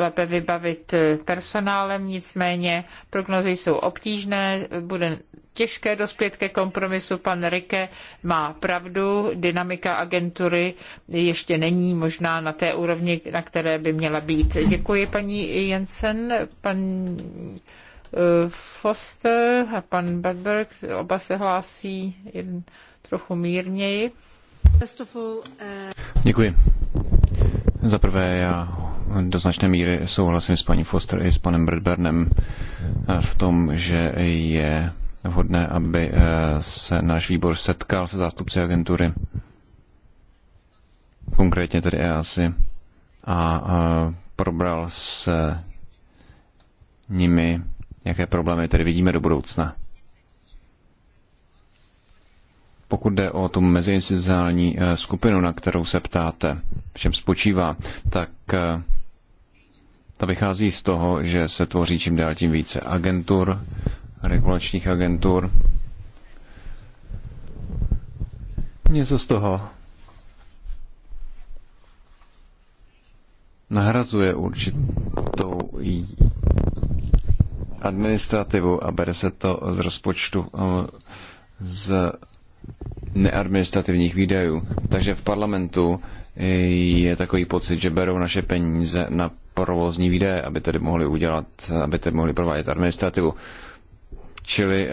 lépe vybavit e, personálem, nicméně prognozy jsou obtížné, bude těžké dospět ke kompromisu. Pan Rike má pravdu, dynamika agentury ještě není možná na té úrovni, na které by měla být. Děkuji paní Jensen, pan e, Foster a pan Bedberg, oba se hlásí jen trochu mírněji. Uh, Děkuji. Za prvé, já do značné míry souhlasím s paní Foster i s panem Bradburnem eh, v tom, že je vhodné, aby eh, se náš výbor setkal se zástupci agentury, konkrétně tedy EASI, a eh, probral s nimi, jaké problémy tedy vidíme do budoucna. pokud jde o tu meziinstitucionální eh, skupinu, na kterou se ptáte, v čem spočívá, tak eh, ta vychází z toho, že se tvoří čím dál tím více agentur, regulačních agentur. Něco z toho nahrazuje určitou administrativu a bere se to z rozpočtu eh, z neadministrativních výdajů. Takže v parlamentu eh, je takový pocit, že berou naše peníze na provozní výdaje, aby tedy mohli udělat, aby tedy mohli provádět administrativu. Čili eh,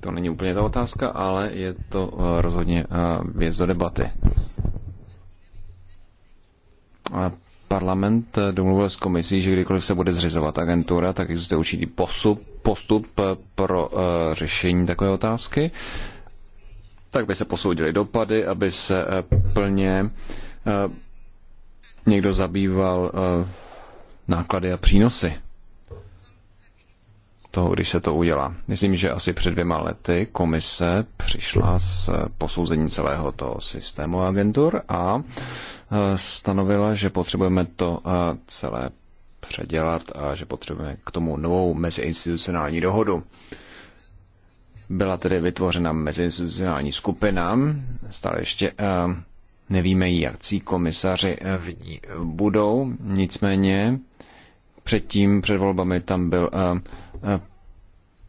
to není úplně ta otázka, ale je to eh, rozhodně věc do debaty. A parlament eh, domluvil s komisí, že kdykoliv se bude zřizovat agentura, tak existuje určitý postup, postup eh, pro eh, řešení takové otázky. Tak by se posoudily dopady, aby se plně někdo zabýval náklady a přínosy toho, když se to udělá. Myslím, že asi před dvěma lety komise přišla s posouzením celého toho systému agentur a e, stanovila, že potřebujeme to e, celé předělat a že potřebujeme k tomu novou meziinstitucionální dohodu. Byla tedy vytvořena meziinstitucionální skupina, stále ještě e, nevíme, jakcí komisaři v ní budou, nicméně předtím, před volbami tam byl Eh,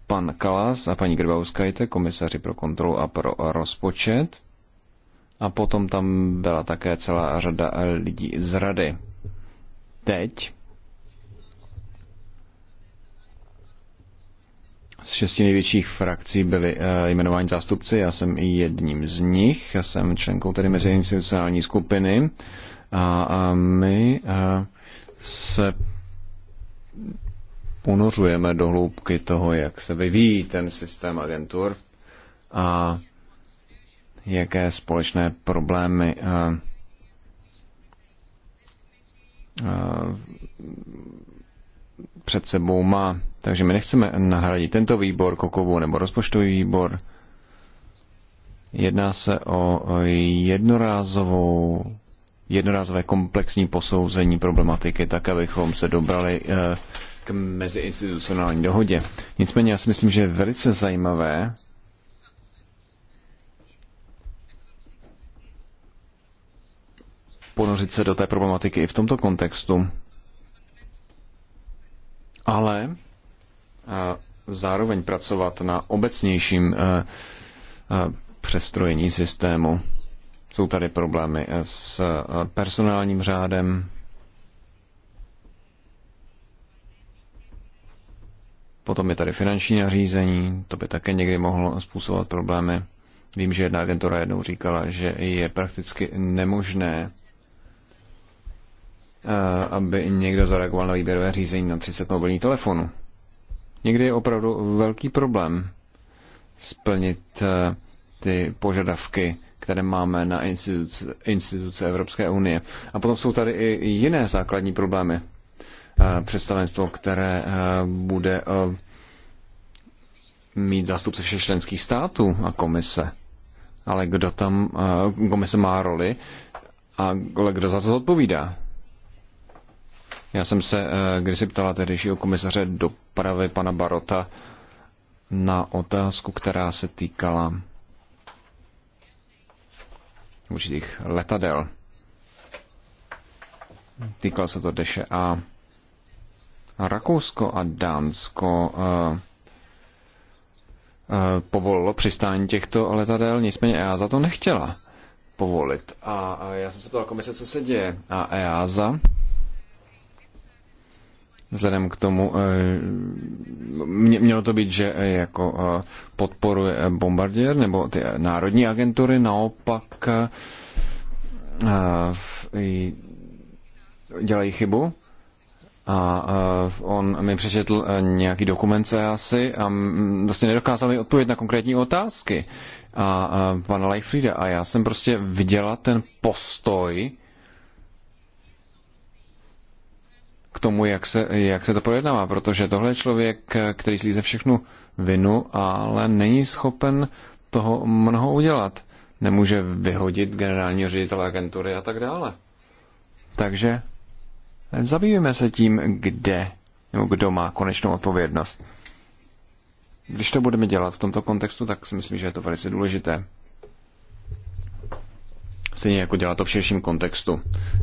pan Kalas a paní Grbauskajte, komisaři pro kontrolu a pro rozpočet. A potom tam byla také celá řada lidí z rady. Teď z šesti největších frakcí byli eh, jmenováni zástupci. Já jsem i jedním z nich. Já jsem členkou tedy institucionální skupiny. A, my eh, se ponořujeme do hloubky toho, jak se vyvíjí ten systém agentur a jaké společné problémy a, eh, a, eh, před sebou má. Takže my nechceme nahradit tento výbor kokovou nebo rozpočtový výbor. Jedná se o jednorázovou, jednorázové komplexní posouzení problematiky, tak abychom se dobrali eh, k meziinstitucionální dohodě. Nicméně já si myslím, že je velice zajímavé, ponořit se do té problematiky i v tomto kontextu. Ale zároveň pracovat na obecnějším e, e, přestrojení systému. Jsou tady problémy s e, personálním řádem, Potom je tady finanční nařízení, to by také někdy mohlo způsobovat problémy. Vím, že jedna agentura jednou říkala, že je prakticky nemožné, eh, aby někdo zareagoval na výběrové řízení na 30 mobilní telefonů. Někdy je opravdu velký problém splnit eh, ty požadavky, které máme na instituce, instituce Evropské unie. A potom jsou tady i jiné základní problémy. Eh, představenstvo, které eh, bude eh, mít zástupce všech členských států a komise. Ale kdo tam, komise má roli, ale kdo za to odpovídá? Já jsem se když si ptala tehdejšího komisaře dopravy pana Barota na otázku, která se týkala určitých letadel. Týkal se to deše a Rakousko a Dánsko eh, eh, povolilo přistání těchto letadel, nicméně EASA to nechtěla povolit. A já jsem se ptal komise, co se děje. A EASA vzhledem k tomu, eh, mě, mělo to být, že jako podporuje Bombardier nebo ty národní agentury, naopak dělají chybu? a on mi přečetl eh, nějaký dokument asi a vlastně nedokázal mi odpovědět na konkrétní otázky a, a pana Leifrida a já jsem prostě viděla ten postoj k tomu, jak se, jak se to projednává, protože tohle je člověk, který slíze všechnu vinu, ale není schopen toho mnoho udělat. Nemůže vyhodit generálního ředitele agentury a tak dále. Takže Zabývíme se tím, kde nebo kdo má konečnou odpovědnost. Když to budeme dělat v tomto kontextu, tak si myslím, že je to velice důležité. Stejně jako dělat to v širším kontextu.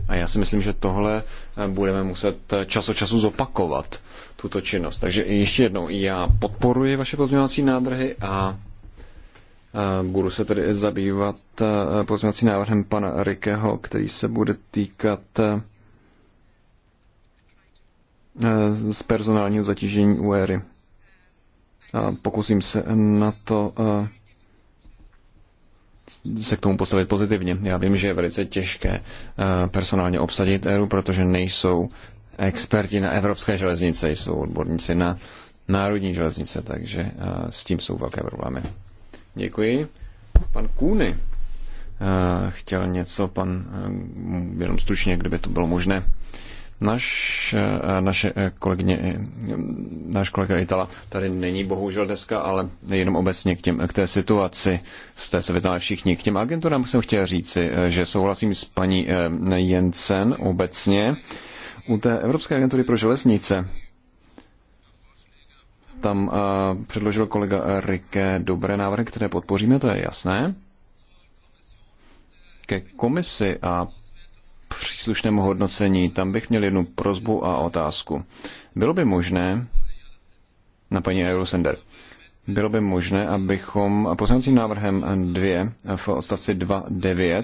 A já si myslím, že tohle eh, budeme muset eh, čas od času zopakovat, tuto činnost. Takže ještě jednou, já podporuji vaše pozměňovací návrhy a eh, budu se tedy zabývat pozměňovacím návrhem pana Rikeho, který se bude týkat Eh, z personálního zatížení UERy. A pokusím se na to eh, se k tomu postavit pozitivně. Já vím, že je velice těžké eh, personálně obsadit éru, protože nejsou experti na evropské železnice, jsou odborníci na národní železnice, takže s tím jsou velké problémy. Děkuji. Pan Kůny chtěl něco, pan, jenom stručně, kdyby to bylo možné. Naš, eh, naše eh, kolegyně, eh, náš kolega Itala tady není bohužel dneska, ale jenom obecně k, těm, k té situaci jste se vyznali všichni. K těm agenturám jsem chtěl říci, že souhlasím s paní Jensen obecně. U té Evropské agentury pro železnice tam předložil kolega Rike dobré návrhy, které podpoříme, to je jasné. Ke komisi a příslušnému hodnocení. Tam bych měl jednu prozbu a otázku. Bylo by možné, na paní Eurosender, bylo by možné, abychom poslancím návrhem 2 v odstavci 2.9,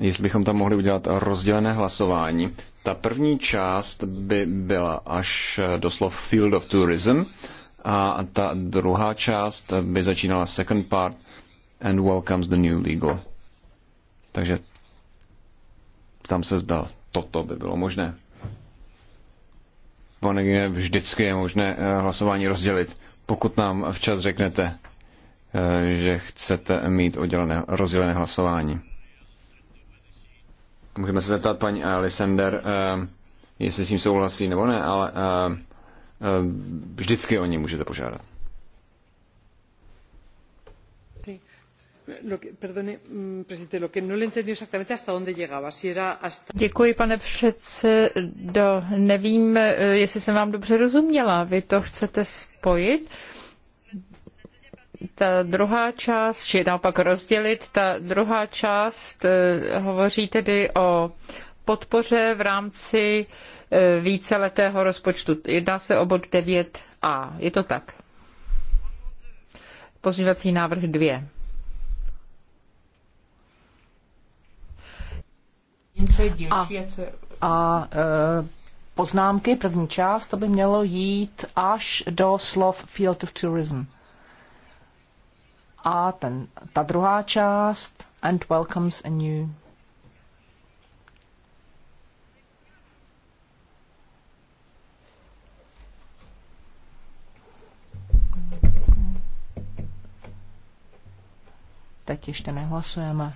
jestli bychom tam mohli udělat rozdělené hlasování. Ta první část by byla až doslov Field of Tourism a ta druhá část by začínala Second Part and Welcomes the New Legal. Takže tam se zdal, toto by bylo možné. Pane Gine, vždycky je možné eh, hlasování rozdělit, pokud nám včas řeknete, eh, že chcete mít oddělené, rozdělené hlasování. Můžeme se zeptat paní Alisender, eh, jestli s tím souhlasí nebo ne, ale vždycky o ní můžete požádat. Perdone, mm, presidente, no pane Nevím, eh, jestli jsem vám dobře rozuměla. Vy to chcete spojit? ta druhá část, či naopak rozdělit, ta druhá část eh, hovoří tedy o podpoře v rámci eh, víceletého rozpočtu. Jedná se o bod nine a Je to tak? Pozměňovací návrh two. A, a e, poznámky, první část, to by mělo jít až do slov Field of Tourism. A ten, ta druhá část, and welcomes a new. Teď ještě nehlasujeme.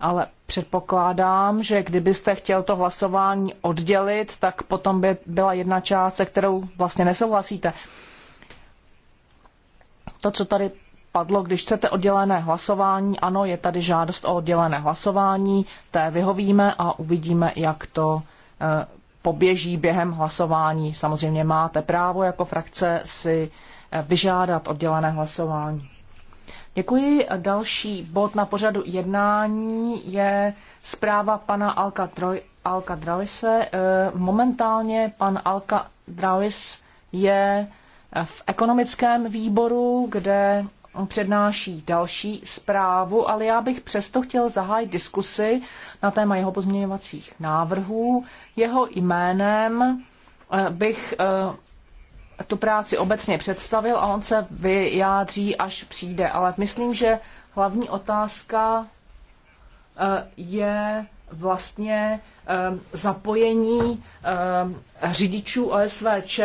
Ale Předpokládám, že kdybyste chtěl to hlasování oddělit, tak potom by byla jedna část, se kterou vlastně nesouhlasíte. To, co tady padlo, když chcete oddělené hlasování, ano, je tady žádost o oddělené hlasování, té vyhovíme a uvidíme, jak to eh, poběží během hlasování. Samozřejmě máte právo jako frakce si eh, vyžádat oddělené hlasování. Děkuji. Další bod na pořadu jednání je zpráva pana Alka, Troj, Alka Dravise. Eh, momentálně pan Alka Dravis je v ekonomickém výboru, kde přednáší další zprávu, ale já bych přesto chtěl zahájit diskusy na téma jeho pozměňovacích návrhů. Jeho jménem eh, bych eh, tu práci obecně představil a on se vyjádří, až přijde. Ale myslím, že hlavní otázka eh, je vlastně eh, zapojení eh, řidičů OSVČ,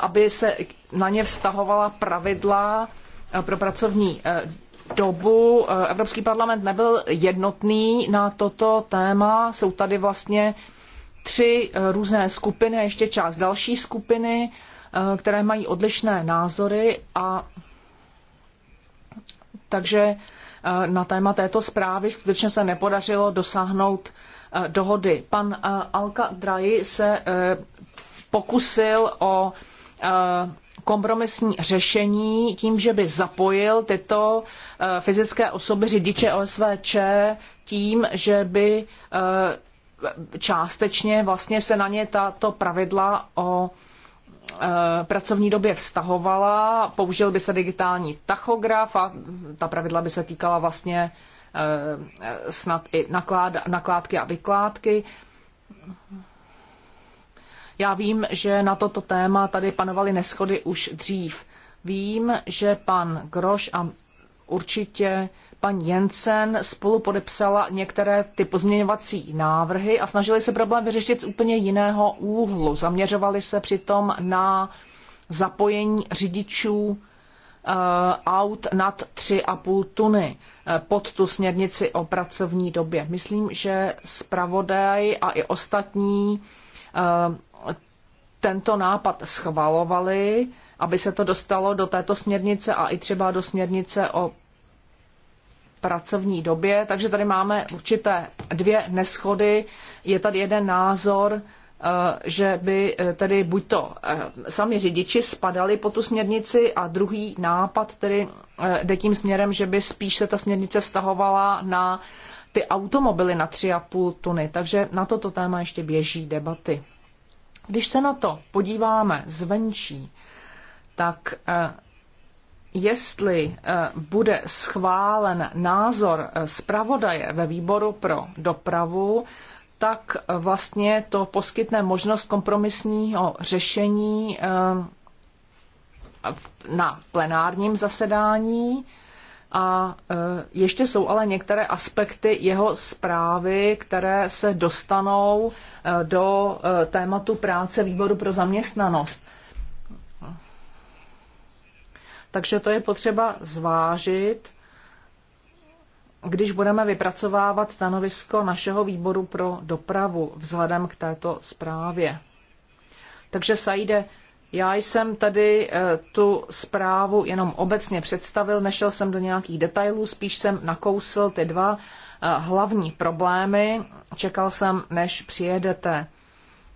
aby se na ně vztahovala pravidla pro pracovní dobu. Evropský parlament nebyl jednotný na toto téma. Jsou tady vlastně tři různé skupiny, ještě část další skupiny Eh, které mají odlišné názory a takže eh, na téma této zprávy skutečně se nepodařilo dosáhnout eh, dohody. Pan Alka Draji se pokusil o kompromisní řešení tím, že by zapojil tyto fyzické osoby řidiče OSVČ tím, že by částečně vlastně se na ně tato pravidla o Eh, pracovní době vztahovala, použil by se digitální tachograf a ta pravidla by se týkala vlastně eh, snad i naklád, nakládky a vykládky. Já vím, že na toto téma tady panovaly neschody už dřív. Vím, že pan Groš a určitě paní Jensen spolu podepsala některé ty pozměňovací návrhy a snažili se problém vyřešit z úplně jiného úhlu. Zaměřovali se přitom na zapojení řidičů eh, aut nad 3,5 tuny eh, pod tu směrnici o pracovní době. Myslím, že zpravodaj a i ostatní eh, tento nápad schvalovali, aby se to dostalo do této směrnice a i třeba do směrnice o pracovní době, takže tady máme určité dvě neschody. Je tady jeden názor, eh, že by eh, tedy buď to eh, sami řidiči spadali po tu směrnici a druhý nápad tedy jde tím směrem, že by spíš se ta směrnice vztahovala na ty automobily na 3,5 tuny. Takže na toto téma ještě běží debaty. Když se na to podíváme zvenčí, tak jestli eh, bude schválen názor eh, zpravodaje ve výboru pro dopravu, tak eh, vlastně to poskytne možnost kompromisního řešení na plenárním zasedání. A ještě jsou ale některé aspekty jeho zprávy, které se dostanou do tématu práce výboru pro zaměstnanost. Takže to je potřeba zvážit, když budeme vypracovávat stanovisko našeho výboru pro dopravu vzhledem k této zprávě. Takže Saide, já jsem tady eh, tu zprávu jenom obecně představil, nešel jsem do nějakých detailů, spíš jsem nakousil ty dva eh, hlavní problémy. Čekal jsem, než přijedete.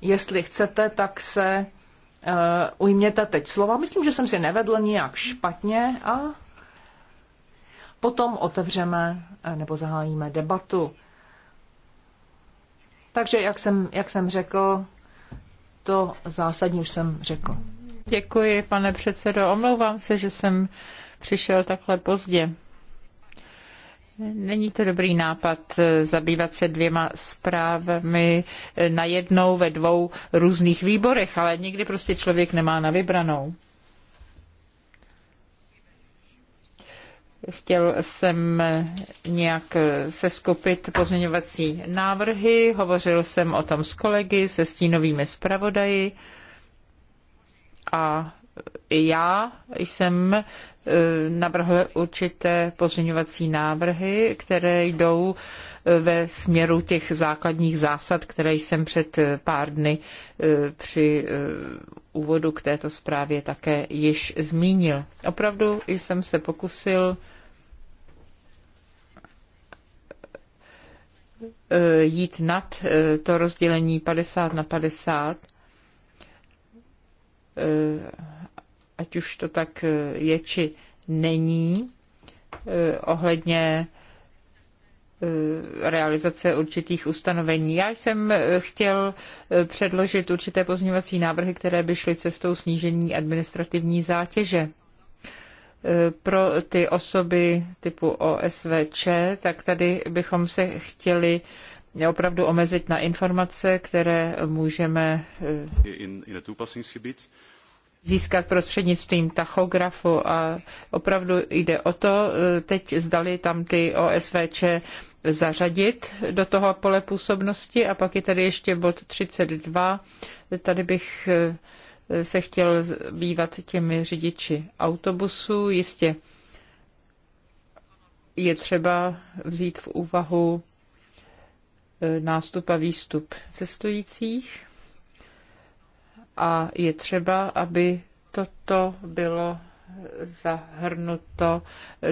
Jestli chcete, tak se uh, ujměte teď slova. Myslím, že jsem si nevedl nijak špatně a potom otevřeme eh, nebo zahájíme debatu. Takže, jak jsem, jak jsem řekl, to zásadní už jsem řekl. Děkuji, pane předsedo. Omlouvám se, že jsem přišel takhle pozdě. Není to dobrý nápad eh, zabývat se dvěma zprávami eh, najednou ve dvou různých výborech, ale někdy prostě člověk nemá na vybranou. Chtěl jsem eh, nějak seskupit pozměňovací návrhy, hovořil jsem o tom s kolegy, se stínovými zpravodaji a já jsem navrhl určité pozměňovací návrhy, které jdou e, ve směru těch základních zásad, které jsem před e, pár dny e, při úvodu k této zprávě také již zmínil. Opravdu jsem se pokusil jít nad to rozdělení 50 na 50 ať už to tak eh, je či není, eh, ohledně eh, realizace určitých ustanovení. Já jsem chtěl předložit určité pozměňovací návrhy, které by šly cestou snížení administrativní zátěže pro ty osoby typu OSVČ, tak tady bychom se chtěli opravdu omezit na informace, které můžeme in, in získat prostřednictvím tachografu a opravdu jde o to, e, teď zdali tam ty OSVČ zařadit do toho pole působnosti a pak je tady ještě bod 32. Tady bych e, se chtěl bývat těmi řidiči autobusů. Jistě je třeba vzít v úvahu e, nástup a výstup cestujících a je třeba, aby toto bylo zahrnuto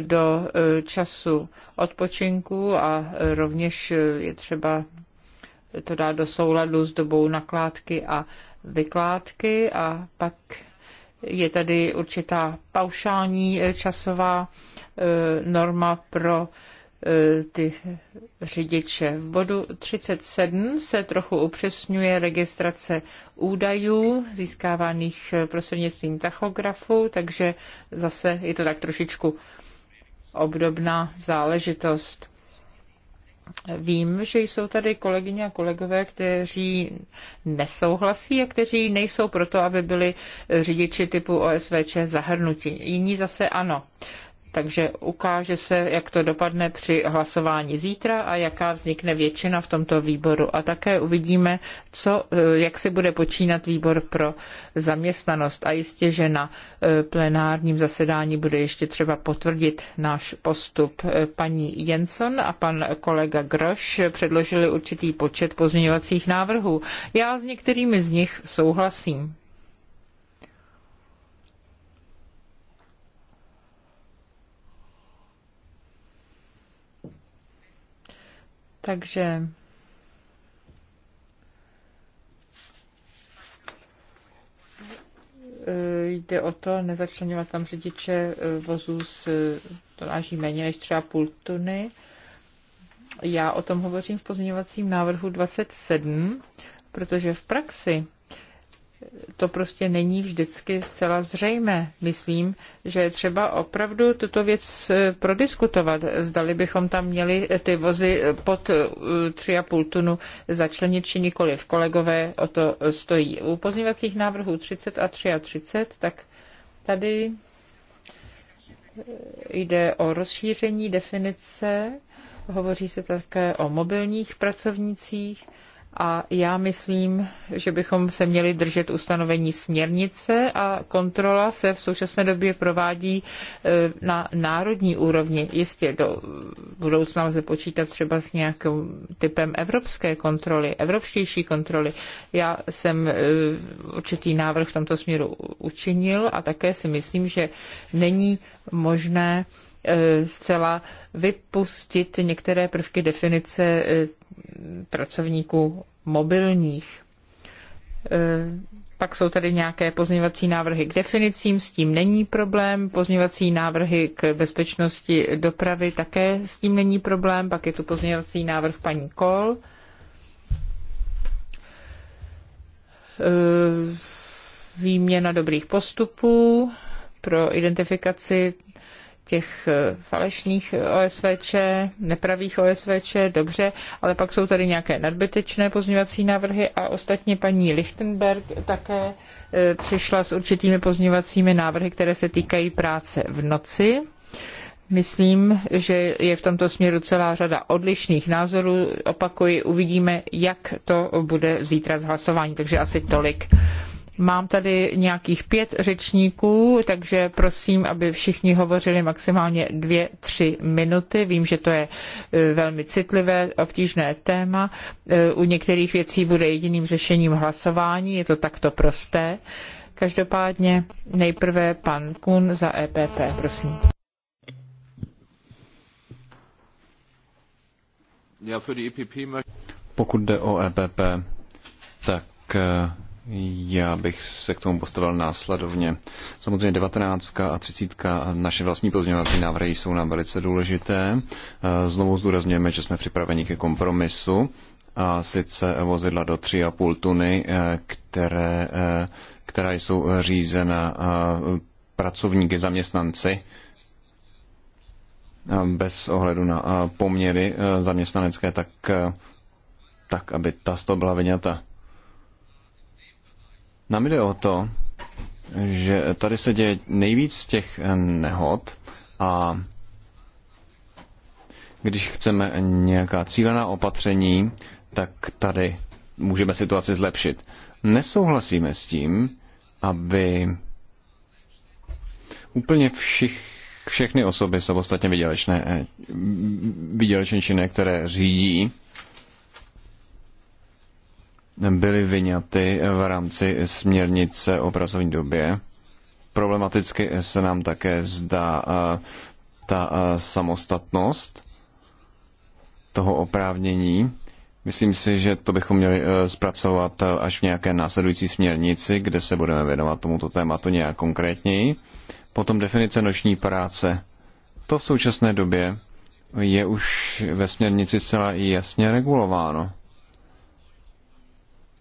do e, času odpočinku a e, rovněž e, je třeba to dát do souladu s dobou nakládky a vykládky a pak je tady určitá paušální časová norma pro E, ty řidiče. V bodu 37 se trochu upřesňuje registrace údajů získávaných e, prostřednictvím tachografu, takže zase je to tak trošičku obdobná záležitost. Vím, že jsou tady kolegyně a kolegové, kteří nesouhlasí a kteří nejsou proto, aby byli řidiči typu OSVČ zahrnuti. Jiní zase ano takže ukáže se, jak to dopadne při hlasování zítra a jaká vznikne většina v tomto výboru. A také uvidíme, co, eh, jak se bude počínat výbor pro zaměstnanost. A jistě, že na eh, plenárním zasedání bude ještě třeba potvrdit náš postup. Eh, paní Jenson a pan kolega Groš předložili určitý počet pozměňovacích návrhů. Já s některými z nich souhlasím. Takže eh, jde o to nezačlenovat tam řidiče eh, vozů s eh, tonáží méně než třeba půl tuny. Já o tom hovořím v pozměňovacím návrhu 27, protože v praxi to prostě není vždycky zcela zřejmé. Myslím, že je třeba opravdu tuto věc eh, prodiskutovat. Zdali bychom tam měli eh, ty vozy eh, pod 3,5 tunu začlenit či nikoli v Kolegové o to stojí. U pozněvacích návrhů 30 a 33, tak tady jde o rozšíření definice. Hovoří se také o mobilních pracovnicích a já myslím, že bychom se měli držet ustanovení směrnice a kontrola se v současné době provádí e, na národní úrovni. Jistě do budoucna lze počítat třeba s nějakým typem evropské kontroly, evropštější kontroly. Já jsem e, určitý návrh v tomto směru učinil a také si myslím, že není možné Eh, zcela vypustit některé prvky definice eh, pracovníků mobilních. Eh, pak jsou tady nějaké pozměňovací návrhy k definicím, s tím není problém. Pozměňovací návrhy k bezpečnosti dopravy také s tím není problém. Pak je tu pozměňovací návrh paní Kol. Výměna dobrých postupů pro identifikaci těch eh, falešných eh, OSVČ, nepravých OSVČ, dobře, ale pak jsou tady nějaké nadbytečné pozměňovací návrhy a ostatně paní Lichtenberg také eh, přišla s určitými pozměňovacími návrhy, které se týkají práce v noci. Myslím, že je v tomto směru celá řada odlišných názorů. Opakuji, uvidíme, jak to bude zítra z hlasování, takže asi tolik. Mám tady nějakých pět řečníků, takže prosím, aby všichni hovořili maximálně dvě, tři minuty. Vím, že to je e, velmi citlivé, obtížné téma. E, u některých věcí bude jediným řešením hlasování, je to takto prosté. Každopádně nejprve pan Kun za EPP, prosím. E Pokud jde o EPP, tak já bych se k tomu postavil následovně. Samozřejmě 19 a 30 naše vlastní pozměňovací návrhy jsou nám velice důležité. Eh, znovu zdůrazňujeme, že jsme připraveni ke kompromisu a sice vozidla do 3,5 tuny, eh, které, eh, která jsou řízena pracovníky, zaměstnanci, bez ohledu na poměry zaměstnanecké, tak, tak aby ta z toho byla vyňata. Nám jde o to, že tady se děje nejvíc těch nehod a když chceme nějaká cílená opatření, tak tady můžeme situaci zlepšit. Nesouhlasíme s tím, aby úplně všich, všechny osoby samostatně vydělečné, vydělečné činné, které řídí, byly vyňaty v rámci směrnice o pracovní době. Problematicky se nám také zdá eh, ta eh, samostatnost toho oprávnění. Myslím si, že to bychom měli eh, zpracovat až v nějaké následující směrnici, kde se budeme věnovat tomuto tématu nějak konkrétněji. Potom definice noční práce. To v současné době je už ve směrnici zcela jasně regulováno.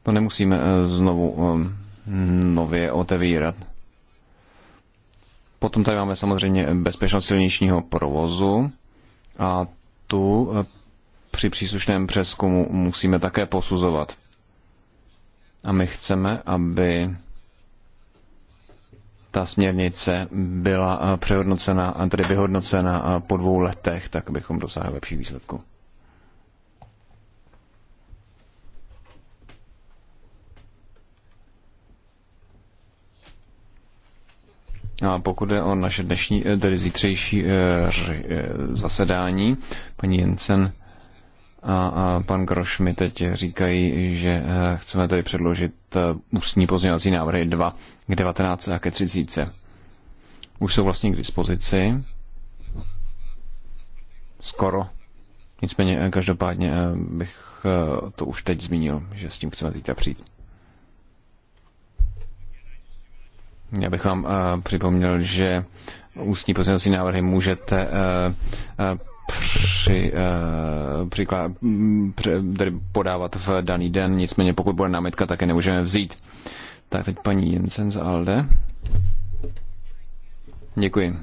To no, nemusíme eh, znovu ehm, nově otevírat. Potom tady máme samozřejmě bezpečnost silničního provozu a tu eh, při příslušném přeskumu musíme také posuzovat. A my chceme, aby ta směrnice byla eh, přehodnocena, tedy vyhodnocena po dvou letech, tak abychom dosáhli lepší výsledku. A pokud je o naše dnešní, eh, tedy zítřejší eh, eh, zasedání, paní Jensen a, pan Groš mi teď říkají, že chceme tady předložit ústní pozměňovací návrhy 2 k 19 a ke 30. Už jsou vlastně k dispozici. Skoro. Nicméně každopádně bych to už teď zmínil, že s tím chceme zítra přijít. Já bych vám eh, připomněl, že ústní pozměňovací návrhy můžete eh, eh, při, při, tedy podávat v daný den, nicméně pokud bude námitka, tak je nemůžeme vzít. Tak teď paní Jensen z Alde. Děkuji.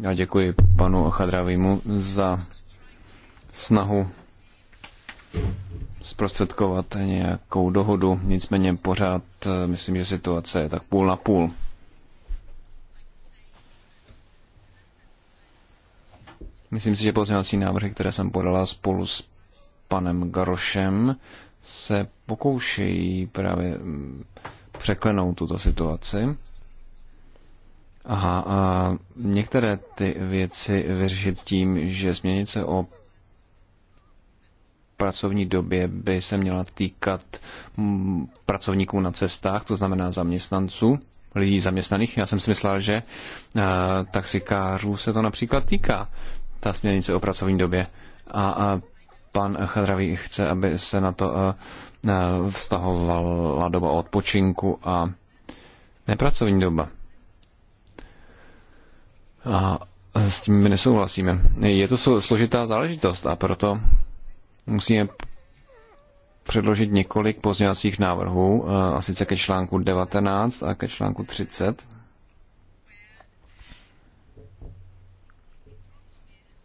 Já děkuji panu Chadravimu za snahu zprostředkovat nějakou dohodu. Nicméně pořád eh, myslím, že situace je tak půl na půl. Myslím si, že pozměňovací návrhy, které jsem podala spolu s panem Garošem, se pokoušejí právě mm, překlenout tuto situaci. A, a některé ty věci vyřešit tím, že se o pracovní době by se měla týkat mm, pracovníků na cestách, to znamená zaměstnanců, lidí zaměstnaných. Já jsem si myslel, že eh, taxikářů se to například týká, ta směrnice o pracovní době. A, a pan Chadravý chce, aby se na to eh, eh, vztahovala doba odpočinku a nepracovní doba. A s tím my nesouhlasíme. Je to složitá záležitost a proto musíme předložit několik pozměňovacích návrhů, eh, a sice ke článku 19 a ke článku 30,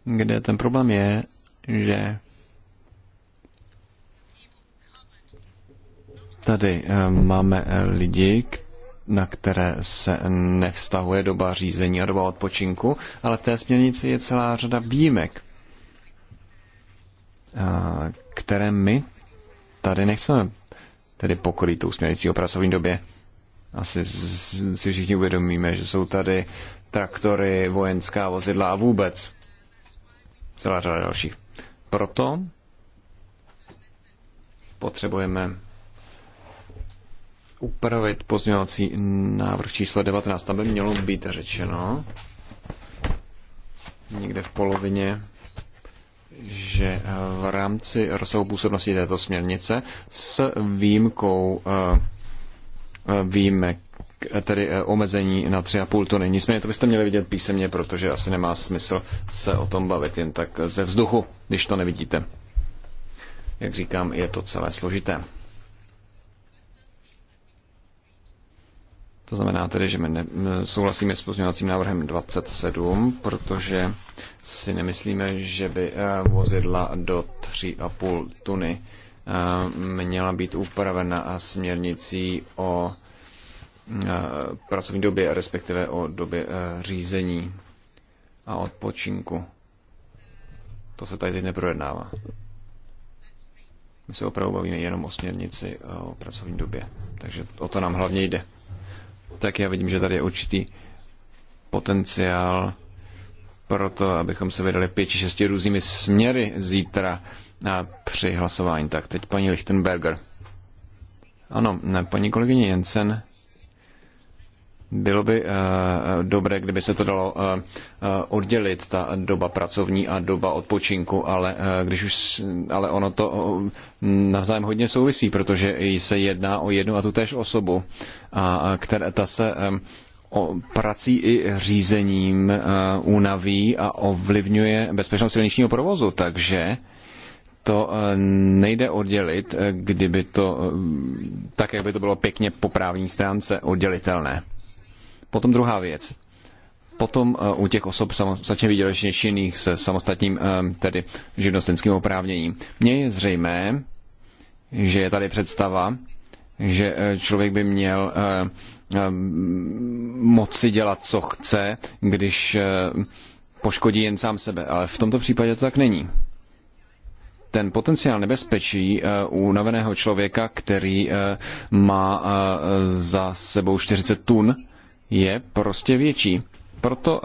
kde ten problém je, že tady eh, máme eh, lidi, na které se nevztahuje doba řízení a doba odpočinku, ale v té směrnici je celá řada výjimek které my tady nechceme tedy pokrýt tou směrnicí o pracovní době. Asi si všichni uvědomíme, že jsou tady traktory, vojenská vozidla a vůbec celá řada dalších. Proto potřebujeme upravit pozměňovací návrh číslo 19. Tam by mělo být řečeno někde v polovině že eh, v rámci rozsahu působnosti této směrnice s výjimkou eh, eh, výjimek tedy omezení na 3,5 tuny. Nicméně to byste měli vidět písemně, protože asi nemá smysl se o tom bavit jen tak ze vzduchu, když to nevidíte. Jak říkám, je to celé složité. To znamená tedy, že my ne, souhlasíme s pozměňovacím návrhem 27, protože si nemyslíme, že by eh, vozidla do 3,5 tuny eh, měla být upravena směrnicí o eh, pracovní době, respektive o době řízení a odpočinku. To se tady teď neprojednává. My se opravdu bavíme jenom o směrnici o pracovní době. Takže o to nám hlavně jde. Tak já vidím, že tady je určitý potenciál proto, abychom se vydali pěti, šesti různými směry zítra při hlasování. Tak teď paní Lichtenberger. Ano, ne, paní kolegyně Jensen, bylo by uh, dobré, kdyby se to dalo uh, uh, oddělit, ta doba pracovní a doba odpočinku, ale, uh, když už, ale ono to uh, navzájem hodně souvisí, protože se jedná o jednu a tu též osobu, a, a které, ta se um, prací i řízením e, únaví a ovlivňuje bezpečnost silničního provozu, takže to e, nejde oddělit, e, kdyby to, tak jak by to bylo pěkně po právní stránce oddělitelné. Potom druhá věc. Potom u těch osob samostatně výdělečně činných se samostatním tedy živnostenským oprávněním. Mně je zřejmé, že je tady představa, že člověk by měl Ehm, moci dělat, co chce, když eh, poškodí jen sám sebe. Ale v tomto případě to tak není. Ten potenciál nebezpečí eh, u unaveného člověka, který eh, má za sebou 40 tun, je prostě větší. Proto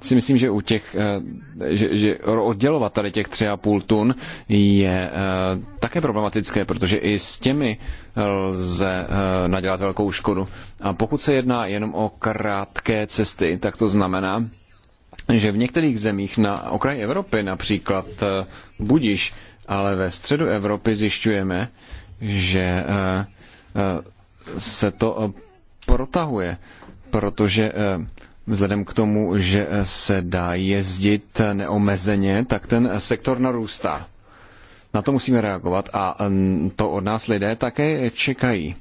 si myslím, že u těch, eh, že, že oddělovat tady těch půl tun je eh, také problematické, protože i s těmi lze eh, nadělat velkou škodu. A pokud se jedná jenom o krátké cesty, tak to znamená, že v některých zemích na okraji Evropy například budiš, ale ve středu Evropy zjišťujeme, že se to protahuje, protože vzhledem k tomu, že se dá jezdit neomezeně, tak ten sektor narůstá. Na to musíme reagovat a to od nás lidé také čekají,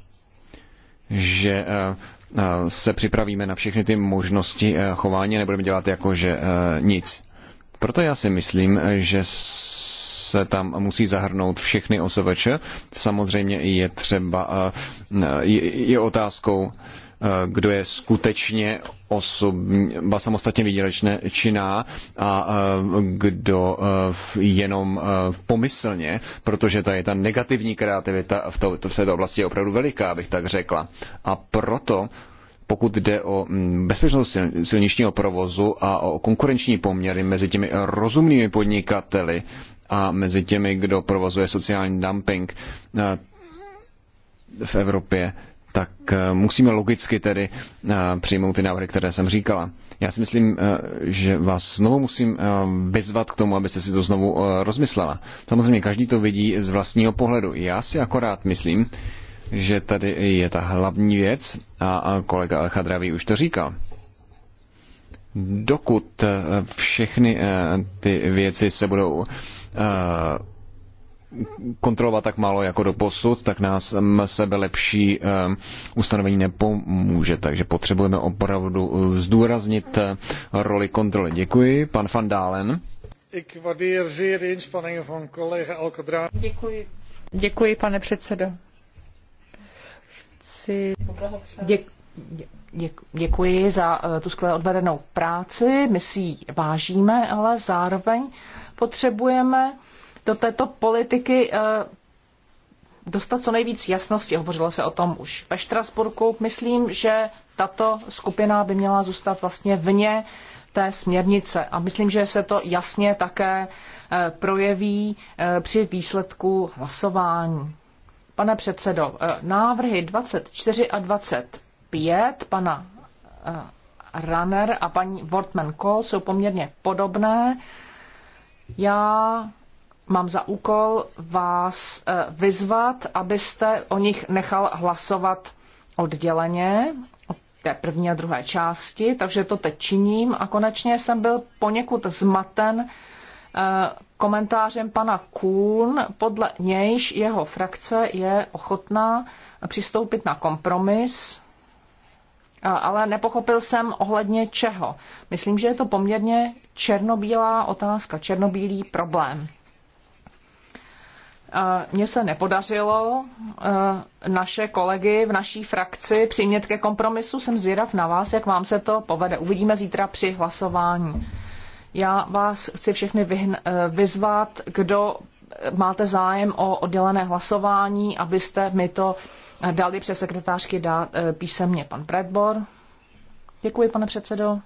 že e, e, se připravíme na všechny ty možnosti e, chování a nebudeme dělat jako, že nic. Proto já si myslím, že se tam musí zahrnout všechny OSVČ. Samozřejmě je třeba, je otázkou, kdo je skutečně osoba samostatně výdělečné činná a kdo eh, jenom eh, pomyslně, protože ta je ta negativní kreativita v, to, v této oblasti je opravdu veliká, abych tak řekla. A proto pokud jde o mm, bezpečnost silničního provozu a o konkurenční poměry mezi těmi rozumnými podnikateli a mezi těmi, kdo provozuje sociální dumping eh, v Evropě, tak eh, musíme logicky tedy eh, přijmout ty návrhy, které jsem říkala. Já si myslím, eh, že vás znovu musím vyzvat k tomu, abyste si to znovu rozmyslela. Samozřejmě každý to vidí z vlastního pohledu. Já si akorát myslím, že tady je ta hlavní věc a kolega Alchadravý už to říkal. Dokud všechny ty věci se budou kontrolovat tak málo jako do posud, tak nás sebe lepší ehm, ustanovení nepomůže. Takže potřebujeme opravdu eh, zdůraznit eh, roli kontroly. Děkuji, pan van Dálen. Děkuji. Děkuji, pane předsedo. Chci... Děkuji. Děkuji za eh, tu skvěle odvedenou práci, my si ji vážíme, ale zároveň potřebujeme do této politiky eh, dostat co nejvíc jasnosti. Hovořilo se o tom už ve Štrasburku. Myslím, že tato skupina by měla zůstat vlastně vně té směrnice. A myslím, že se to jasně také eh, projeví eh, při výsledku hlasování. Pane předsedo, návrhy 24 a 25 pana Runner a paní Wortman Cole jsou poměrně podobné. Já mám za úkol vás eh, vyzvat, abyste o nich nechal hlasovat odděleně, o té první a druhé části, takže to teď činím a konečně jsem byl poněkud zmaten eh, komentářem pana Kuhn, podle nějž jeho frakce je ochotná přistoupit na kompromis, ale nepochopil jsem ohledně čeho. Myslím, že je to poměrně černobílá otázka, černobílý problém mně se nepodařilo eh, naše kolegy v naší frakci přimět ke kompromisu. Jsem zvědav na vás, jak vám se to povede. Uvidíme zítra při hlasování. Já vás chci všechny eh, vyzvat, kdo eh, máte zájem o oddělené hlasování, abyste mi to dali přes sekretářky dát písemně. Pan Predbor. Děkuji, pane předsedo.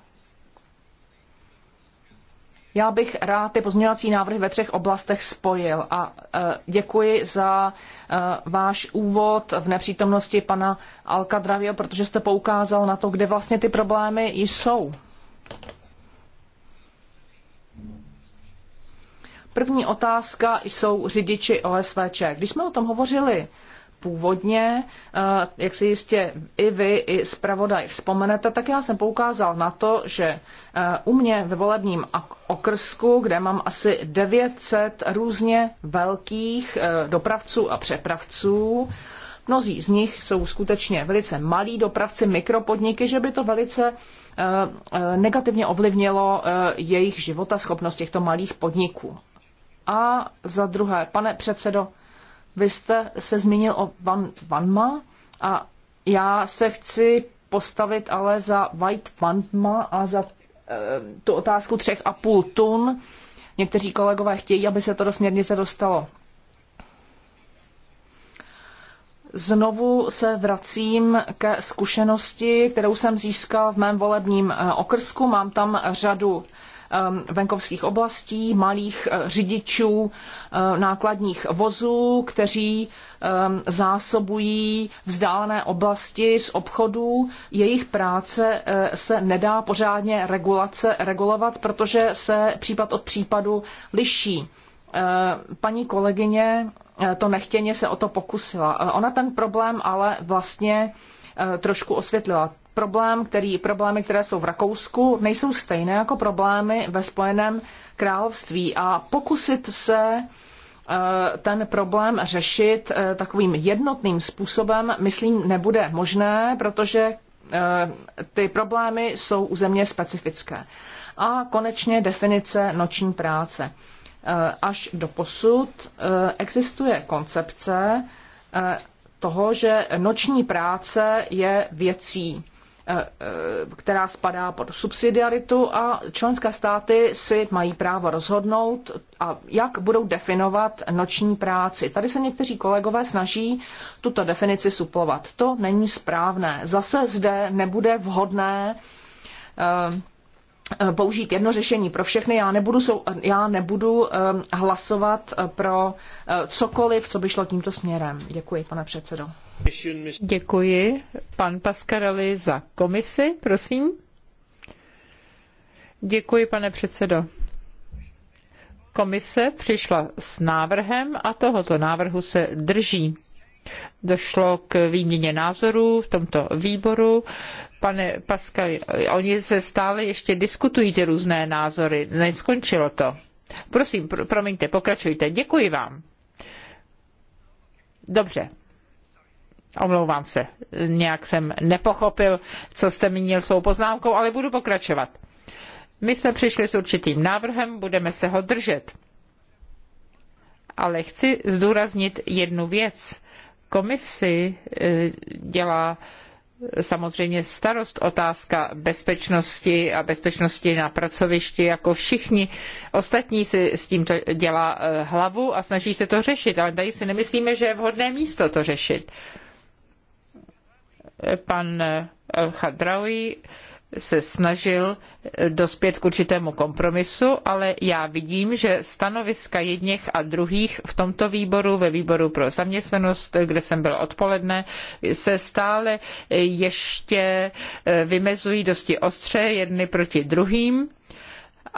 Já bych rád ty pozměňovací návrhy ve třech oblastech spojil a e, děkuji za e, váš úvod v nepřítomnosti pana Dravio, protože jste poukázal na to, kde vlastně ty problémy jsou. První otázka jsou řidiči OSVČ. Když jsme o tom hovořili původně, eh, jak si jistě i vy, i zpravodaj vzpomenete, tak já jsem poukázal na to, že eh, u mě ve volebním okrsku, kde mám asi 900 různě velkých eh, dopravců a přepravců, Mnozí z nich jsou skutečně velice malí dopravci, mikropodniky, že by to velice negativně ovlivnilo jejich života, schopnost těchto malých podniků. A za druhé, pane předsedo, vy jste se zmínil o Van, Vanma a já se chci postavit ale za White Vanma a za e, tu otázku půl tun. Někteří kolegové chtějí, aby se to do směrnice dostalo. Znovu se vracím ke zkušenosti, kterou jsem získal v mém volebním eh, okrsku. Mám tam řadu Um, venkovských oblastí, malých eh, řidičů eh, nákladních vozů, kteří um, zásobují vzdálené oblasti z obchodů. Jejich práce eh, se nedá pořádně regulace, regulovat, protože se případ od případu liší. Paní kolegyně to nechtěně se o to pokusila. Ona ten problém ale vlastně trošku osvětlila problém, který, problémy, které jsou v Rakousku, nejsou stejné jako problémy ve Spojeném království a pokusit se eh, ten problém řešit eh, takovým jednotným způsobem, myslím, nebude možné, protože eh, ty problémy jsou u země specifické. A konečně definice noční práce. Až do posud existuje koncepce toho, že noční práce je věcí Eh, eh, která spadá pod subsidiaritu a členské státy si mají právo rozhodnout, a jak budou definovat noční práci. Tady se někteří kolegové snaží tuto definici suplovat. To není správné. Zase zde nebude vhodné eh, Eh, použít jedno řešení pro všechny. Já nebudu, sou, já nebudu eh, hlasovat eh, pro cokoliv, co by šlo tímto směrem. Děkuji, pane předsedo. Děkuji. Pan Paskarali, za komisi, prosím. Děkuji, pane předsedo. Komise přišla s návrhem a tohoto návrhu se drží. Došlo k výměně názorů v tomto výboru pane Paskali, oni se stále ještě diskutují ty různé názory, neskončilo to. Prosím, pr- promiňte, pokračujte. Děkuji vám. Dobře. Omlouvám se, nějak jsem nepochopil, co jste mínil svou poznámkou, ale budu pokračovat. My jsme přišli s určitým návrhem, budeme se ho držet. Ale chci zdůraznit jednu věc. Komisi eh, dělá samozřejmě starost otázka bezpečnosti a bezpečnosti na pracovišti, jako všichni ostatní si s tímto dělá eh, hlavu a snaží se to řešit, ale tady si nemyslíme, že je vhodné místo to řešit. Pan eh, El Khadraoui se snažil eh, dospět k určitému kompromisu, ale já vidím, že stanoviska jedněch a druhých v tomto výboru, ve výboru pro zaměstnanost, eh, kde jsem byl odpoledne, se stále eh, ještě vymezují dosti ostře jedny proti druhým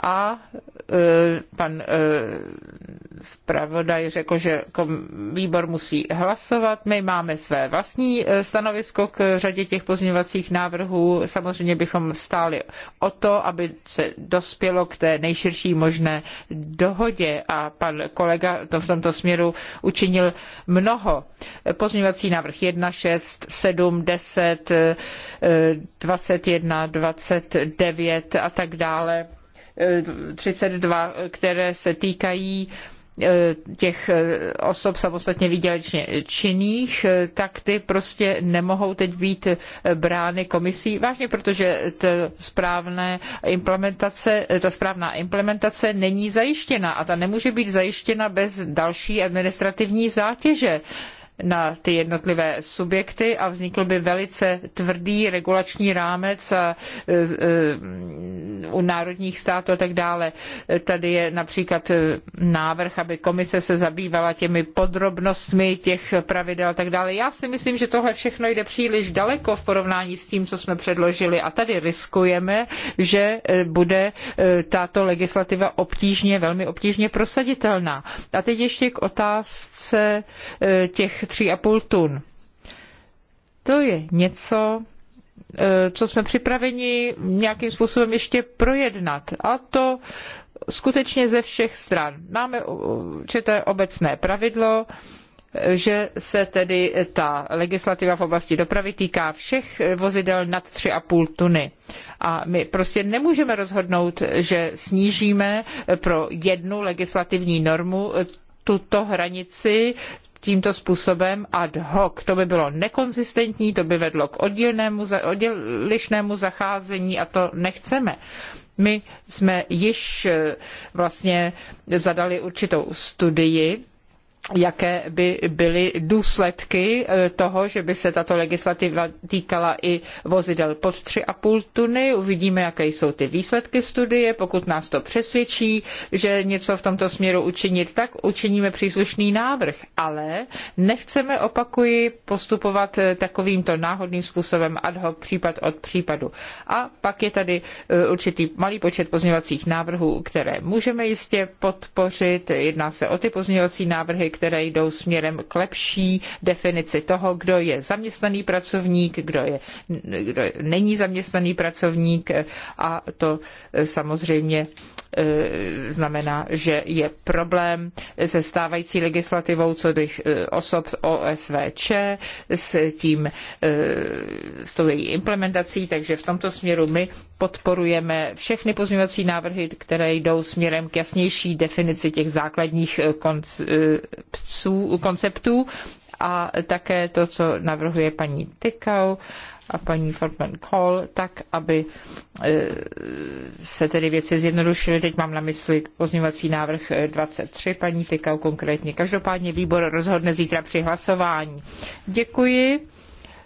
a Eh, pan eh, zpravodaj řekl, že výbor musí hlasovat. My máme své vlastní eh, stanovisko k řadě těch pozměňovacích návrhů. Samozřejmě bychom stáli o to, aby se dospělo k té nejširší možné dohodě a pan kolega to v tomto směru učinil mnoho. Pozměňovací návrh 1, 6, 7, 10, 21, 29 a tak dále 32, které se týkají eh, těch eh, osob samostatně výdělečně činných, eh, tak ty prostě nemohou teď být brány komisí. Vážně, protože ta správná implementace, ta správná implementace není zajištěna a ta nemůže být zajištěna bez další administrativní zátěže na ty jednotlivé subjekty a vznikl by velice tvrdý regulační rámec a, eh, eh, u národních států a tak dále. Tady je například eh, návrh, aby komise se zabývala těmi podrobnostmi těch pravidel a tak dále. Já si myslím, že tohle všechno jde příliš daleko v porovnání s tím, co jsme předložili a tady riskujeme, že bude tato legislativa obtížně, velmi obtížně prosaditelná. A teď ještě k otázce těch 3,5 tun. To je něco, e, co jsme připraveni nějakým způsobem ještě projednat. A to skutečně ze všech stran. Máme určité obecné pravidlo, že se tedy ta legislativa v oblasti dopravy týká všech vozidel nad 3,5 tuny. A my prostě nemůžeme rozhodnout, že snížíme pro jednu legislativní normu tuto hranici tímto způsobem ad hoc. To by bylo nekonzistentní, to by vedlo k oddílnému, odlišnému zacházení a to nechceme. My jsme již eh, vlastně zadali určitou studii, jaké by byly důsledky eh, toho, že by se tato legislativa týkala i vozidel pod 3,5 tuny. Uvidíme, jaké jsou ty výsledky studie. Pokud nás to přesvědčí, že něco v tomto směru učinit, tak učiníme příslušný návrh. Ale nechceme, opakuji, postupovat eh, takovýmto náhodným způsobem ad hoc případ od případu. A pak je tady eh, určitý malý počet pozměňovacích návrhů, které můžeme jistě podpořit. Jedná se o ty pozměňovací návrhy, které jdou směrem k lepší definici toho, kdo je zaměstnaný pracovník, kdo, je, kdo není zaměstnaný pracovník a to eh, samozřejmě eh, znamená, že je problém se stávající legislativou co těch eh, osob OSVČ, s tím, s tou její implementací, takže v tomto směru my podporujeme všechny pozměňovací návrhy, které jdou směrem k jasnější definici těch základních konc, psů, konceptů a také to, co navrhuje paní Tykau a paní Fortman Call, tak, aby e, se tedy věci zjednodušily. Teď mám na mysli pozměňovací návrh 23, e, paní Tykau konkrétně. Každopádně výbor rozhodne zítra při hlasování. Děkuji.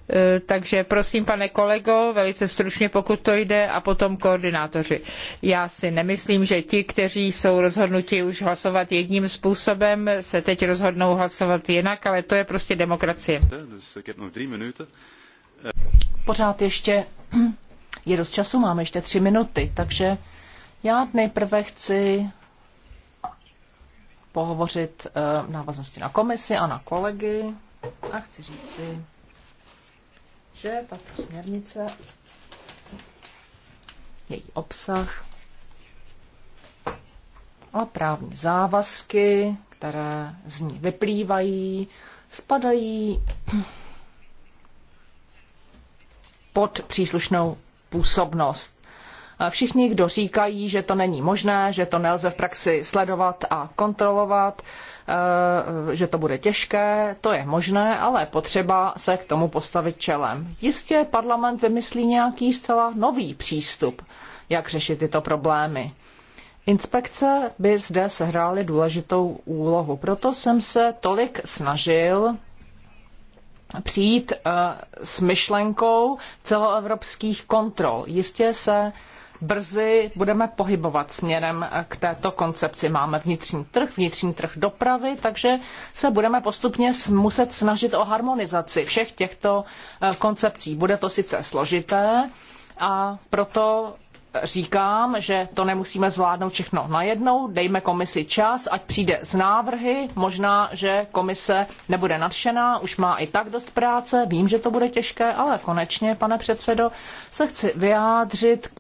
Eh, takže prosím, pane kolego, velice stručně, pokud to jde, a potom koordinátoři. Já si nemyslím, že ti, kteří jsou rozhodnuti už hlasovat jedním způsobem, se teď rozhodnou hlasovat jinak, ale to je prostě demokracie. Pořád ještě je dost času, máme ještě tři minuty, takže já nejprve chci pohovořit eh, v návaznosti na komisi a na kolegy a chci říci, že tato směrnice, její obsah a právní závazky, které z ní vyplývají, spadají pod příslušnou působnost. Všichni, kdo říkají, že to není možné, že to nelze v praxi sledovat a kontrolovat, Eh, že to bude těžké, to je možné, ale potřeba se k tomu postavit čelem. Jistě parlament vymyslí nějaký zcela nový přístup, jak řešit tyto problémy. Inspekce by zde sehrály důležitou úlohu, proto jsem se tolik snažil přijít eh, s myšlenkou celoevropských kontrol. Jistě se brzy budeme pohybovat směrem k této koncepci. Máme vnitřní trh, vnitřní trh dopravy, takže se budeme postupně muset snažit o harmonizaci všech těchto eh, koncepcí. Bude to sice složité a proto říkám, že to nemusíme zvládnout všechno najednou, dejme komisi čas, ať přijde z návrhy, možná, že komise nebude nadšená, už má i tak dost práce, vím, že to bude těžké, ale konečně, pane předsedo, se chci vyjádřit